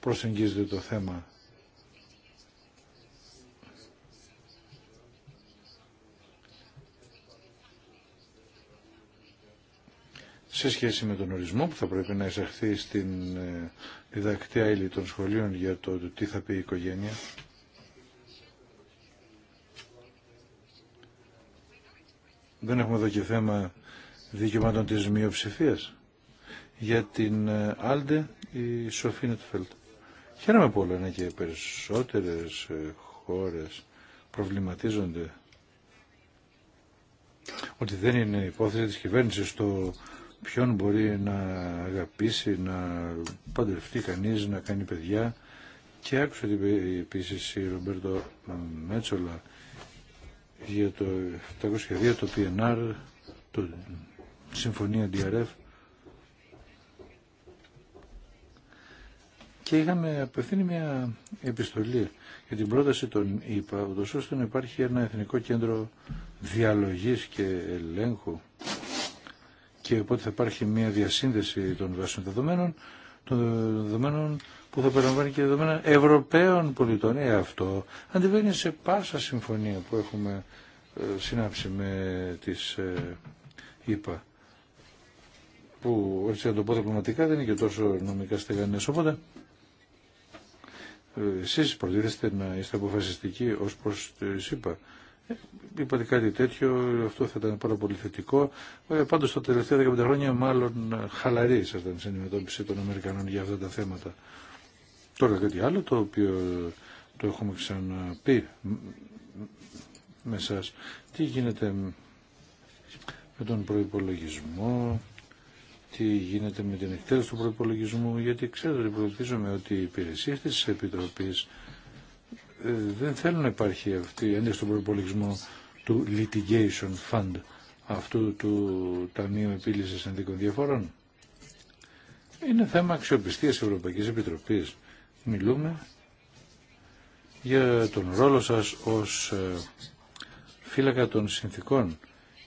προσεγγίζεται το θέμα σε σχέση με τον ορισμό που θα πρέπει να εισαχθεί στην ε, διδακτή αίλη των σχολείων για το τι θα πει η οικογένεια. Δεν έχουμε εδώ και θέμα δικαιωμάτων της μειοψηφίας. Για την ε, Άλντε η Σοφή Νετφέλτ. Χαίρομαι που όλα και περισσότερες ε, χώρες προβληματίζονται ότι δεν είναι υπόθεση της κυβέρνησης το ποιον μπορεί να αγαπήσει, να παντρευτεί κανείς, να κάνει παιδιά. Και άκουσα επίσης η Ρομπέρτο Μέτσολα για το 702, το PNR, το Συμφωνία DRF και είχαμε απευθύνει μια επιστολή για την πρόταση των ΙΠΑ, ούτως ώστε να υπάρχει ένα εθνικό κέντρο διαλογής και ελέγχου και οπότε θα υπάρχει μια διασύνδεση των βασικών δεδομένων των δεδομένων που θα περιλαμβάνει και δεδομένα Ευρωπαίων πολιτών. Ε, αυτό αντιβαίνει σε πάσα συμφωνία που έχουμε ε, συνάψει με τις ε, ΗΠΑ που έτσι να το πω διπλωματικά δεν είναι και τόσο νομικά στεγανές οπότε ε, εσείς προτίθεστε να είστε αποφασιστικοί ως προς τις ΗΠΑ είπατε κάτι τέτοιο, αυτό θα ήταν πάρα πολύ θετικό. Ε, πάντως τα τελευταία 15 χρόνια μάλλον ε, χαλαρή ήσασταν στην αντιμετώπιση των Αμερικανών για αυτά τα θέματα. Τώρα κάτι άλλο το οποίο το έχουμε ξαναπεί με σας. Τι γίνεται με τον προϋπολογισμό, τι γίνεται με την εκτέλεση του προϋπολογισμού, γιατί ξέρετε προβληθίζομαι ότι οι υπηρεσίες της Επιτροπής ε, δεν θέλουν να υπάρχει αυτή η ένδειξη στον προπολογισμό του litigation fund αυτού του Ταμείου Επίλυσης Ενδικών Διαφορών. Είναι θέμα αξιοπιστίας Ευρωπαϊκής Επιτροπής. Μιλούμε για τον ρόλο σας ως ε, φύλακα των συνθήκων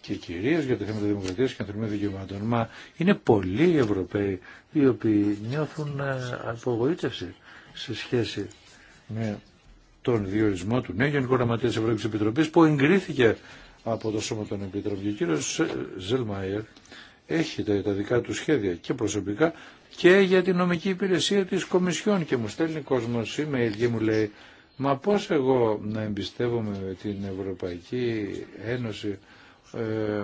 και κυρίως για το θέμα της δημοκρατίας και ανθρωπίνων δικαιωμάτων. Μα είναι πολλοί οι Ευρωπαίοι οι οποίοι νιώθουν ε, απογοήτευση σε σχέση με τον διορισμό του νέου ναι, Γενικού Γραμματέα Ευρωπαϊκή Επιτροπή που εγκρίθηκε από το Σώμα των Επιτροπών. Και ο κύριο Ζελμάιερ έχει τα δικά του σχέδια και προσωπικά και για την νομική υπηρεσία τη Κομισιόν. Και μου στέλνει κόσμο email και μου λέει, Μα πώ εγώ να εμπιστεύομαι την Ευρωπαϊκή Ένωση. Ε,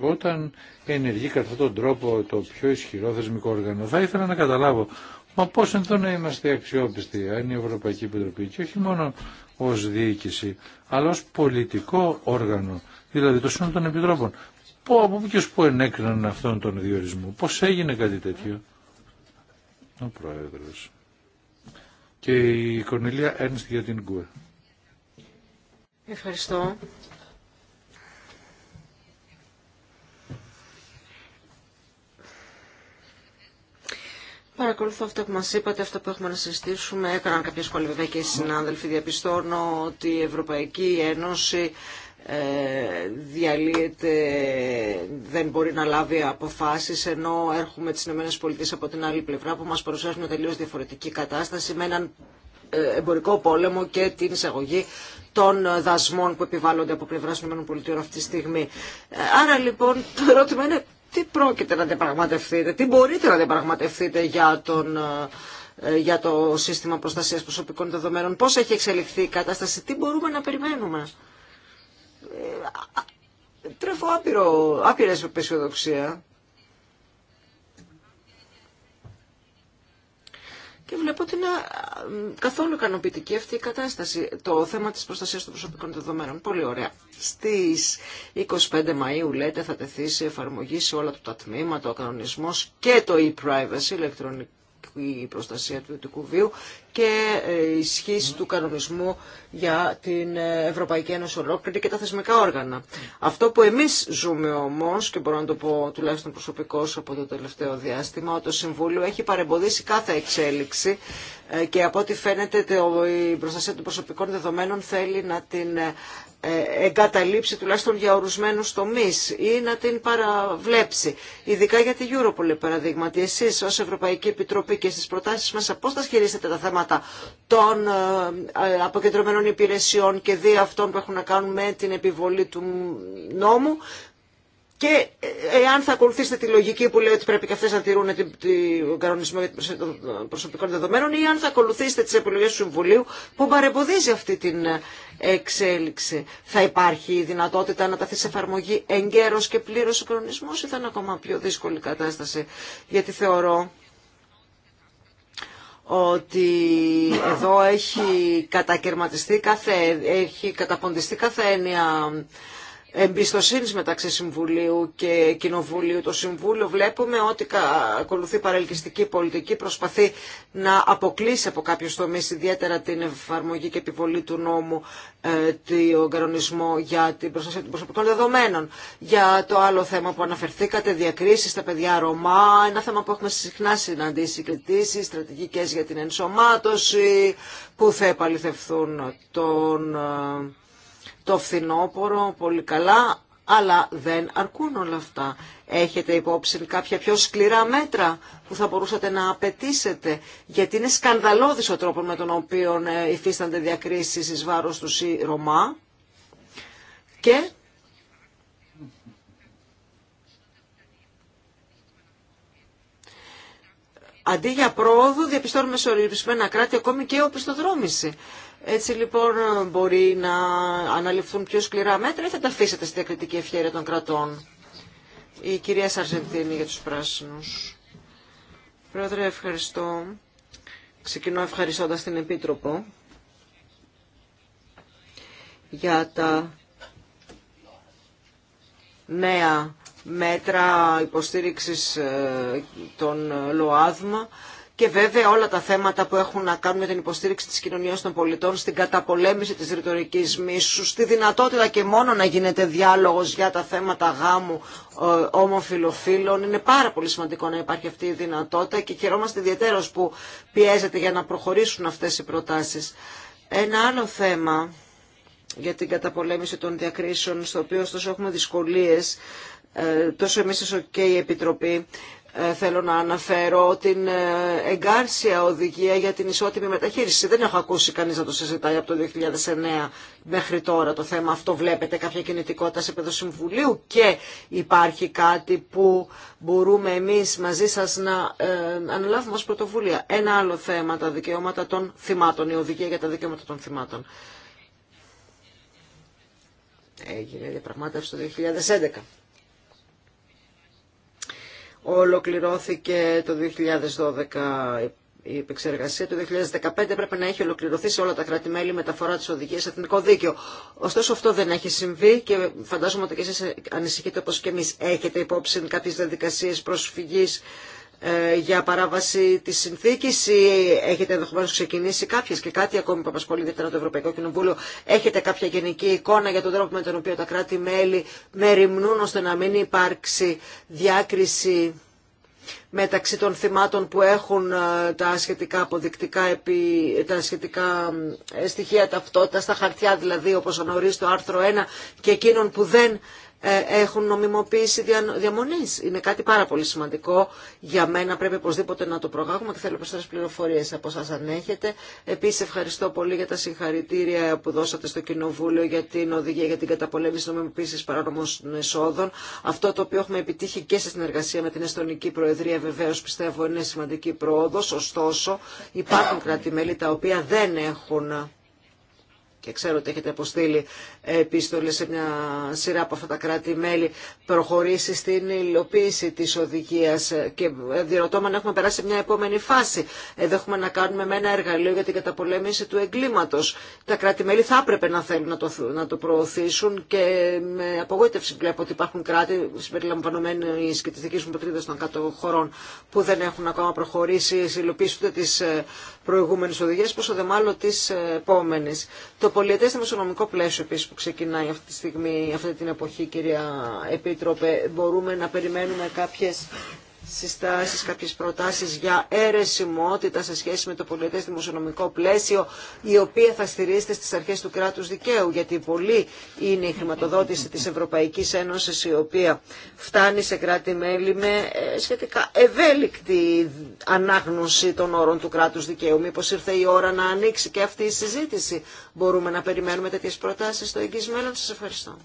όταν ενεργεί κατά τον τρόπο το πιο ισχυρό θεσμικό όργανο. Θα ήθελα να καταλάβω Μα πώς εδώ να είμαστε αξιόπιστοι, ε, αν η Ευρωπαϊκή Επιτροπή και όχι μόνο ω διοίκηση, αλλά ως πολιτικό όργανο, δηλαδή το Σύνολο των Επιτρόπων. Πω, από ποίου που ενέκριναν αυτόν τον διορισμό, πώς έγινε κάτι τέτοιο. Ο Πρόεδρο. Και η Κονιλία Ένστη για την ΚΟΕ. Ευχαριστώ. Παρακολουθώ αυτό που μας είπατε, αυτό που έχουμε να συζητήσουμε. Έκαναν κάποια σχόλια βέβαια και οι συνάδελφοι. Διαπιστώνω ότι η Ευρωπαϊκή Ένωση ε, διαλύεται, δεν μπορεί να λάβει αποφάσεις, ενώ έρχομαι τις ΗΠΑ από την άλλη πλευρά που μας παρουσιάζουν μια τελείως διαφορετική κατάσταση με έναν ε, εμπορικό πόλεμο και την εισαγωγή των δασμών που επιβάλλονται από πλευρά των ΗΠΑ αυτή τη στιγμή. Ε, άρα λοιπόν το ερώτημα είναι τι πρόκειται να διαπραγματευτείτε, τι μπορείτε να διαπραγματευτείτε για, τον, ε, ε, για το σύστημα προστασίας προσωπικών δεδομένων, πώς έχει εξελιχθεί η κατάσταση, τι μπορούμε να περιμένουμε. Ε, τρέφω άπειρο, άπειρα αισιοδοξία και βλέπω ότι είναι καθόλου ικανοποιητική αυτή η κατάσταση. Το θέμα της προστασίας των προσωπικών δεδομένων. Πολύ ωραία. Στις 25 Μαΐου λέτε θα τεθεί σε εφαρμογή σε όλα τα τμήματα ο κανονισμός και το e-privacy, ηλεκτρονικό η προστασία του ιδιωτικού βίου και ε, η ισχύση του κανονισμού για την ε, Ευρωπαϊκή Ένωση ολόκληρη και τα θεσμικά όργανα. Αυτό που εμείς ζούμε όμως, και μπορώ να το πω τουλάχιστον προσωπικώς από το τελευταίο διάστημα, το Συμβούλιο έχει παρεμποδίσει κάθε εξέλιξη ε, και από ό,τι φαίνεται η προστασία των προσωπικών δεδομένων θέλει να την ε, εγκαταλείψει τουλάχιστον για ορισμένου τομεί ή να την παραβλέψει. Ειδικά για τη Europol, παραδείγματι. εσεί ως Ευρωπαϊκή Επιτροπή και στις προτάσεις μας πώ θα σχεδίσετε τα θέματα των ε, ε, αποκεντρωμένων υπηρεσιών και δι' αυτών που έχουν να κάνουν με την επιβολή του νόμου και ε, ε, εάν θα ακολουθήσετε τη λογική που λέει ότι πρέπει και αυτέ να τηρούν την κανονισμό για των προσωπικών δεδομένων, ή αν θα ακολουθήσετε τι επιλογέ του Συμβουλίου που παρεμποδίζει αυτή την ε, εξέλιξη, θα υπάρχει η δυνατότητα να ταθεί σε εφαρμογή εγκαίρω και πλήρω ο κανονισμό, ή θα είναι ακόμα πιο δύσκολη κατάσταση. Γιατί θεωρώ ότι εδώ έχει κατακαιρματιστεί κάθε, έχει καταποντιστεί κάθε έννοια εμπιστοσύνης μεταξύ Συμβουλίου και Κοινοβουλίου. Το Συμβούλιο βλέπουμε ότι ακολουθεί παρελκυστική πολιτική, προσπαθεί να αποκλείσει από κάποιους τομείς ιδιαίτερα την εφαρμογή και επιβολή του νόμου, ε, τον κανονισμό για την προστασία των προσωπικών δεδομένων. Για το άλλο θέμα που αναφερθήκατε, διακρίσεις στα παιδιά Ρωμά, ένα θέμα που έχουμε συχνά συναντήσει, κριτήσεις, στρατηγικές για την ενσωμάτωση, που θα επαληθευθούν τον ε, το φθινόπωρο, πολύ καλά, αλλά δεν αρκούν όλα αυτά. Έχετε υπόψη κάποια πιο σκληρά μέτρα που θα μπορούσατε να απαιτήσετε, γιατί είναι σκανδαλώδης ο τρόπο με τον οποίο ε, υφίστανται διακρίσεις εις βάρος τους η Ρωμά. Και αντί για πρόοδο διαπιστώνουμε σε ορισμένα κράτη ακόμη και οπισθοδρόμηση. Έτσι λοιπόν μπορεί να αναλυφθούν πιο σκληρά μέτρα ή θα τα αφήσετε στη διακριτική ευχαίρεια των κρατών. Η κυρία Σαρζεντίνη για τους πράσινους. Πρόεδρε, ευχαριστώ. Ξεκινώ ευχαριστώντας την Επίτροπο για τα νέα μέτρα υποστήριξης ε, των ΛΟΑΔΜΑ και βέβαια όλα τα θέματα που έχουν να κάνουν με την υποστήριξη της κοινωνίας των πολιτών, στην καταπολέμηση της ρητορικής μίσου, στη δυνατότητα και μόνο να γίνεται διάλογος για τα θέματα γάμου ε, ομοφιλοφίλων. Είναι πάρα πολύ σημαντικό να υπάρχει αυτή η δυνατότητα και χαιρόμαστε ιδιαίτερως που πιέζεται για να προχωρήσουν αυτές οι προτάσεις. Ένα άλλο θέμα για την καταπολέμηση των διακρίσεων, στο οποίο ωστόσο έχουμε δυσκολίες, ε, τόσο εμείς όσο και η Επιτροπή, ε, θέλω να αναφέρω την ε, εγκάρσια οδηγία για την ισότιμη μεταχείριση. Δεν έχω ακούσει κανείς να το συζητάει από το 2009 μέχρι τώρα το θέμα αυτό. Βλέπετε κάποια κινητικότητα σε επίπεδο συμβουλίου και υπάρχει κάτι που μπορούμε εμείς μαζί σας να ε, αναλάβουμε ω πρωτοβουλία. Ένα άλλο θέμα, τα δικαιώματα των θυμάτων, η οδηγία για τα δικαιώματα των θυμάτων. Έγινε διαπραγμάτευση το 2011 ολοκληρώθηκε το 2012 η επεξεργασία Το 2015 πρέπει να έχει ολοκληρωθεί σε όλα τα κράτη-μέλη μεταφορά τη οδηγία σε εθνικό δίκαιο. Ωστόσο αυτό δεν έχει συμβεί και φαντάζομαι ότι και εσεί ανησυχείτε όπω και εμεί. Έχετε υπόψη κάποιε διαδικασίε προσφυγή ε, για παράβαση τη συνθήκη ή έχετε ενδεχομένω ξεκινήσει κάποιε και κάτι ακόμη που απασχολεί το Ευρωπαϊκό Κοινοβούλιο. Έχετε κάποια γενική εικόνα για τον τρόπο με τον οποίο τα κράτη-μέλη μεριμνούν ώστε να μην υπάρξει διάκριση μεταξύ των θυμάτων που έχουν ε, τα σχετικά αποδεικτικά επί, τα σχετικά ε, στοιχεία ταυτότητα, τα χαρτιά δηλαδή όπως γνωρίζει το άρθρο 1 και εκείνων που δεν ε, έχουν νομιμοποίηση διαμονής. Είναι κάτι πάρα πολύ σημαντικό. Για μένα πρέπει οπωσδήποτε να το προγάγουμε και θέλω περισσότερες πληροφορίες από σας αν έχετε. Επίσης ευχαριστώ πολύ για τα συγχαρητήρια που δώσατε στο Κοινοβούλιο για την οδηγία για την καταπολέμηση νομιμοποίησης παράνομων εσόδων. Αυτό το οποίο έχουμε επιτύχει και σε συνεργασία με την Εστονική Προεδρία βεβαίω πιστεύω είναι σημαντική πρόοδος. Ωστόσο υπάρχουν τα οποία δεν έχουν και ξέρω ότι έχετε αποστείλει επίστολες σε μια σειρά από αυτά τα κράτη-μέλη, προχωρήσει στην υλοποίηση της οδηγίας και ε, διερωτώ αν έχουμε περάσει σε μια επόμενη φάση. Εδώ έχουμε να κάνουμε με ένα εργαλείο για την καταπολέμηση του εγκλήματος. Τα κράτη-μέλη θα έπρεπε να θέλουν να το, να το προωθήσουν και με απογοήτευση βλέπω ότι υπάρχουν κράτη συμπεριλαμβανωμένοι οι σκητιστικοί μου πατρίδες των κάτω χωρών που δεν έχουν ακόμα προχωρήσει, υλοποίηση ούτε τις ε, προηγούμενες οδηγίες, πόσο δε μάλλον τις ε, επόμενες. Στο νομικό πλαίσιο επίση που ξεκινάει αυτή τη στιγμή, αυτή την εποχή κυρία Επίτροπε, μπορούμε να περιμένουμε κάποιες συστάσεις, κάποιες προτάσεις για αιρεσιμότητα σε σχέση με το πολιτές δημοσιονομικό πλαίσιο, η οποία θα στηρίζεται στις αρχές του κράτους δικαίου, γιατί πολύ είναι η χρηματοδότηση της Ευρωπαϊκής Ένωσης, η οποία φτάνει σε κράτη-μέλη με ε, σχετικά ευέλικτη ανάγνωση των όρων του κράτους δικαίου. Μήπως ήρθε η ώρα να ανοίξει και αυτή η συζήτηση. Μπορούμε να περιμένουμε τέτοιες προτάσεις στο εγγύς μέλλον. ευχαριστώ.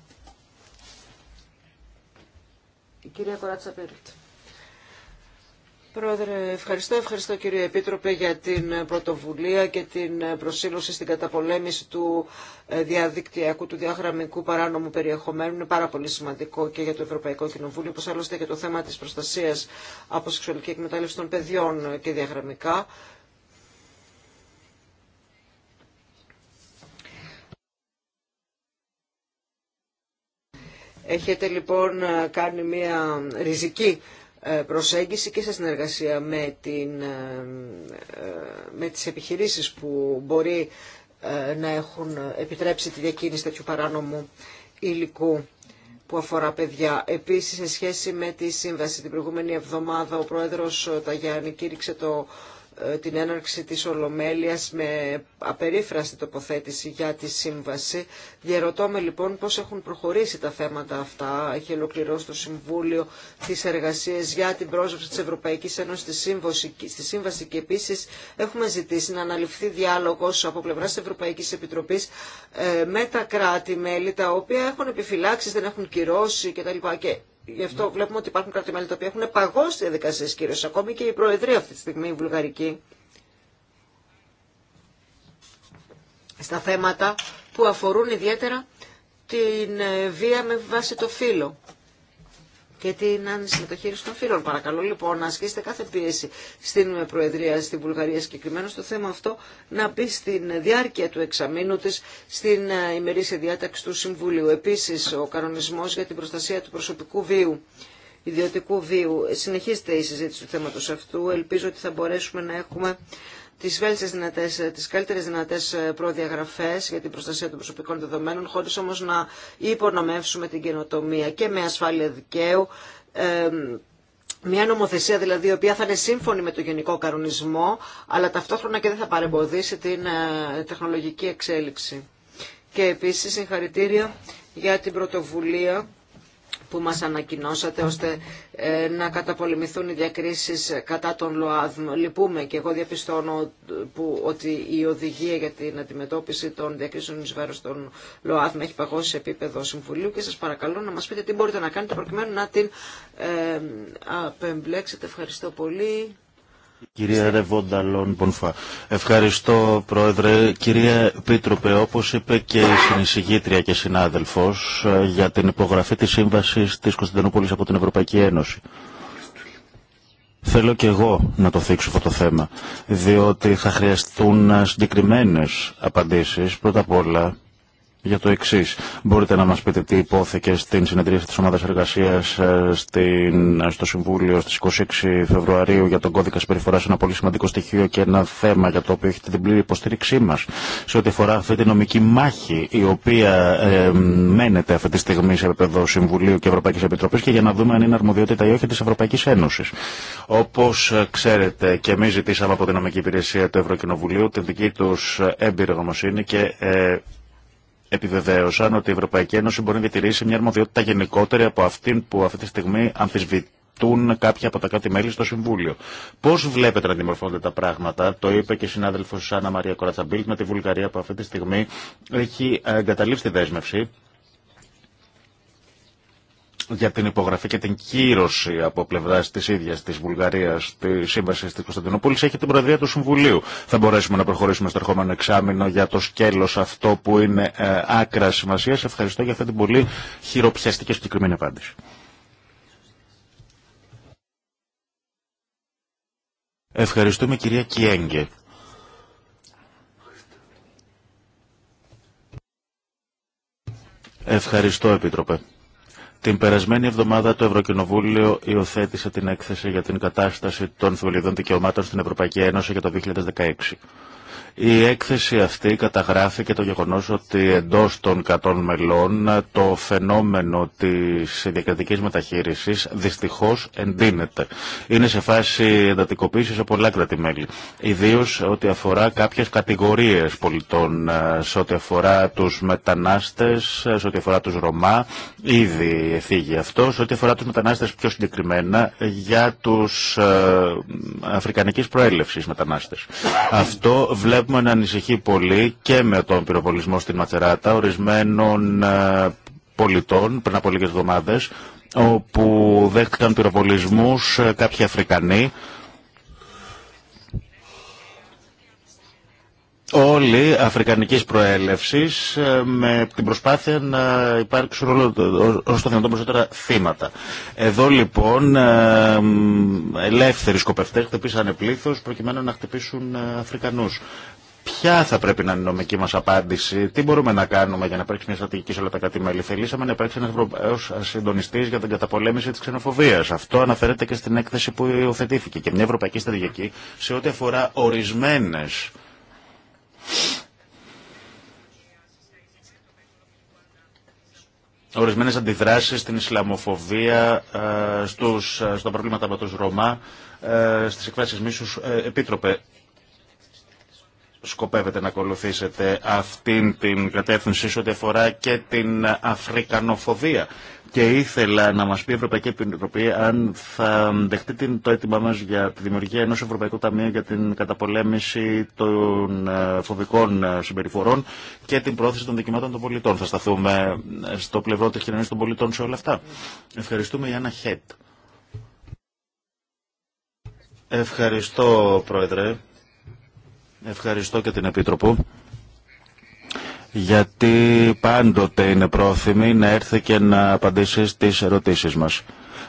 Η κυρία Κοράτσα Πρόεδρε, ευχαριστώ, ευχαριστώ κύριε Επίτροπε για την πρωτοβουλία και την προσήλωση στην καταπολέμηση του ε, διαδικτυακού, του διαγραμμικού παράνομου περιεχομένου. Είναι πάρα πολύ σημαντικό και για το Ευρωπαϊκό Κοινοβούλιο, όπως άλλωστε και το θέμα της προστασίας από σεξουαλική εκμετάλλευση των παιδιών και διαγραμμικά. Έχετε λοιπόν κάνει μια ριζική ε, προσέγγιση και σε συνεργασία με, την, ε, ε, με τις επιχειρήσεις που μπορεί να έχουν επιτρέψει τη διακίνηση τέτοιου παράνομου υλικού που αφορά παιδιά. Επίσης, σε σχέση με τη σύμβαση την προηγούμενη εβδομάδα, ο Πρόεδρος Ταγιάννη κήρυξε το ε, την έναρξη της Ολομέλειας με απερίφραστη τοποθέτηση για τη σύμβαση. Διαρωτώ λοιπόν πώς έχουν προχωρήσει τα θέματα αυτά. Έχει ολοκληρώσει το Συμβούλιο τις εργασίες για την πρόσβαση της Ευρωπαϊκής Ένωσης στη σύμβαση, στη σύμβαση και επίσης έχουμε ζητήσει να αναλυφθεί διάλογος από πλευράς της Ευρωπαϊκής Επιτροπής ε, με τα κράτη-μέλη τα οποία έχουν επιφυλάξει, δεν έχουν κυρώσει κτλ. Και Γι' αυτό βλέπουμε ότι υπάρχουν κάποια μέλη τα οποία έχουν παγώσει διαδικασίε κυρίω. Ακόμη και η Προεδρία αυτή τη στιγμή, η Βουλγαρική, στα θέματα που αφορούν ιδιαίτερα την ε, βία με βάση το φύλλο και την μεταχείριση των φύλων. Παρακαλώ λοιπόν να ασκήσετε κάθε πίεση στην Προεδρία στην Βουλγαρία συγκεκριμένα στο θέμα αυτό να μπει στην διάρκεια του εξαμήνου τη στην ε, ημερήσια διάταξη του Συμβουλίου. Επίσης ο κανονισμό για την προστασία του προσωπικού βίου ιδιωτικού βίου. Συνεχίζεται η συζήτηση του θέματος αυτού. Ελπίζω ότι θα μπορέσουμε να έχουμε τις βέλτιστες δυνατέ τις καλύτερες δυνατές ε, προδιαγραφές για την προστασία των προσωπικών δεδομένων, χωρίς όμως να υπονομεύσουμε την καινοτομία και με ασφάλεια δικαίου, μια νομοθεσία δηλαδή η οποία θα είναι σύμφωνη με το γενικό κανονισμό, αλλά ταυτόχρονα και δεν θα παρεμποδίσει την ε, τεχνολογική εξέλιξη. Και επίσης συγχαρητήρια για την πρωτοβουλία που μας ανακοινώσατε ώστε ε, να καταπολεμηθούν οι διακρίσεις κατά των ΛΟΑΔΜ. Λυπούμε και εγώ διαπιστώνω που, ότι η οδηγία για την αντιμετώπιση των διακρίσεων εις βάρος των ΛΟΑΔΜ έχει παγώσει σε επίπεδο Συμβουλίου και σας παρακαλώ να μας πείτε τι μπορείτε να κάνετε προκειμένου να την ε, απεμπλέξετε. Ευχαριστώ πολύ. Κυρία Ρεβόνταλόν Πονφά. Ευχαριστώ, Πρόεδρε. Κυρία Πίτροπε, όπως είπε και η συνεισηγήτρια και συνάδελφος ε, για την υπογραφή της σύμβασης της Κωνσταντινούπολης από την Ευρωπαϊκή Ένωση. Θέλω και εγώ να το θίξω αυτό το θέμα, διότι θα χρειαστούν συγκεκριμένες απαντήσεις. Πρώτα απ' όλα, για το εξή. Μπορείτε να μα πείτε τι υπόθηκε στην συνεδρίαση τη ομάδα εργασία ε, ε, στο Συμβούλιο στι 26 Φεβρουαρίου για τον κώδικα συμπεριφορά, ένα πολύ σημαντικό στοιχείο και ένα θέμα για το οποίο έχετε την πλήρη υποστήριξή μα σε ό,τι αφορά αυτή τη νομική μάχη η οποία ε, μένεται αυτή τη στιγμή σε επίπεδο Συμβουλίου και Ευρωπαϊκή Επιτροπή και για να δούμε αν είναι αρμοδιότητα ή όχι τη Ευρωπαϊκή Ένωση. Όπω ε, ξέρετε και εμεί ζητήσαμε από την νομική υπηρεσία του Ευρωκοινοβουλίου την δική του έμπειρη γνωμοσύνη και επιβεβαίωσαν ότι η Ευρωπαϊκή Ένωση μπορεί να διατηρήσει μια αρμοδιότητα γενικότερη από αυτήν που αυτή τη στιγμή αμφισβητούν κάποια από τα κάτι μέλη στο Συμβούλιο. Πώ βλέπετε να δημορφώνονται τα πράγματα, το είπε και η συνάδελφο Άννα Μαρία Κορατσαμπίλτ με τη Βουλγαρία που αυτή τη στιγμή έχει εγκαταλείψει τη δέσμευση για την υπογραφή και την κύρωση από πλευρά τη ίδια τη Βουλγαρία τη Σύμβαση τη Κωνσταντινούπολη έχει την Προεδρία του Συμβουλίου. Θα μπορέσουμε να προχωρήσουμε στο ερχόμενο εξάμεινο για το σκέλο αυτό που είναι ε, άκρα σημασία. Ευχαριστώ για αυτή την πολύ χειροπιαστική και συγκεκριμένη απάντηση. Ευχαριστούμε κυρία Κιέγγε. Ευχαριστώ Επίτροπε. Την περασμένη εβδομάδα το Ευρωκοινοβούλιο υιοθέτησε την έκθεση για την κατάσταση των θεμελιωδών δικαιωμάτων στην Ευρωπαϊκή Ένωση για το 2016. Η έκθεση αυτή καταγράφει και το γεγονός ότι εντός των 100 μελών το φαινόμενο της διακριτικής μεταχείρισης δυστυχώς εντείνεται. Είναι σε φάση εντατικοποίησης από πολλά κράτη-μέλη. Ιδίως ό,τι αφορά κάποιες κατηγορίες πολιτών, ε, σε ό,τι αφορά τους μετανάστες, ε, σε ό,τι αφορά τους Ρωμά, ήδη εφήγει αυτό, σε ό,τι αφορά τους μετανάστες πιο συγκεκριμένα για τους ε, αφρικανικής προέλευσης μετανάστες. Αυτό βλέπουμε βλέπουμε να ανησυχεί πολύ και με τον πυροβολισμό στην Ματσεράτα ορισμένων ε, πολιτών πριν από λίγες εβδομάδες όπου δέχτηκαν πυροβολισμούς ε, κάποιοι Αφρικανοί όλοι αφρικανικής προέλευσης ε, με την προσπάθεια να υπάρξουν όλο, όσο το δυνατόν περισσότερα θύματα. Εδώ λοιπόν ε, ελεύθεροι σκοπευτέ χτυπήσανε πλήθος προκειμένου να χτυπήσουν ε, Αφρικανούς. Ποια θα πρέπει να είναι η νομική μα απάντηση, τι μπορούμε να κάνουμε για να υπάρξει μια στρατηγική σε όλα τα κράτη-μέλη. Θελήσαμε να υπάρξει ένα Ευρωπαίο συντονιστή για την καταπολέμηση τη ξενοφοβία. Αυτό αναφέρεται και στην έκθεση που υιοθετήθηκε. Και μια ευρωπαϊκή στρατηγική σε ό,τι αφορά ορισμένε Ορισμένε αντιδράσει στην Ισλαμοφοβία, ε, στους, ε, στα προβλήματα από τους Ρωμά, ε, στις εκφράσεις μίσου, Επίτροπε, σκοπεύετε να ακολουθήσετε αυτήν την κατεύθυνση σε ό,τι αφορά και την αφρικανοφοβία και ήθελα να μας πει η Ευρωπαϊκή Επιτροπή αν θα δεχτεί το αίτημά μας για τη δημιουργία ενός Ευρωπαϊκού Ταμείου για την καταπολέμηση των ε, φοβικών ε, συμπεριφορών και την πρόθεση των δικαιωμάτων των πολιτών. Θα σταθούμε ε, στο πλευρό της κοινωνίας των πολιτών σε όλα αυτά. Ευχαριστούμε Ιάννα Χέτ. Ευχαριστώ Πρόεδρε. Ευχαριστώ και την Επίτροπο γιατί πάντοτε είναι πρόθυμη να έρθει και να απαντήσει στις ερωτήσεις μας.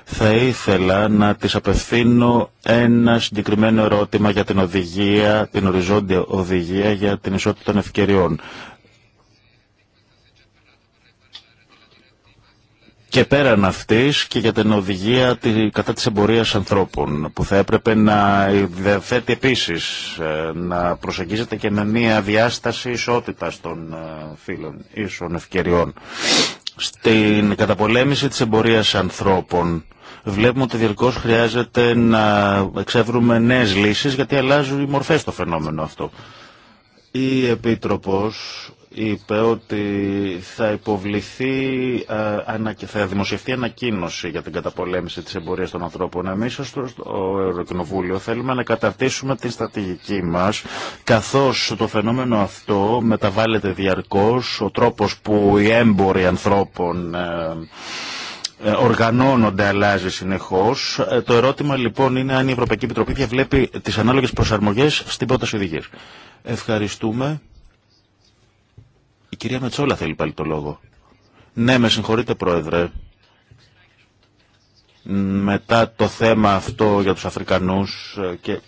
Θα ήθελα να της απευθύνω ένα συγκεκριμένο ερώτημα για την οδηγία, την οριζόντια οδηγία για την ισότητα των ευκαιριών. και πέραν αυτής και για την οδηγία κατά της εμπορίας ανθρώπων που θα έπρεπε να διαθέτει επίσης ε, να προσεγγίζεται και με μια διάσταση ισότητας των ε, φίλων ίσων ευκαιριών. Στην καταπολέμηση της εμπορίας ανθρώπων βλέπουμε ότι διαρκώς χρειάζεται να εξεύρουμε νέες λύσεις γιατί αλλάζουν οι μορφές στο φαινόμενο αυτό. Η Επίτροπος είπε ότι θα υποβληθεί ε, θα δημοσιευτεί ανακοίνωση για την καταπολέμηση της εμπορίας των ανθρώπων. Εμείς στο Ευρωκοινοβούλιο θέλουμε να καταρτήσουμε την στρατηγική μας καθώς το φαινόμενο αυτό μεταβάλλεται διαρκώς ο τρόπος που οι έμποροι ανθρώπων ε, ε, οργανώνονται, αλλάζει συνεχώς Το ερώτημα λοιπόν είναι αν η Ευρωπαϊκή Επιτροπή διαβλέπει τις ανάλογες προσαρμογές στην πρόταση οδηγία. Ευχαριστούμε. Η κυρία Μετσόλα θέλει πάλι το λόγο. Ναι, με συγχωρείτε πρόεδρε. Μετά το θέμα αυτό για τους Αφρικανούς ε, και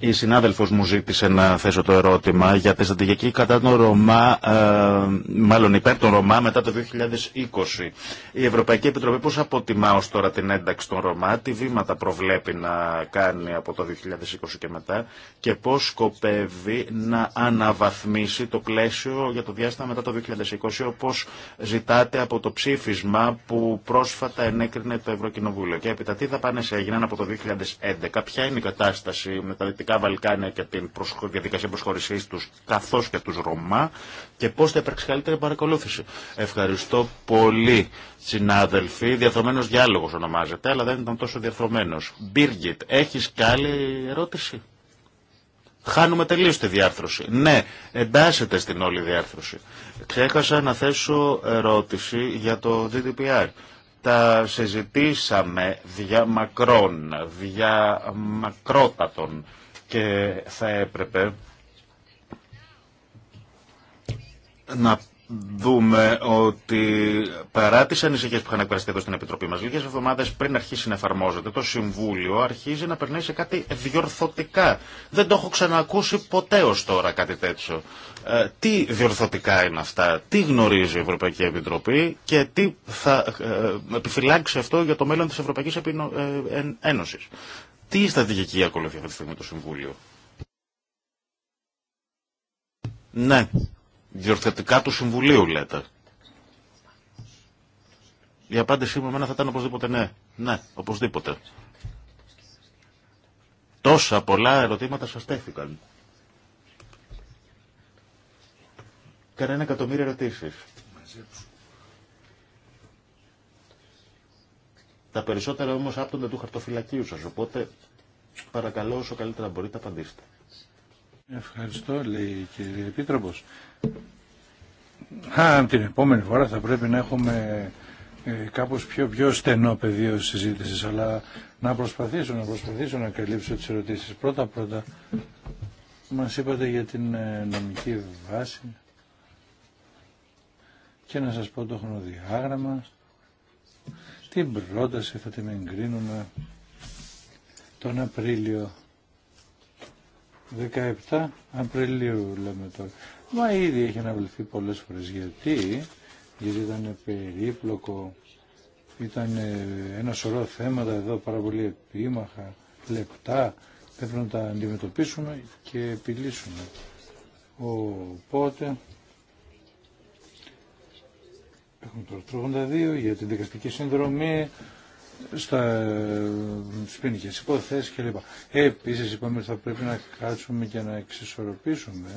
η συνάδελφο μου ζήτησε να θέσω το ερώτημα για τη στρατηγική κατά τον Ρωμά, ε, μάλλον υπέρ των Ρωμά μετά το 2020. Η Ευρωπαϊκή Επιτροπή πώ αποτιμά τώρα την ένταξη των Ρωμά, τι βήματα προβλέπει να κάνει από το 2020 και μετά και πώς σκοπεύει να αναβαθμίσει το πλαίσιο για το διάστημα μετά το 2020 όπω ζητάτε από το ψήφισμα που πρόσφατα ενέκρινε το Ευρωκοινοβούλιο. Και τα τι δαπάνε έγιναν από το 2011, ποια είναι η κατάσταση μετά Δυτικά Βαλκάνια και την διαδικασία προσχώρησή του, καθώ και του Ρωμά, και πώ θα υπάρξει καλύτερη παρακολούθηση. Ευχαριστώ πολύ, συνάδελφοι. Διαθρωμένο διάλογο ονομάζεται, αλλά δεν ήταν τόσο διαθρωμένο. Μπίργκιτ, έχει κι ερώτηση. Χάνουμε τελείω τη διάρθρωση. Ναι, εντάσσεται στην όλη διάρθρωση. Ξέχασα να θέσω ερώτηση για το GDPR τα συζητήσαμε δια μακρόν, δια μακρότατον και θα έπρεπε να δούμε ότι παρά τι ανησυχίε που είχαν εκπαιδευτεί εδώ στην Επιτροπή μα, λίγε εβδομάδε πριν αρχίσει να εφαρμόζεται, το Συμβούλιο αρχίζει να περνάει σε κάτι διορθωτικά. Δεν το έχω ξανακούσει ποτέ ω τώρα κάτι τέτοιο. Ε, τι διορθωτικά είναι αυτά, τι γνωρίζει η Ευρωπαϊκή Επιτροπή και τι θα ε, ε, επιφυλάξει αυτό για το μέλλον τη Ευρωπαϊκή Ένωση. Τι στρατηγική ακολουθεί αυτή τη στιγμή το Συμβούλιο. Ναι, διορθωτικά του Συμβουλίου λέτε. Η απάντησή μου εμένα θα ήταν οπωσδήποτε ναι. Ναι, οπωσδήποτε. Τόσα πολλά ερωτήματα σας τέθηκαν. Κανένα εκατομμύριο ερωτήσεις. Μαζέψου. Τα περισσότερα όμω άπτονται του χαρτοφυλακίου σας, οπότε παρακαλώ όσο καλύτερα μπορείτε απαντήστε. Ευχαριστώ, λέει η κυρία την επόμενη φορά θα πρέπει να έχουμε ε, κάπως πιο, πιο στενό πεδίο συζήτησης, αλλά να προσπαθήσω, να προσπαθήσω να καλύψω τις ερωτήσεις. Πρώτα πρώτα, μας είπατε για την ε, νομική βάση και να σας πω το χρονοδιάγραμμα την πρόταση θα την εγκρίνουμε τον Απρίλιο. 17 Απριλίου λέμε τώρα. Μα ήδη έχει αναβληθεί πολλές φορές. Γιατί, γιατί ήταν περίπλοκο, ήταν ε, ένα σωρό θέματα εδώ πάρα πολύ επίμαχα, λεπτά. Πρέπει να τα αντιμετωπίσουμε και επιλύσουμε. Οπότε έχουν το άρθρο 82 για την δικαστική συνδρομή στα ποινικέ υποθέσει κλπ. Επίση, είπαμε ότι θα πρέπει να κάτσουμε και να εξισορροπήσουμε.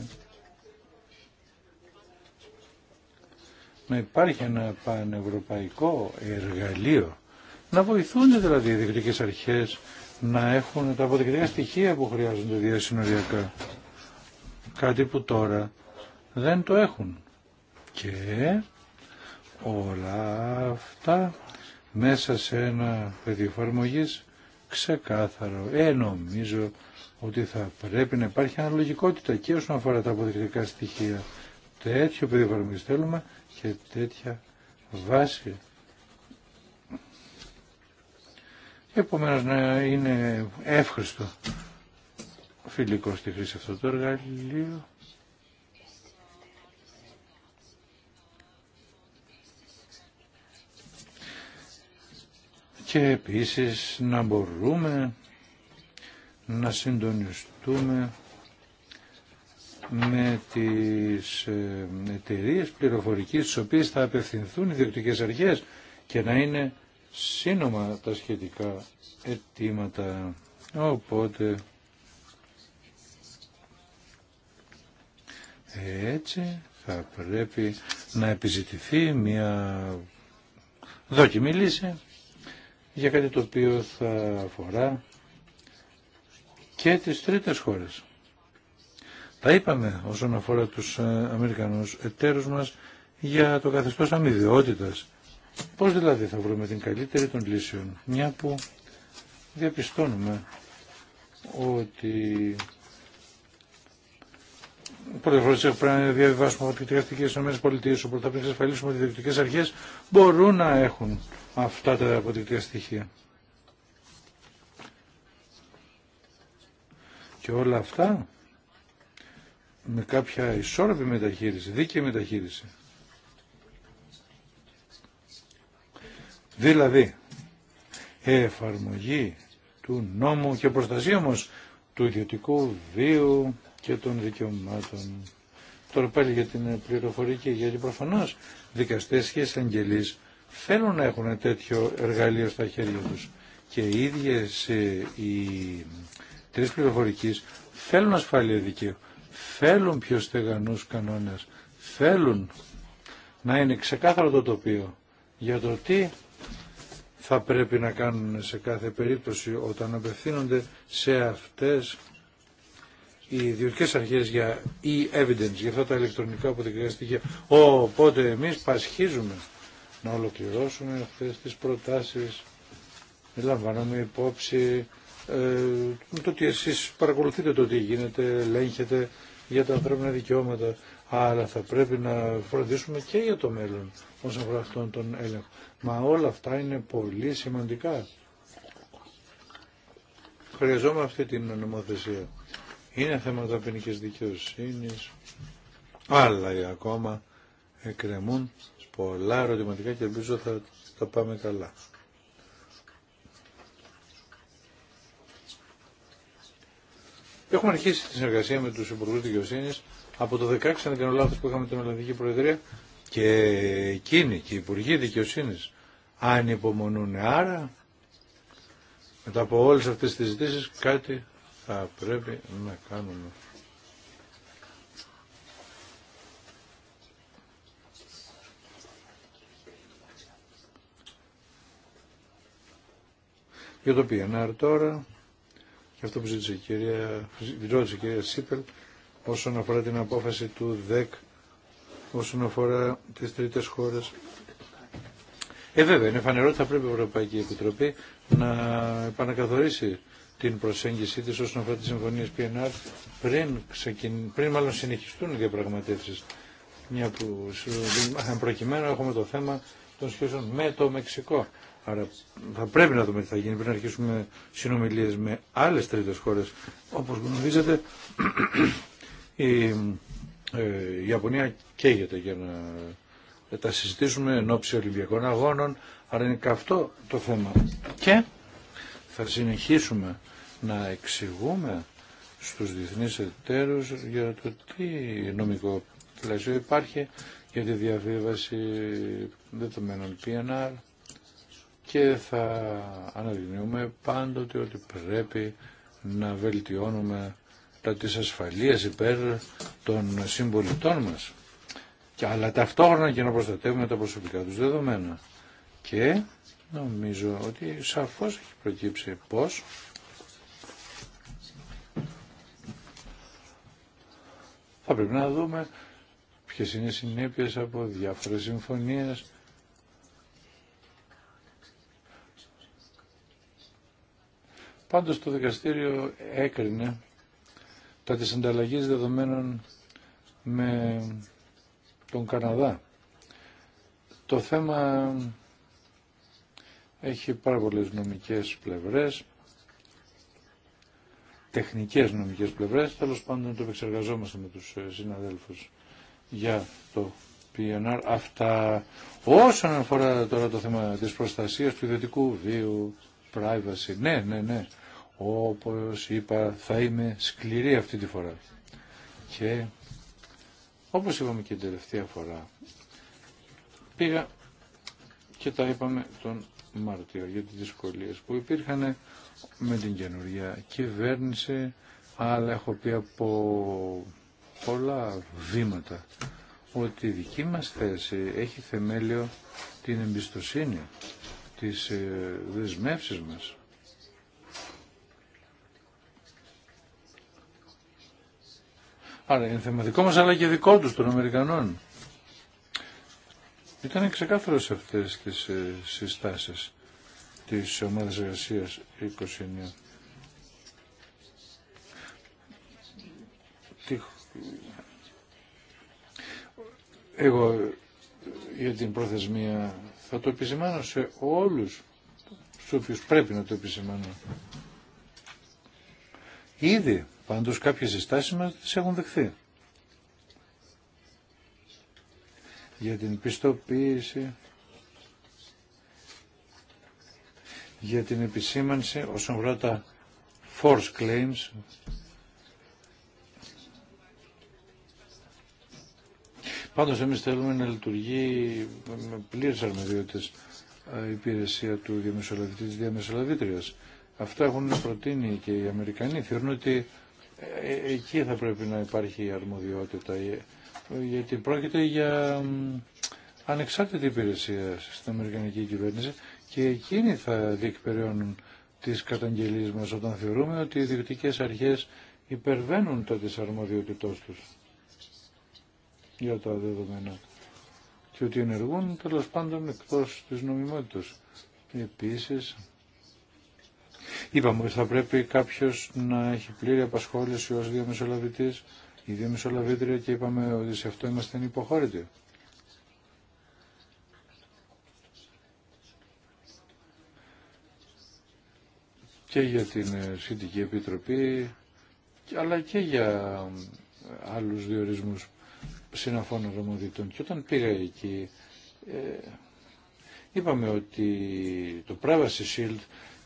Να υπάρχει ένα πανευρωπαϊκό εργαλείο. Να βοηθούν δηλαδή οι διεκτικέ αρχέ να έχουν τα αποδεικτικά στοιχεία που χρειάζονται διασυνοριακά. Κάτι που τώρα δεν το έχουν. Και Όλα αυτά μέσα σε ένα πεδίο ξεκάθαρο. Ε, νομίζω ότι θα πρέπει να υπάρχει αναλογικότητα και όσον αφορά τα αποδεικτικά στοιχεία. Τέτοιο παιδί εφαρμογή θέλουμε και τέτοια βάση. Επομένως να είναι εύχριστο φιλικό στη χρήση αυτό το εργαλείο. και επίσης να μπορούμε να συντονιστούμε με τις ε, εταιρείε πληροφορικής στις οποίες θα απευθυνθούν οι διοκτικές αρχές και να είναι σύνομα τα σχετικά αιτήματα. Οπότε έτσι θα πρέπει να επιζητηθεί μια δόκιμη λύση για κάτι το οποίο θα αφορά και τις τρίτες χώρες. Τα είπαμε όσον αφορά τους ε, Αμερικανούς εταίρους μας για το καθεστώς αμοιβαιότητας. Πώς δηλαδή θα βρούμε την καλύτερη των λύσεων, μια που διαπιστώνουμε ότι πρώτα φορά πρέπει να διαβιβάσουμε από τι δικαστικέ ΗΠΑ, όπου θα πρέπει να εξασφαλίσουμε ότι οι διοικητικέ αρχέ μπορούν να έχουν αυτά τα αποδεικτικά στοιχεία. Και όλα αυτά με κάποια ισόρροπη μεταχείριση, δίκαιη μεταχείριση. Δηλαδή, εφαρμογή του νόμου και προστασία όμως του ιδιωτικού βίου και των δικαιωμάτων. Τώρα πάλι για την πληροφορική, γιατί προφανώς δικαστές και εισαγγελείς θέλουν να έχουν τέτοιο εργαλείο στα χέρια τους. Και οι ίδιες ε, οι τρεις πληροφορικής θέλουν ασφάλεια δικαίου, θέλουν πιο στεγανούς κανόνες, θέλουν να είναι ξεκάθαρο το τοπίο για το τι θα πρέπει να κάνουν σε κάθε περίπτωση όταν απευθύνονται σε αυτές οι ιδιωτικέ αρχές για e-evidence, για αυτά τα ηλεκτρονικά αποδεικτικά στοιχεία. Οπότε εμείς πασχίζουμε να ολοκληρώσουμε αυτές τις προτάσεις ε, Λαμβάνομαι υπόψη ε, το ότι εσείς παρακολουθείτε το τι γίνεται, ελέγχετε για τα ανθρώπινα δικαιώματα αλλά θα πρέπει να φροντίσουμε και για το μέλλον όσον αφορά αυτόν τον έλεγχο. Μα όλα αυτά είναι πολύ σημαντικά. Χρειαζόμαστε αυτή την νομοθεσία. Είναι θέματα ποινικής δικαιοσύνης, αλλά ακόμα εκκρεμούν πολλά ερωτηματικά και ελπίζω θα τα πάμε καλά. Έχουμε αρχίσει τη συνεργασία με του Υπουργού Δικαιοσύνη από το 16, αν δεν κάνω λάθο, που είχαμε την Ολλανδική Προεδρία και εκείνοι και οι Υπουργοί Δικαιοσύνη ανυπομονούν. Άρα, μετά από όλε αυτέ τι συζητήσει, κάτι θα πρέπει να κάνουμε. Για το PNR τώρα, και αυτό που ζήτησε η κυρία, ρώτησε κυρία Σίπελ, όσον αφορά την απόφαση του ΔΕΚ, όσον αφορά τις τρίτες χώρες. Ε, βέβαια, είναι φανερό ότι θα πρέπει η Ευρωπαϊκή Επιτροπή να επανακαθορίσει την προσέγγιση της όσον αφορά τις συμφωνίες PNR πριν, πριν μάλλον συνεχιστούν οι διαπραγματεύσεις. Μια που προκειμένου έχουμε το θέμα των σχέσεων με το Μεξικό. Άρα θα πρέπει να δούμε τι θα γίνει πριν να αρχίσουμε συνομιλίες με άλλες τρίτες χώρες. Όπως γνωρίζετε η, ε, η Ιαπωνία καίγεται για να τα συζητήσουμε εν ώψη Ολυμπιακών Αγώνων. Άρα είναι καυτό το θέμα. Και θα συνεχίσουμε να εξηγούμε στους διεθνείς εταίρους για το τι νομικό πλαίσιο υπάρχει για τη διαβίβαση δεδομένων PNR και θα αναδεικνύουμε πάντοτε ότι πρέπει να βελτιώνουμε τα της ασφαλείας υπέρ των συμπολιτών μας και, αλλά ταυτόχρονα και να προστατεύουμε τα προσωπικά τους δεδομένα. Και νομίζω ότι σαφώς έχει προκύψει πώς θα πρέπει να δούμε ποιες είναι οι συνέπειες από διάφορες συμφωνίες Πάντως το δικαστήριο έκρινε τα της ανταλλαγής δεδομένων με τον Καναδά. Το θέμα έχει πάρα πολλές νομικές πλευρές, τεχνικές νομικές πλευρές, τέλος πάντων το επεξεργαζόμαστε με τους ε, συναδέλφους για το PNR. Αυτά όσον αφορά τώρα το θέμα της προστασίας του ιδιωτικού βίου, privacy, ναι, ναι, ναι. Όπως είπα θα είμαι σκληρή αυτή τη φορά. Και όπως είπαμε και την τελευταία φορά πήγα και τα είπαμε τον Μαρτίο για τις δυσκολίες που υπήρχαν με την καινούργια κυβέρνηση αλλά έχω πει από πολλά βήματα ότι η δική μας θέση έχει θεμέλιο την εμπιστοσύνη, τις ε, δεσμεύσεις μας Άρα είναι θέμα δικό μας αλλά και δικό τους των Αμερικανών. Ήταν ξεκάθαρο σε αυτές τις ε, συστάσεις της ομάδας εργασίας 29. Εγώ για την προθεσμία θα το επισημάνω σε όλους στους οποίους πρέπει να το επισημάνω. Ήδη Πάντως κάποιες συστάσεις μας τις έχουν δεχθεί. Για την πιστοποίηση, για την επισήμανση όσον αφορά τα force claims, Πάντως εμείς θέλουμε να λειτουργεί με πλήρες αρμοδιότητες η υπηρεσία του διαμεσολαβητή της διαμεσολαβήτριας. Αυτά έχουν προτείνει και οι Αμερικανοί. Θεωρούν ότι ε, ε, εκεί θα πρέπει να υπάρχει η αρμοδιότητα ε, γιατί πρόκειται για ανεξάρτητη υπηρεσία στην Αμερικανική κυβέρνηση και εκείνοι θα διεκπεραιώνουν τις καταγγελίες μας όταν θεωρούμε ότι οι διοικητικές αρχές υπερβαίνουν τα της αρμοδιότητός τους για τα δεδομένα και ότι ενεργούν τέλος πάντων εκτός της νομιμότητας. Επίσης Είπαμε ότι θα πρέπει κάποιο να έχει πλήρη απασχόληση ως διαμεσολαβητής ή διαμεσολαβήτρια και είπαμε ότι σε αυτό είμαστε υποχώρητοι. και για την Σχετική Επιτροπή αλλά και για άλλους διορισμούς συναφών αρμοδιτών. Και όταν πήγα εκεί ε, είπαμε ότι το Privacy Shield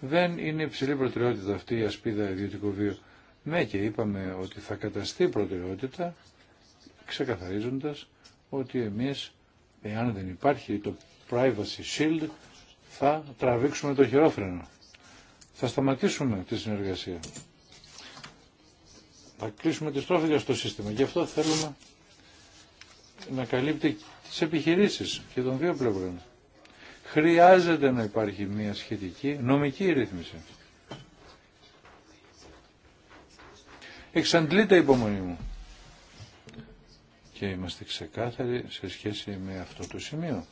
δεν είναι υψηλή προτεραιότητα αυτή η ασπίδα ιδιωτικού βίου. Ναι και είπαμε ότι θα καταστεί προτεραιότητα ξεκαθαρίζοντας ότι εμείς εάν δεν υπάρχει το privacy shield θα τραβήξουμε το χειρόφρενο. Θα σταματήσουμε τη συνεργασία. Θα κλείσουμε τις για στο σύστημα. Γι' αυτό θέλουμε να καλύπτει τις επιχειρήσεις και των δύο πλευρών χρειάζεται να υπάρχει μια σχετική νομική ρύθμιση. Εξαντλείται η υπομονή μου. Και είμαστε ξεκάθαροι σε σχέση με αυτό το σημείο.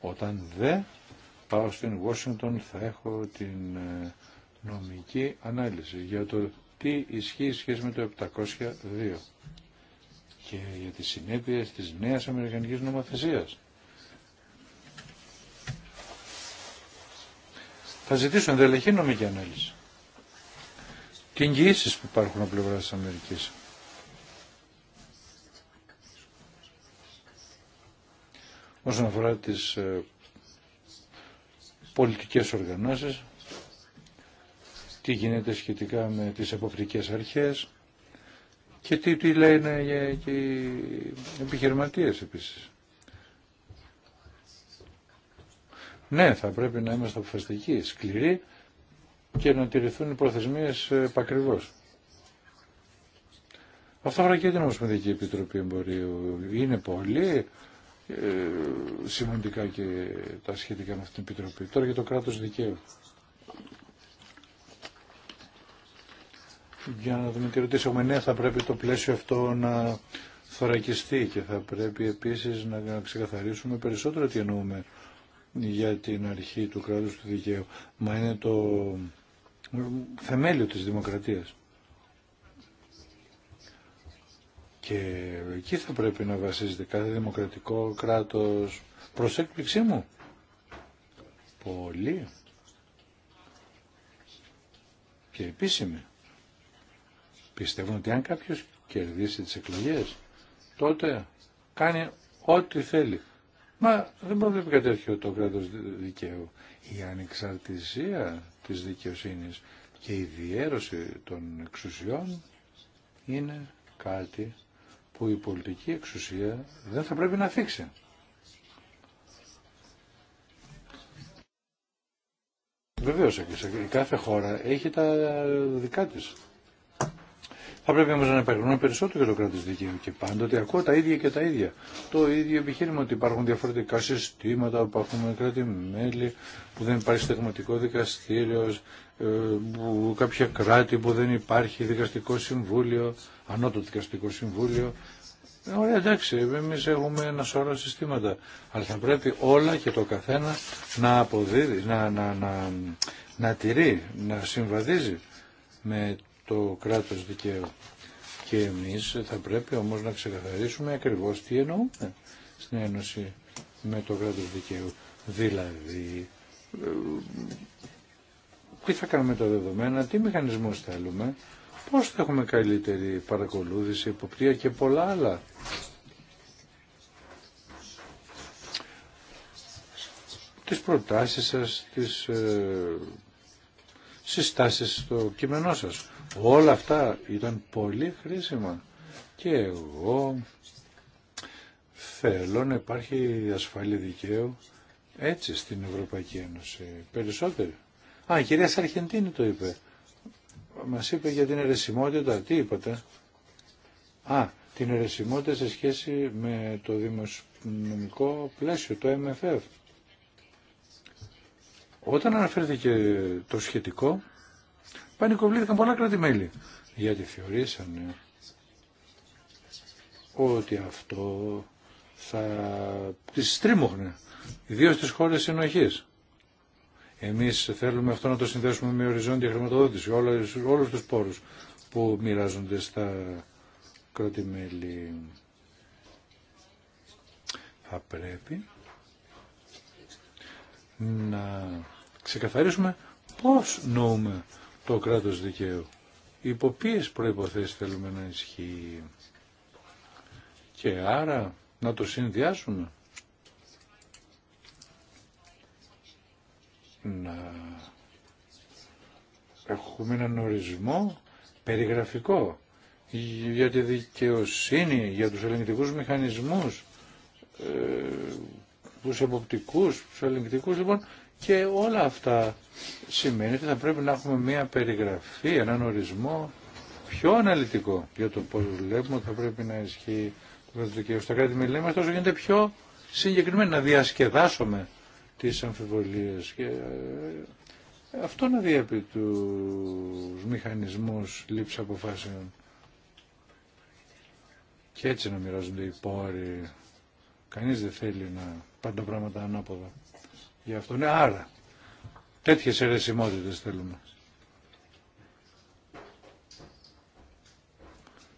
Όταν δε πάω στην Washington θα έχω την ε, νομική ανάλυση για το τι ισχύει σχέση με το 702 και για τις συνέπειες της νέας Αμερικανικής νομοθεσίας. Θα ζητήσω ενδελεχή νομική ανάλυση Τι εγγυήσεις που υπάρχουν από πλευρά της Αμερικής. Όσον αφορά τις ε, πολιτικές οργανώσεις, τι γίνεται σχετικά με τις εποπτικές αρχές, και τι, τι λένε και οι επιχειρηματίες επίσης. Ναι, θα πρέπει να είμαστε αποφασιστικοί, σκληροί και να τηρηθούν οι προθεσμίες επακριβώς. Αυτό αφορά και την Ομοσπονδιακή Επιτροπή Εμπορίου. Είναι πολύ ε, σημαντικά και τα σχετικά με αυτήν την Επιτροπή. Τώρα για το κράτος δικαίου για να δούμε τι ρωτήσει Ναι, θα πρέπει το πλαίσιο αυτό να θωρακιστεί και θα πρέπει επίσης να ξεκαθαρίσουμε περισσότερο τι εννοούμε για την αρχή του κράτους του δικαίου. Μα είναι το θεμέλιο της δημοκρατίας. Και εκεί θα πρέπει να βασίζεται κάθε δημοκρατικό κράτος. Προς έκπληξή μου. Πολύ. Και επίσημη πιστεύουν ότι αν κάποιος κερδίσει τις εκλογές, τότε κάνει ό,τι θέλει. Μα δεν προβλέπει κάτι το κράτος δικαίου. Η ανεξαρτησία της δικαιοσύνης και η διέρωση των εξουσιών είναι κάτι που η πολιτική εξουσία δεν θα πρέπει να θίξει. Βεβαίως, η κάθε χώρα έχει τα δικά της θα πρέπει όμω να επαγγελματούν περισσότερο για το κράτο δικαίου και πάντοτε ακούω τα ίδια και τα ίδια. Το ίδιο επιχείρημα ότι υπάρχουν διαφορετικά συστήματα, υπάρχουν κράτη-μέλη που δεν υπάρχει στεγματικό δικαστήριο, ε, κάποια κράτη που δεν υπάρχει δικαστικό συμβούλιο, ανώτο δικαστικό συμβούλιο. Ε, ωραία, εντάξει, εμεί έχουμε ένα σώρο συστήματα. Αλλά θα πρέπει όλα και το καθένα να αποδίδει, να, να, να, να τηρεί, να συμβαδίζει με το κράτος δικαίου. Και εμείς θα πρέπει όμως να ξεκαθαρίσουμε ακριβώς τι εννοούμε στην Ένωση με το κράτος δικαίου. Δηλαδή, ε, τι θα κάνουμε τα δεδομένα, τι μηχανισμούς θέλουμε, πώς θα έχουμε καλύτερη παρακολούθηση, υποπτία και πολλά άλλα. Τις προτάσεις σας, τις ε, συστάσεις στο κείμενό σας. Όλα αυτά ήταν πολύ χρήσιμα και εγώ θέλω να υπάρχει ασφαλή δικαίου έτσι στην Ευρωπαϊκή Ένωση. Περισσότεροι. Α, η κυρία Σαρχεντίνη το είπε. Μας είπε για την αιρεσιμότητα. Τι είπατε. Α, την αιρεσιμότητα σε σχέση με το δημοσιονομικό πλαίσιο, το MFF. Όταν αναφέρθηκε το σχετικό, πανικοβλήθηκαν πολλά κράτη-μέλη. Γιατί θεωρήσανε ότι αυτό θα τις στρίμωχνε, Ιδίω στις χώρες συνοχής. Εμείς θέλουμε αυτό να το συνδέσουμε με οριζόντια χρηματοδότηση, όλου του πόρου πόρους που μοιράζονται στα κράτη-μέλη. Θα πρέπει να ξεκαθαρίσουμε πώς νοούμε το κράτος δικαίου. Υπό ποιες προϋποθέσεις θέλουμε να ισχύει και άρα να το συνδυάσουμε. Να έχουμε έναν ορισμό περιγραφικό για τη δικαιοσύνη, για τους ελεγκτικούς μηχανισμούς, ε, τους εποπτικούς, τους ελεγκτικούς, λοιπόν, και όλα αυτά σημαίνει ότι θα πρέπει να έχουμε μια περιγραφή, έναν ορισμό πιο αναλυτικό για το πώς βλέπουμε ότι θα πρέπει να ισχύει το δικαίωμα στα κράτη μελή μας, τόσο γίνεται πιο συγκεκριμένο να διασκεδάσουμε τις αμφιβολίες και ε, αυτό να διέπει τους μηχανισμούς λήψη αποφάσεων και έτσι να μοιράζονται οι πόροι κανείς δεν θέλει να πάνε τα πράγματα ανάποδα Γι' αυτό είναι άρα. Τέτοιες αιρεσιμότητες θέλουμε.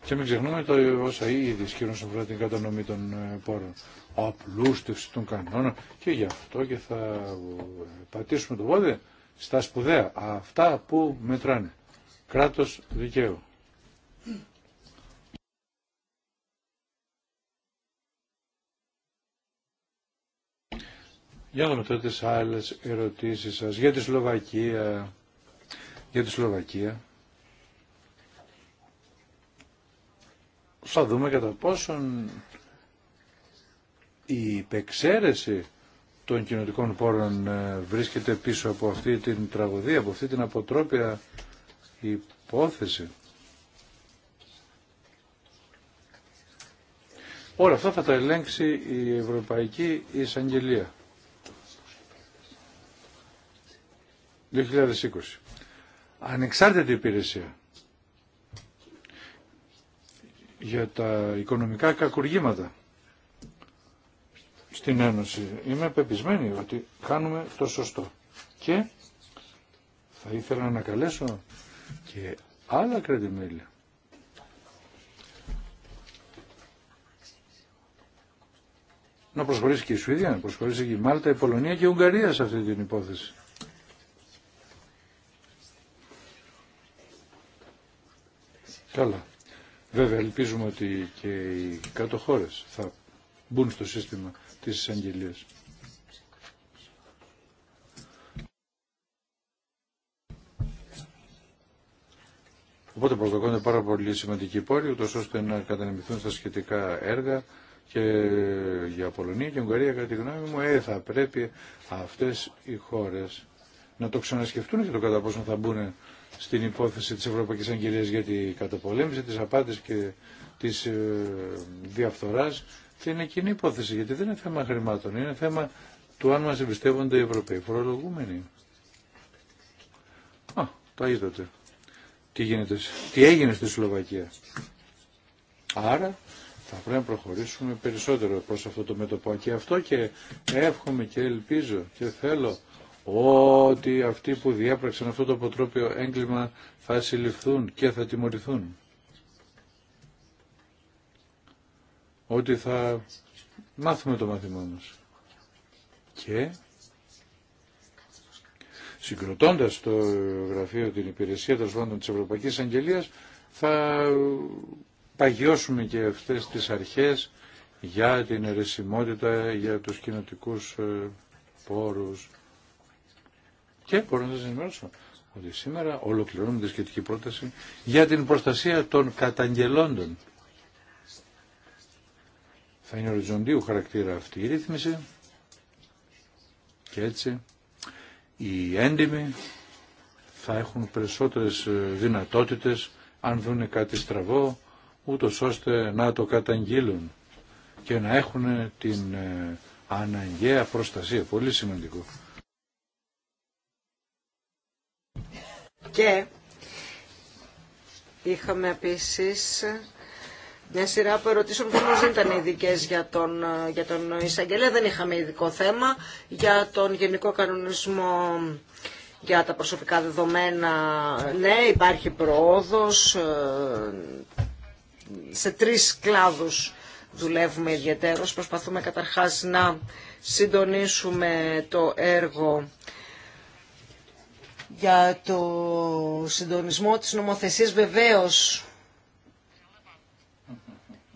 Και μην ξεχνούμε το όσα ήδη ισχύουν σε την κατανομή των ε, πόρων. Απλούστευση των κανόνων και γι' αυτό και θα πατήσουμε το πόδι στα σπουδαία. Αυτά που μετράνε. Κράτος δικαίου. Για να δούμε τότε τις άλλες ερωτήσεις σας για τη Σλοβακία. Για τη Σλοβακία. Θα δούμε κατά πόσον η υπεξαίρεση των κοινωτικών πόρων ε, βρίσκεται πίσω από αυτή την τραγωδία, από αυτή την αποτρόπια υπόθεση. Όλα αυτά θα τα ελέγξει η Ευρωπαϊκή Εισαγγελία. 2020. Ανεξάρτητη υπηρεσία για τα οικονομικά κακουργήματα στην Ένωση. Είμαι πεπισμένη ότι κάνουμε το σωστό. Και θα ήθελα να καλέσω και άλλα κρατημέλια. Να προσχωρήσει και η Σουηδία, να προσχωρήσει και η Μάλτα, η Πολωνία και η Ουγγαρία σε αυτή την υπόθεση. Καλά. Βέβαια, ελπίζουμε ότι και οι κάτω χώρε θα μπουν στο σύστημα της εισαγγελία. Οπότε προσδοκώνται πάρα πολύ σημαντικοί πόροι, ούτως ώστε να κατανεμηθούν στα σχετικά έργα και για Πολωνία και Ουγγαρία, κατά τη γνώμη μου, ε, θα πρέπει αυτές οι χώρες να το ξανασκεφτούν και το κατά πόσο θα μπουν στην υπόθεση της Ευρωπαϊκής Αγγελίας για την καταπολέμηση της απάτη και της ε, διαφθοράς και είναι κοινή υπόθεση γιατί δεν είναι θέμα χρημάτων, είναι θέμα του αν μας εμπιστεύονται οι Ευρωπαίοι φορολογούμενοι. Α, τα είδατε. Τι, γίνεται, τι έγινε στη Σλοβακία. Άρα θα πρέπει να προχωρήσουμε περισσότερο προς αυτό το μέτωπο και αυτό και εύχομαι και ελπίζω και θέλω ότι αυτοί που διέπραξαν αυτό το αποτρόπιο έγκλημα θα συλληφθούν και θα τιμωρηθούν. Ότι θα μάθουμε το μάθημά μας. Και συγκροτώντας το γραφείο την υπηρεσία των σβάντων της Ευρωπαϊκής Αγγελίας θα παγιώσουμε και αυτές τις αρχές για την αιρεσιμότητα, για τους κοινοτικούς ε, πόρους. Και μπορώ να σας ενημερώσω ότι σήμερα ολοκληρώνουμε τη σχετική πρόταση για την προστασία των καταγγελόντων. Θα είναι οριζοντίου χαρακτήρα αυτή η ρύθμιση και έτσι οι έντιμοι θα έχουν περισσότερες ε, δυνατότητες αν δουν κάτι στραβό ούτω ώστε να το καταγγείλουν και να έχουν την ε, αναγκαία προστασία. Πολύ σημαντικό. Και είχαμε επίσης μια σειρά από ερωτήσεων που όμω δεν ήταν ειδικέ για τον, για τον εισαγγελέα, δεν είχαμε ειδικό θέμα. Για τον γενικό κανονισμό για τα προσωπικά δεδομένα, ναι, υπάρχει προόδος. Ε, σε τρεις κλάδους δουλεύουμε ιδιαίτερως. Προσπαθούμε καταρχάς να συντονίσουμε το έργο για το συντονισμό της νομοθεσίας βεβαίως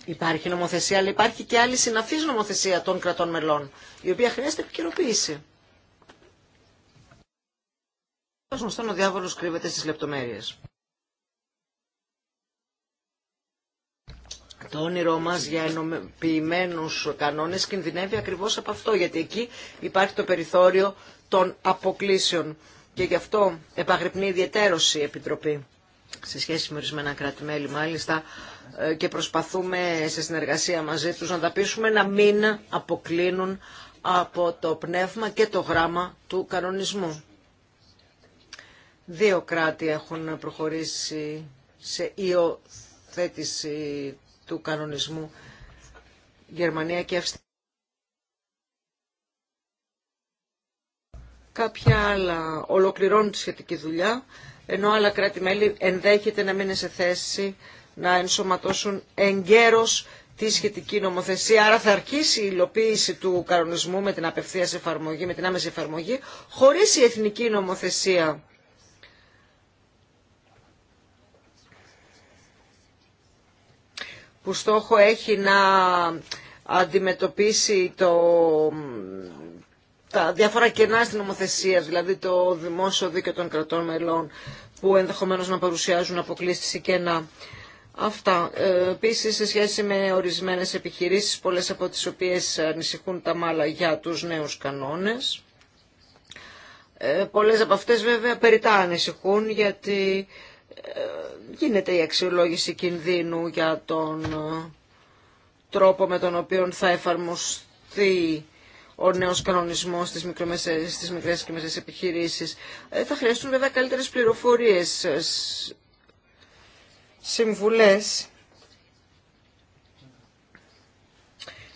υπάρχει νομοθεσία αλλά υπάρχει και άλλη συναφής νομοθεσία των κρατών μελών η οποία χρειάζεται επικαιροποίηση. Ως γνωστόν ο διάβολος κρύβεται στις λεπτομέρειες. Το όνειρό μα για ενοποιημένους κανόνες κινδυνεύει ακριβώς από αυτό, γιατί εκεί υπάρχει το περιθώριο των αποκλήσεων και γι' αυτό επαγρυπνεί ιδιαίτερω η Επιτροπή σε σχέση με ορισμένα κράτη-μέλη μάλιστα ε, και προσπαθούμε σε συνεργασία μαζί τους να τα πείσουμε να μην αποκλίνουν από το πνεύμα και το γράμμα του κανονισμού. Δύο κράτη έχουν προχωρήσει σε υιοθέτηση του κανονισμού, Γερμανία και Αυστρία. κάποια άλλα ολοκληρώνουν τη σχετική δουλειά, ενώ άλλα κράτη-μέλη ενδέχεται να μην είναι σε θέση να ενσωματώσουν εγκαίρως τη σχετική νομοθεσία. Άρα θα αρχίσει η υλοποίηση του κανονισμού με την απευθείας εφαρμογή, με την άμεση εφαρμογή, χωρίς η εθνική νομοθεσία. που στόχο έχει να αντιμετωπίσει το τα διάφορα κενά στην νομοθεσία, δηλαδή το δημόσιο δίκαιο των κρατών μελών που ενδεχομένως να παρουσιάζουν αποκλείστηση κενά. Αυτά. Ε, Επίση, σε σχέση με ορισμένες επιχειρήσεις, πολλές από τις οποίες ανησυχούν τα μάλα για τους νέους κανόνες. Ε, πολλές από αυτές βέβαια περιτά ανησυχούν γιατί ε, γίνεται η αξιολόγηση κινδύνου για τον ε, τρόπο με τον οποίο θα εφαρμοστεί ο νέος κανονισμός στις, μικρομεσαίες, στις μικρές και μεσαίες επιχειρήσεις. Ε, θα χρειαστούν βέβαια καλύτερες πληροφορίες, συμβουλές.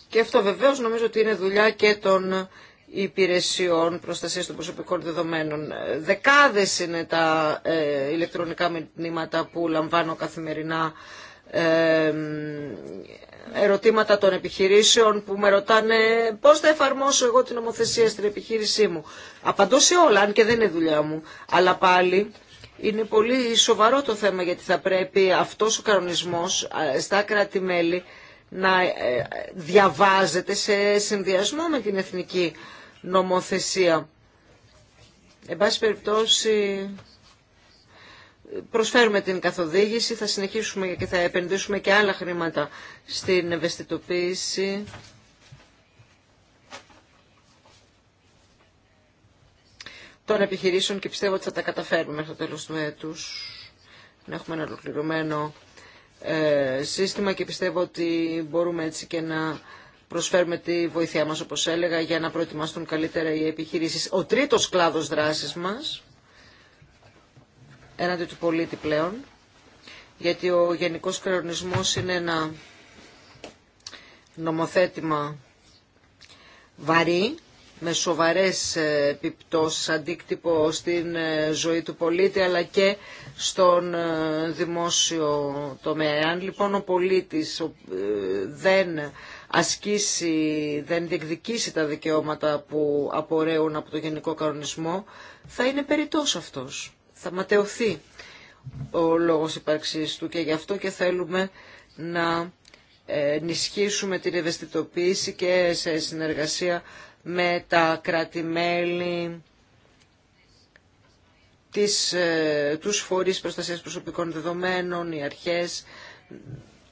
Και αυτό βεβαίως νομίζω ότι είναι δουλειά και των υπηρεσιών προστασίας των προσωπικών δεδομένων. Ε, δεκάδες είναι τα ε, ηλεκτρονικά μηνύματα που λαμβάνω καθημερινά ερωτήματα των επιχειρήσεων που με ρωτάνε πώς θα εφαρμόσω εγώ την νομοθεσία στην επιχείρησή μου. Απαντώ σε όλα, αν και δεν είναι δουλειά μου. Αλλά πάλι είναι πολύ σοβαρό το θέμα γιατί θα πρέπει αυτός ο κανονισμός ε, στα κράτη-μέλη να ε, διαβάζεται σε συνδυασμό με την εθνική νομοθεσία. Εν πάση περιπτώσει προσφέρουμε την καθοδήγηση, θα συνεχίσουμε και θα επενδύσουμε και άλλα χρήματα στην ευαισθητοποίηση. των επιχειρήσεων και πιστεύω ότι θα τα καταφέρουμε μέχρι το τέλος του έτους να έχουμε ένα ολοκληρωμένο ε, σύστημα και πιστεύω ότι μπορούμε έτσι και να προσφέρουμε τη βοήθειά μας όπως έλεγα για να προετοιμαστούν καλύτερα οι επιχειρήσεις. Ο τρίτος κλάδος δράσης μας έναντι του πολίτη πλέον, γιατί ο γενικός κανονισμός είναι ένα νομοθέτημα βαρύ, με σοβαρές ε, επιπτώσεις αντίκτυπο στην ε, ζωή του πολίτη αλλά και στον ε, δημόσιο τομέα. Αν λοιπόν ο πολίτης δεν ασκήσει, δεν διεκδικήσει τα δικαιώματα που απορρέουν από το Γενικό Κανονισμό, θα είναι περιττός αυτός θα ματαιωθεί ο λόγος ύπαρξής του και γι' αυτό και θέλουμε να ενισχύσουμε την ευαισθητοποίηση και σε συνεργασία με τα κράτη-μέλη, της ε, τους φορείς προστασίας προσωπικών δεδομένων, οι αρχές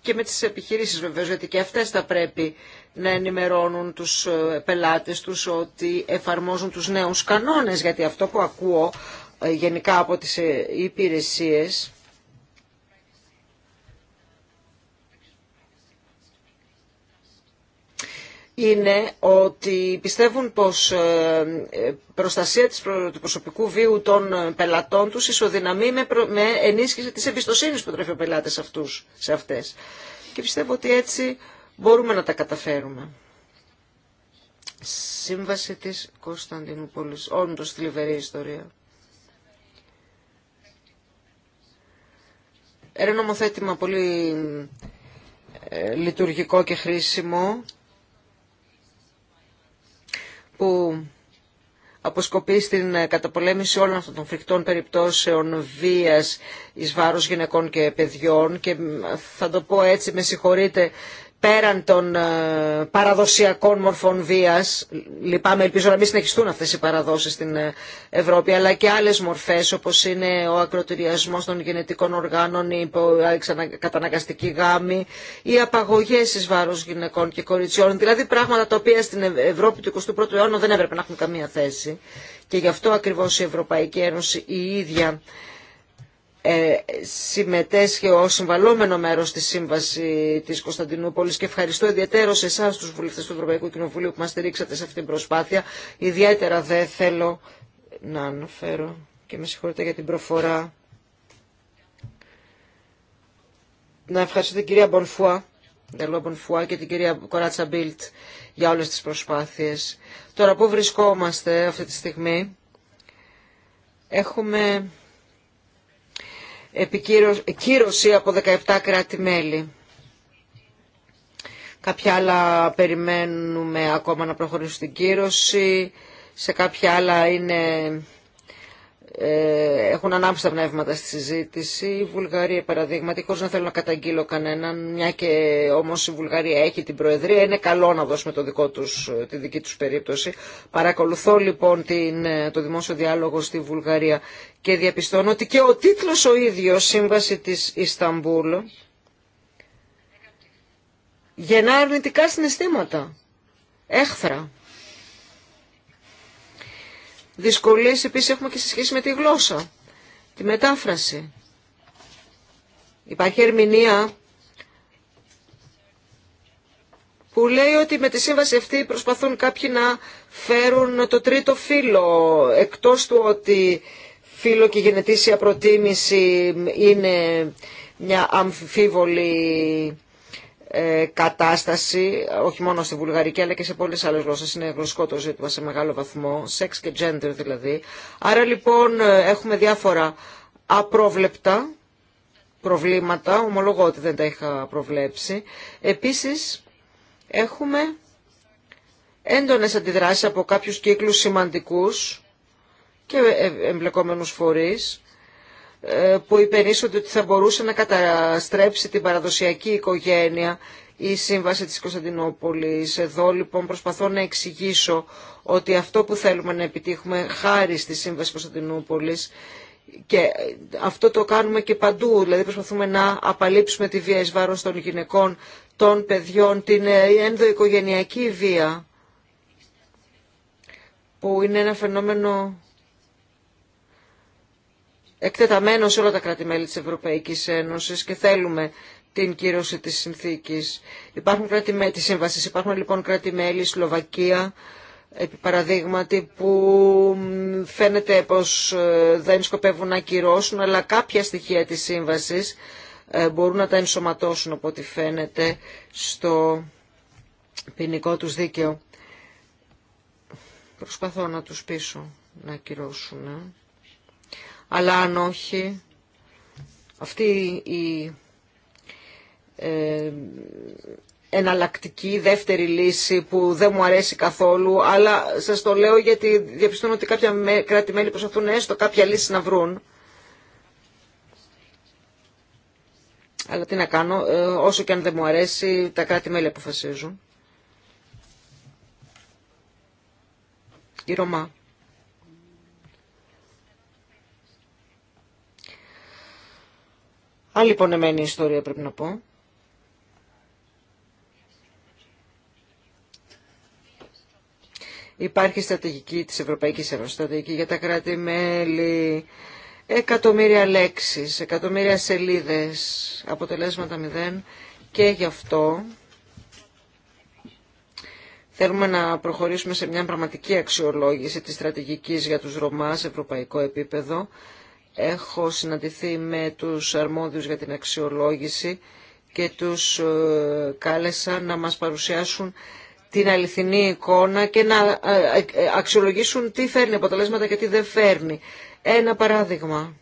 και με τις επιχειρήσεις βεβαίως, γιατί και αυτές θα πρέπει να ενημερώνουν τους ε, πελάτες τους ότι εφαρμόζουν τους νέους κανόνες, γιατί αυτό που ακούω ε, γενικά από τις ε, υπηρεσίες είναι ότι πιστεύουν πως ε, προστασία του προσωπικού βίου των πελατών τους ισοδυναμεί με ενίσχυση της εμπιστοσύνης που τρέφει ο πελάτης αυτούς, σε αυτές. Και πιστεύω ότι έτσι μπορούμε να τα καταφέρουμε. Σύμβαση της Κωνσταντινούπολης, όντως θλιβερή ιστορία. Ένα νομοθέτημα πολύ ε, λειτουργικό και χρήσιμο που αποσκοπεί στην ε, καταπολέμηση όλων αυτών των φρικτών περιπτώσεων βίας εις βάρος γυναικών και παιδιών και θα το πω έτσι, με συγχωρείτε πέραν των ε, παραδοσιακών μορφών βίας, λυπάμαι, ελπίζω να μην συνεχιστούν αυτές οι παραδόσεις στην ε, Ευρώπη, αλλά και άλλες μορφές όπως είναι ο ακροτηριασμός των γενετικών οργάνων, η καταναγκαστική γάμη, οι απαγωγές εις βάρος γυναικών και κοριτσιών, δηλαδή πράγματα τα οποία στην Ευρώπη του 21ου αιώνα δεν έπρεπε να έχουν καμία θέση. Και γι' αυτό ακριβώς η Ευρωπαϊκή Ένωση η ίδια ε, συμμετέσχε ως συμβαλόμενο μέρος στη Σύμβαση της Κωνσταντινούπολης και ευχαριστώ ιδιαίτερα σε εσά τους βουλευτές του Ευρωπαϊκού Κοινοβουλίου που μας στηρίξατε σε αυτήν την προσπάθεια. Ιδιαίτερα δεν θέλω να αναφέρω και με συγχωρείτε για την προφορά. Να ευχαριστώ την κυρία Μπονφουά, και την κυρία Κοράτσα Μπίλτ για όλες τις προσπάθειες. Τώρα που βρισκόμαστε αυτή τη στιγμή έχουμε επικύρωση από 17 κράτη-μέλη. Κάποια άλλα περιμένουμε ακόμα να προχωρήσουν στην κύρωση, σε κάποια άλλα είναι ε, έχουν ανάψει τα πνεύματα στη συζήτηση. Η Βουλγαρία, παραδείγματι, χωρί να θέλω να καταγγείλω κανέναν, μια και όμω η Βουλγαρία έχει την Προεδρία, είναι καλό να δώσουμε το δικό τους, τη δική του περίπτωση. Παρακολουθώ λοιπόν την, το δημόσιο διάλογο στη Βουλγαρία και διαπιστώνω ότι και ο τίτλο ο ίδιο, Σύμβαση τη Ισταμπούλ, γεννά αρνητικά συναισθήματα. Έχθρα. Δυσκολίες επίσης έχουμε και σε σχέση με τη γλώσσα, τη μετάφραση. Υπάρχει ερμηνεία που λέει ότι με τη σύμβαση αυτή προσπαθούν κάποιοι να φέρουν το τρίτο φύλλο, εκτός του ότι φύλλο και γενετήσια προτίμηση είναι μια αμφιβολή ε, κατάσταση, όχι μόνο στη βουλγαρική αλλά και σε πολλές άλλες γλώσσες. Είναι γλωσσικό το ζήτημα σε μεγάλο βαθμό, σεξ και gender δηλαδή. Άρα λοιπόν ε, έχουμε διάφορα απρόβλεπτα προβλήματα, ομολογώ ότι δεν τα είχα προβλέψει. Επίσης έχουμε έντονες αντιδράσεις από κάποιους κύκλους σημαντικούς και ε, εμπλεκόμενους φορείς που υπενήσονται ότι θα μπορούσε να καταστρέψει την παραδοσιακή οικογένεια η σύμβαση της Κωνσταντινούπολης. Εδώ λοιπόν προσπαθώ να εξηγήσω ότι αυτό που θέλουμε να επιτύχουμε χάρη στη σύμβαση Κωνσταντινούπολης και αυτό το κάνουμε και παντού, δηλαδή προσπαθούμε να απαλείψουμε τη βία εις βάρος των γυναικών, των παιδιών, την ενδοοικογενειακή βία που είναι ένα φαινόμενο εκτεταμένο σε όλα τα κράτη-μέλη της Ευρωπαϊκής Ένωσης και θέλουμε την κύρωση της συνθήκης. Υπάρχουν κράτη-μέλη της σύμβασης, υπάρχουν λοιπόν κράτη-μέλη, Σλοβακία, επί παραδείγματι, που φαίνεται πως ε, δεν σκοπεύουν να κυρώσουν, αλλά κάποια στοιχεία της σύμβασης ε, μπορούν να τα ενσωματώσουν, από ό,τι φαίνεται, στο ποινικό τους δίκαιο. Προσπαθώ να τους πείσω να κυρώσουν. Ε αλλά αν όχι, αυτή η ε, εναλλακτική δεύτερη λύση που δεν μου αρέσει καθόλου, αλλά σας το λέω γιατί διαπιστώνω ότι κάποια κράτη-μέλη προσπαθούν έστω κάποια λύση να βρουν. Αλλά τι να κάνω, ε, όσο και αν δεν μου αρέσει, τα κράτη-μέλη αποφασίζουν. Η Ρωμά. Άλλη πονεμένη ιστορία πρέπει να πω. Υπάρχει στρατηγική της Ευρωπαϊκής Ένωσης, για τα κράτη-μέλη, εκατομμύρια λέξεις, εκατομμύρια σελίδες, αποτελέσματα μηδέν και γι' αυτό θέλουμε να προχωρήσουμε σε μια πραγματική αξιολόγηση της στρατηγικής για τους Ρωμά σε ευρωπαϊκό επίπεδο Έχω συναντηθεί με τους αρμόδιους για την αξιολόγηση και τους ε, κάλεσα να μας παρουσιάσουν την αληθινή εικόνα και να ε, ε, αξιολογήσουν τι φέρνει αποτελέσματα και τι δεν φέρνει. Ένα παράδειγμα.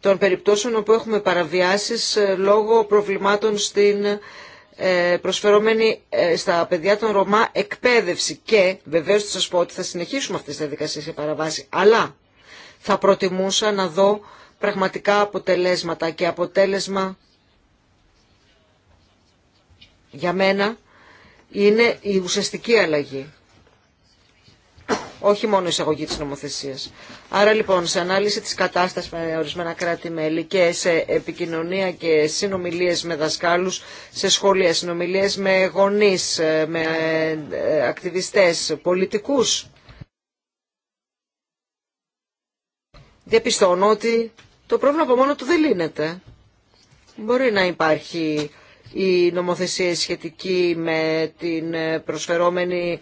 των περιπτώσεων όπου έχουμε παραβιάσεις λόγω προβλημάτων στην ε, προσφερόμενη ε, στα παιδιά των Ρωμά εκπαίδευση και βεβαίως θα σας πω ότι θα συνεχίσουμε αυτές τις διαδικασίες σε παραβάση αλλά θα προτιμούσα να δω πραγματικά αποτελέσματα και αποτέλεσμα για μένα είναι η ουσιαστική αλλαγή όχι μόνο η εισαγωγή της νομοθεσίας. Άρα λοιπόν σε ανάλυση της κατάστασης με ορισμένα κράτη-μέλη και σε επικοινωνία και συνομιλίες με δασκάλους, σε σχολεία, συνομιλίες με γονείς, ε, με ε, ακτιβιστές, πολιτικούς, διαπιστώνω ότι το πρόβλημα από μόνο του δεν λύνεται. Μπορεί να υπάρχει η νομοθεσία σχετική με την ε, προσφερόμενη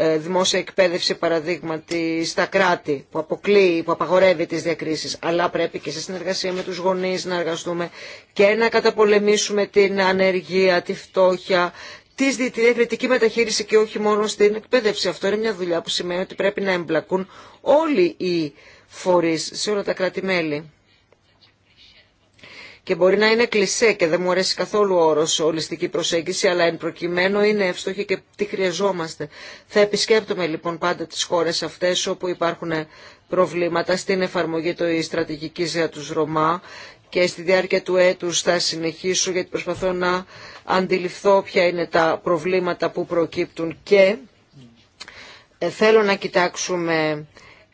ε, δημόσια εκπαίδευση παραδείγματι στα κράτη που αποκλείει, που απαγορεύει τις διακρίσεις αλλά πρέπει και σε συνεργασία με τους γονείς να εργαστούμε και να καταπολεμήσουμε την ανεργία, τη φτώχεια τη διακριτική μεταχείριση και όχι μόνο στην εκπαίδευση. Αυτό είναι μια δουλειά που σημαίνει ότι πρέπει να εμπλακούν όλοι οι φορείς σε όλα τα κράτη-μέλη και μπορεί να είναι κλεισέ και δεν μου αρέσει καθόλου ο όρος ολιστική προσέγγιση, αλλά εν προκειμένου είναι εύστοχη και τι χρειαζόμαστε. Θα επισκέπτομαι λοιπόν πάντα τις χώρες αυτές όπου υπάρχουν προβλήματα στην εφαρμογή του στρατηγικής για τους Ρωμά και στη διάρκεια του έτους θα συνεχίσω γιατί προσπαθώ να αντιληφθώ ποια είναι τα προβλήματα που προκύπτουν και ε, θέλω να κοιτάξουμε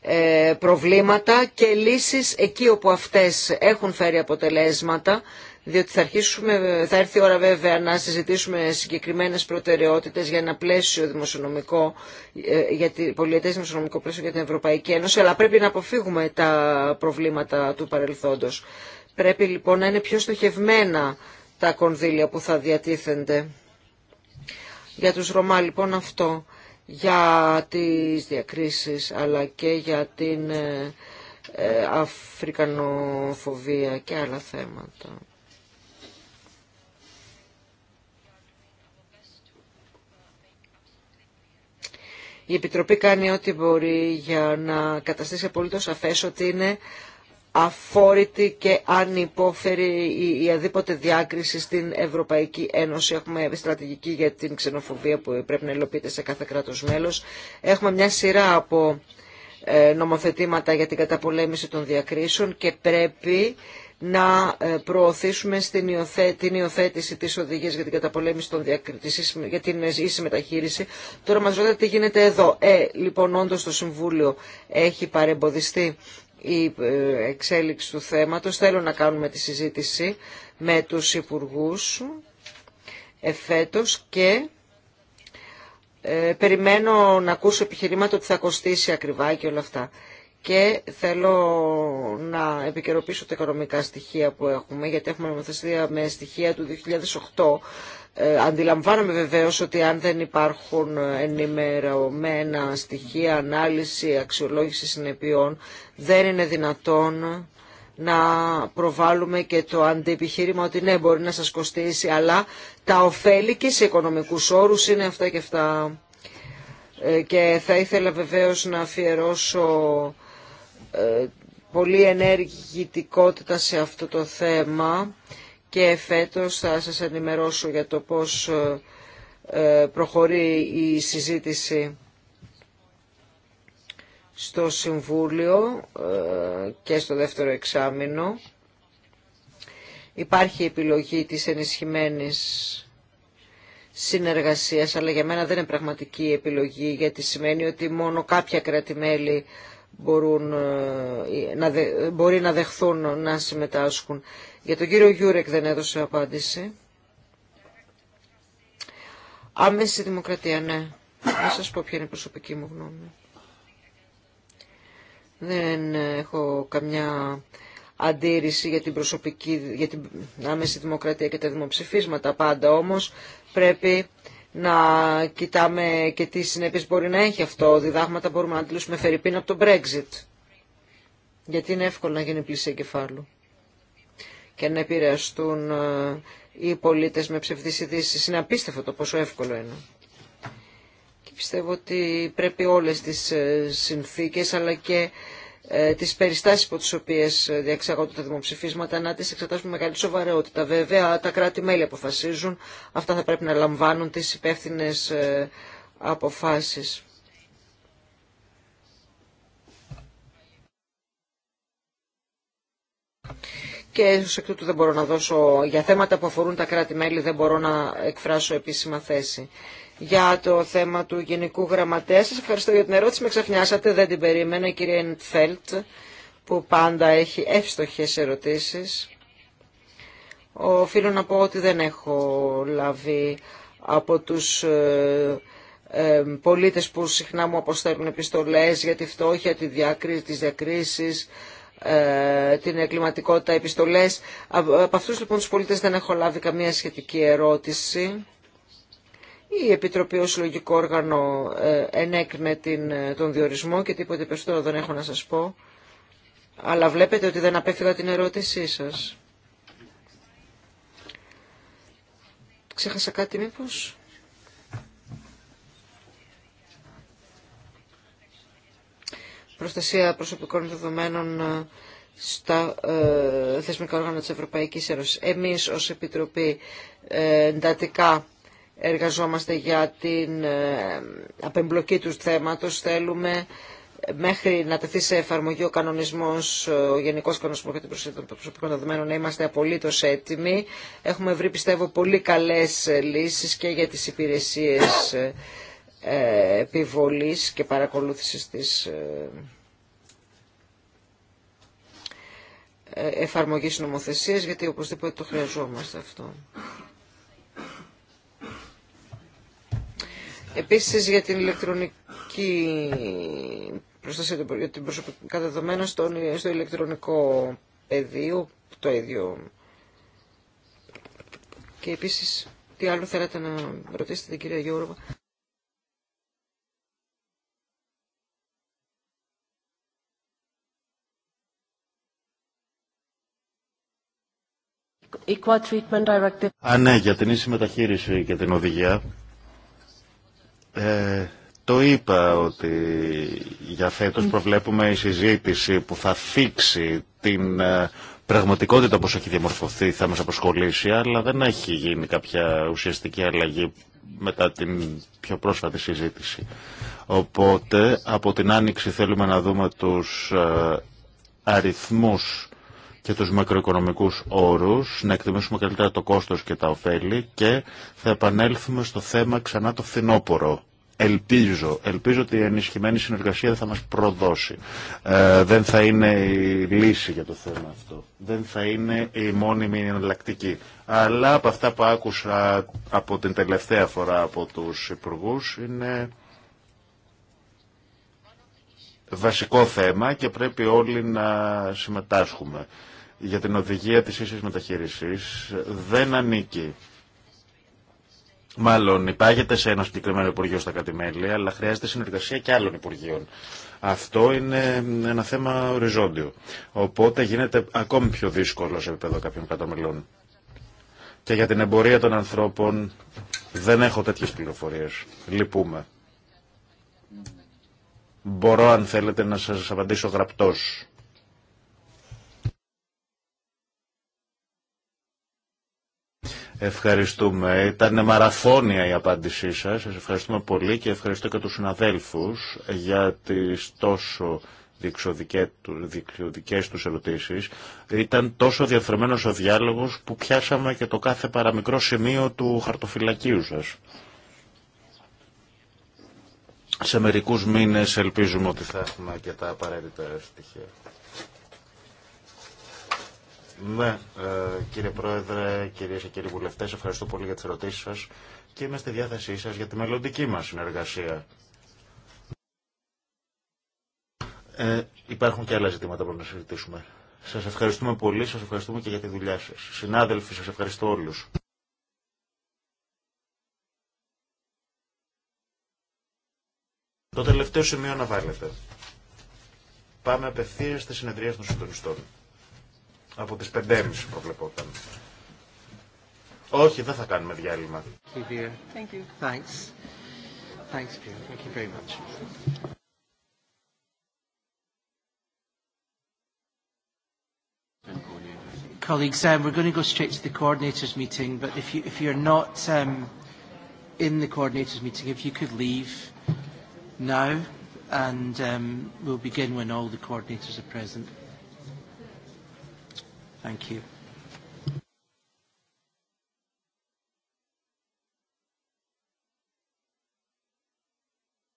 ε, προβλήματα και λύσεις εκεί όπου αυτές έχουν φέρει αποτελέσματα διότι θα, αρχίσουμε, θα έρθει η ώρα βέβαια να συζητήσουμε συγκεκριμένες προτεραιότητες για ένα πλαίσιο δημοσιονομικό, ε, για την δημοσιονομικό πλαίσιο για την Ευρωπαϊκή Ένωση, αλλά πρέπει να αποφύγουμε τα προβλήματα του παρελθόντος. Πρέπει λοιπόν να είναι πιο στοχευμένα τα κονδύλια που θα διατίθενται. Για τους Ρωμά λοιπόν αυτό για τις διακρίσεις αλλά και για την ε, ε, αφρικανοφοβία και άλλα θέματα. Η Επιτροπή κάνει ό,τι μπορεί για να καταστήσει απολύτως σαφές ότι είναι αφόρητη και ανυπόφερη η, η αδίποτε διάκριση στην Ευρωπαϊκή Ένωση. Έχουμε στρατηγική για την ξενοφοβία που πρέπει να υλοποιείται σε κάθε κράτος μέλος. Έχουμε μια σειρά από ε, νομοθετήματα για την καταπολέμηση των διακρίσεων και πρέπει να ε, προωθήσουμε στην υιοθέ, την υιοθέτηση της οδηγίας για την καταπολέμηση των διακρίσεων για την ίση μεταχείριση. Τώρα μας ρωτάτε τι γίνεται εδώ. Ε, λοιπόν, όντως το Συμβούλιο έχει παρεμποδιστεί η ε, εξέλιξη του θέματος. Θέλω να κάνουμε τη συζήτηση με τους υπουργούς εφέτος και ε, περιμένω να ακούσω επιχειρήματα ότι θα κοστίσει ακριβά και όλα αυτά. Και θέλω να επικαιροποιήσω τα οικονομικά στοιχεία που έχουμε, γιατί έχουμε νομοθεσία με στοιχεία του 2008 ε, αντιλαμβάνομαι βεβαίως ότι αν δεν υπάρχουν ενημερωμένα στοιχεία, ανάλυση, αξιολόγηση συνεπειών, δεν είναι δυνατόν να προβάλλουμε και το αντιεπιχείρημα ότι ναι μπορεί να σας κοστίσει, αλλά τα ωφέλη και σε οικονομικούς όρους είναι αυτά και αυτά. Ε, και θα ήθελα βεβαίως να αφιερώσω ε, πολύ ενεργητικότητα σε αυτό το θέμα και φέτος θα σας ενημερώσω για το πώς ε, ε, προχωρεί η συζήτηση στο Συμβούλιο ε, και στο δεύτερο εξάμεινο. Υπάρχει επιλογή της ενισχυμένης συνεργασίας, αλλά για μένα δεν είναι πραγματική επιλογή, γιατί σημαίνει ότι μόνο κάποια μπορούν, μπορεί να δεχθούν να συμμετάσχουν. Για τον κύριο Γιούρεκ δεν έδωσε απάντηση. Άμεση δημοκρατία, ναι. Να σας πω ποια είναι η προσωπική μου γνώμη. Δεν έχω καμιά αντίρρηση για την, προσωπική, για την άμεση δημοκρατία και τα δημοψηφίσματα πάντα όμως πρέπει να κοιτάμε και τι συνέπειες μπορεί να έχει αυτό. Διδάγματα μπορούμε να αντιλούσουμε φερρυπίν από το Brexit. Γιατί είναι εύκολο να γίνει πλησία κεφάλου και να επηρεαστούν ε, οι πολίτες με ψευδείς ειδήσει. Είναι απίστευτο το πόσο εύκολο είναι. Και πιστεύω ότι πρέπει όλες τις ε, συνθήκες αλλά και ε, τις περιστάσεις από τις οποίες διαξαγόνται τα δημοψηφίσματα να τις εξετάσουμε με μεγάλη σοβαρότητα. Βέβαια τα κράτη-μέλη αποφασίζουν, αυτά θα πρέπει να λαμβάνουν τις υπεύθυνε αποφάσεις και σε εκ τούτου δεν μπορώ να δώσω για θέματα που αφορούν τα κράτη-μέλη δεν μπορώ να εκφράσω επίσημα θέση. Για το θέμα του Γενικού Γραμματέα σας ευχαριστώ για την ερώτηση, με ξαφνιάσατε, δεν την περίμενα, η κυρία Εντφέλτ που πάντα έχει εύστοχες ερωτήσεις. Οφείλω να πω ότι δεν έχω λάβει από τους ε, ε, πολίτες που συχνά μου αποστέλνουν επιστολές για τη φτώχεια, τη διακρίση, ε, την εγκληματικότητα, επιστολές. Από αυτούς λοιπόν τους πολίτες δεν έχω λάβει καμία σχετική ερώτηση. Η Επιτροπή ως λογικό όργανο ε, ενέκρινε την, ε, τον διορισμό και τίποτε περισσότερο δεν έχω να σας πω. Αλλά βλέπετε ότι δεν απέφυγα την ερώτησή σας. Ξέχασα κάτι μήπως. προστασία προσωπικών δεδομένων ε, στα ε, θεσμικά όργανα της Ευρωπαϊκής Ένωσης. Εμείς ως Επιτροπή ε, εντατικά εργαζόμαστε για την ε, απεμπλοκή του θέματος. Θέλουμε μέχρι να τεθεί σε εφαρμογή ο κανονισμός, ε, ο Γενικός Κανονισμός για την Προστασία των Προσωπικών Δεδομένων, να είμαστε απολύτως έτοιμοι. Έχουμε βρει, πιστεύω, πολύ καλές λύσεις και για τις υπηρεσίες ε, επιβολής και παρακολούθησης της ε, ε, εφαρμογής νομοθεσίας, γιατί οπωσδήποτε το χρειαζόμαστε αυτό. Επίσης για την ηλεκτρονική προστασία για την προσωπικά δεδομένα στο, στο ηλεκτρονικό πεδίο, το ίδιο. Και επίσης, τι άλλο θέλατε να ρωτήσετε την κυρία Γιώργο. Equal Treatment Directive. Α, ναι, για την ίση μεταχείριση και την οδηγία. Ε, το είπα ότι για φέτος προβλέπουμε η συζήτηση που θα θίξει την ε, πραγματικότητα όπως έχει διαμορφωθεί θα μας αποσχολήσει, αλλά δεν έχει γίνει κάποια ουσιαστική αλλαγή μετά την πιο πρόσφατη συζήτηση. Οπότε από την Άνοιξη θέλουμε να δούμε τους ε, αριθμούς και τους μακροοικονομικούς όρους, να εκτιμήσουμε καλύτερα το κόστος και τα ωφέλη και θα επανέλθουμε στο θέμα ξανά το φθινόπωρο. Ελπίζω, ελπίζω ότι η ενισχυμένη συνεργασία δεν θα μας προδώσει. Ε, δεν θα είναι η λύση για το θέμα αυτό. Δεν θα είναι η μόνιμη εναλλακτική. Αλλά από αυτά που άκουσα από την τελευταία φορά από τους υπουργού είναι βασικό θέμα και πρέπει όλοι να συμμετάσχουμε για την οδηγία της ίσης μεταχείρισης δεν ανήκει. Μάλλον υπάγεται σε ένα συγκεκριμένο Υπουργείο στα κατημέλη, αλλά χρειάζεται συνεργασία και άλλων Υπουργείων. Αυτό είναι ένα θέμα οριζόντιο. Οπότε γίνεται ακόμη πιο δύσκολο σε επίπεδο κάποιων κατομελών. Και για την εμπορία των ανθρώπων δεν έχω τέτοιες πληροφορίες. Λυπούμε. Μπορώ αν θέλετε να σας απαντήσω γραπτός. Ευχαριστούμε. Ήταν μαραθώνια η απάντησή σας. Σας ευχαριστούμε πολύ και ευχαριστώ και τους συναδέλφους για τις τόσο διεξοδικές τους ερωτήσεις. Ήταν τόσο διαφερμένος ο διάλογος που πιάσαμε και το κάθε παραμικρό σημείο του χαρτοφυλακίου σας. Σε μερικούς μήνες ελπίζουμε ότι θα έχουμε και τα απαραίτητα στοιχεία. Ναι, ε, κύριε Πρόεδρε, κυρίε και κύριοι βουλευτέ, ευχαριστώ πολύ για τι ερωτήσει σα και είμαι στη διάθεσή σα για τη μελλοντική μα συνεργασία. Ε, υπάρχουν και άλλα ζητήματα που να συζητήσουμε. Σα ευχαριστούμε πολύ, σα ευχαριστούμε και για τη δουλειά σα. Συνάδελφοι, σα ευχαριστώ όλου. Το τελευταίο σημείο να βάλετε. Πάμε απευθείας στη συνεδρία των συντονιστών. Από τις 5.30 προβλεπόταν. Όχι, δεν θα κάνουμε διάλειμμα. Thank you. Thanks. Thanks, Thank you very much. Colleagues, um, we're going to go straight to the coordinators meeting, but if, you, if you're not um, in the coordinators meeting, if you could leave now, and um, we'll begin when all the coordinators are present. Thank you.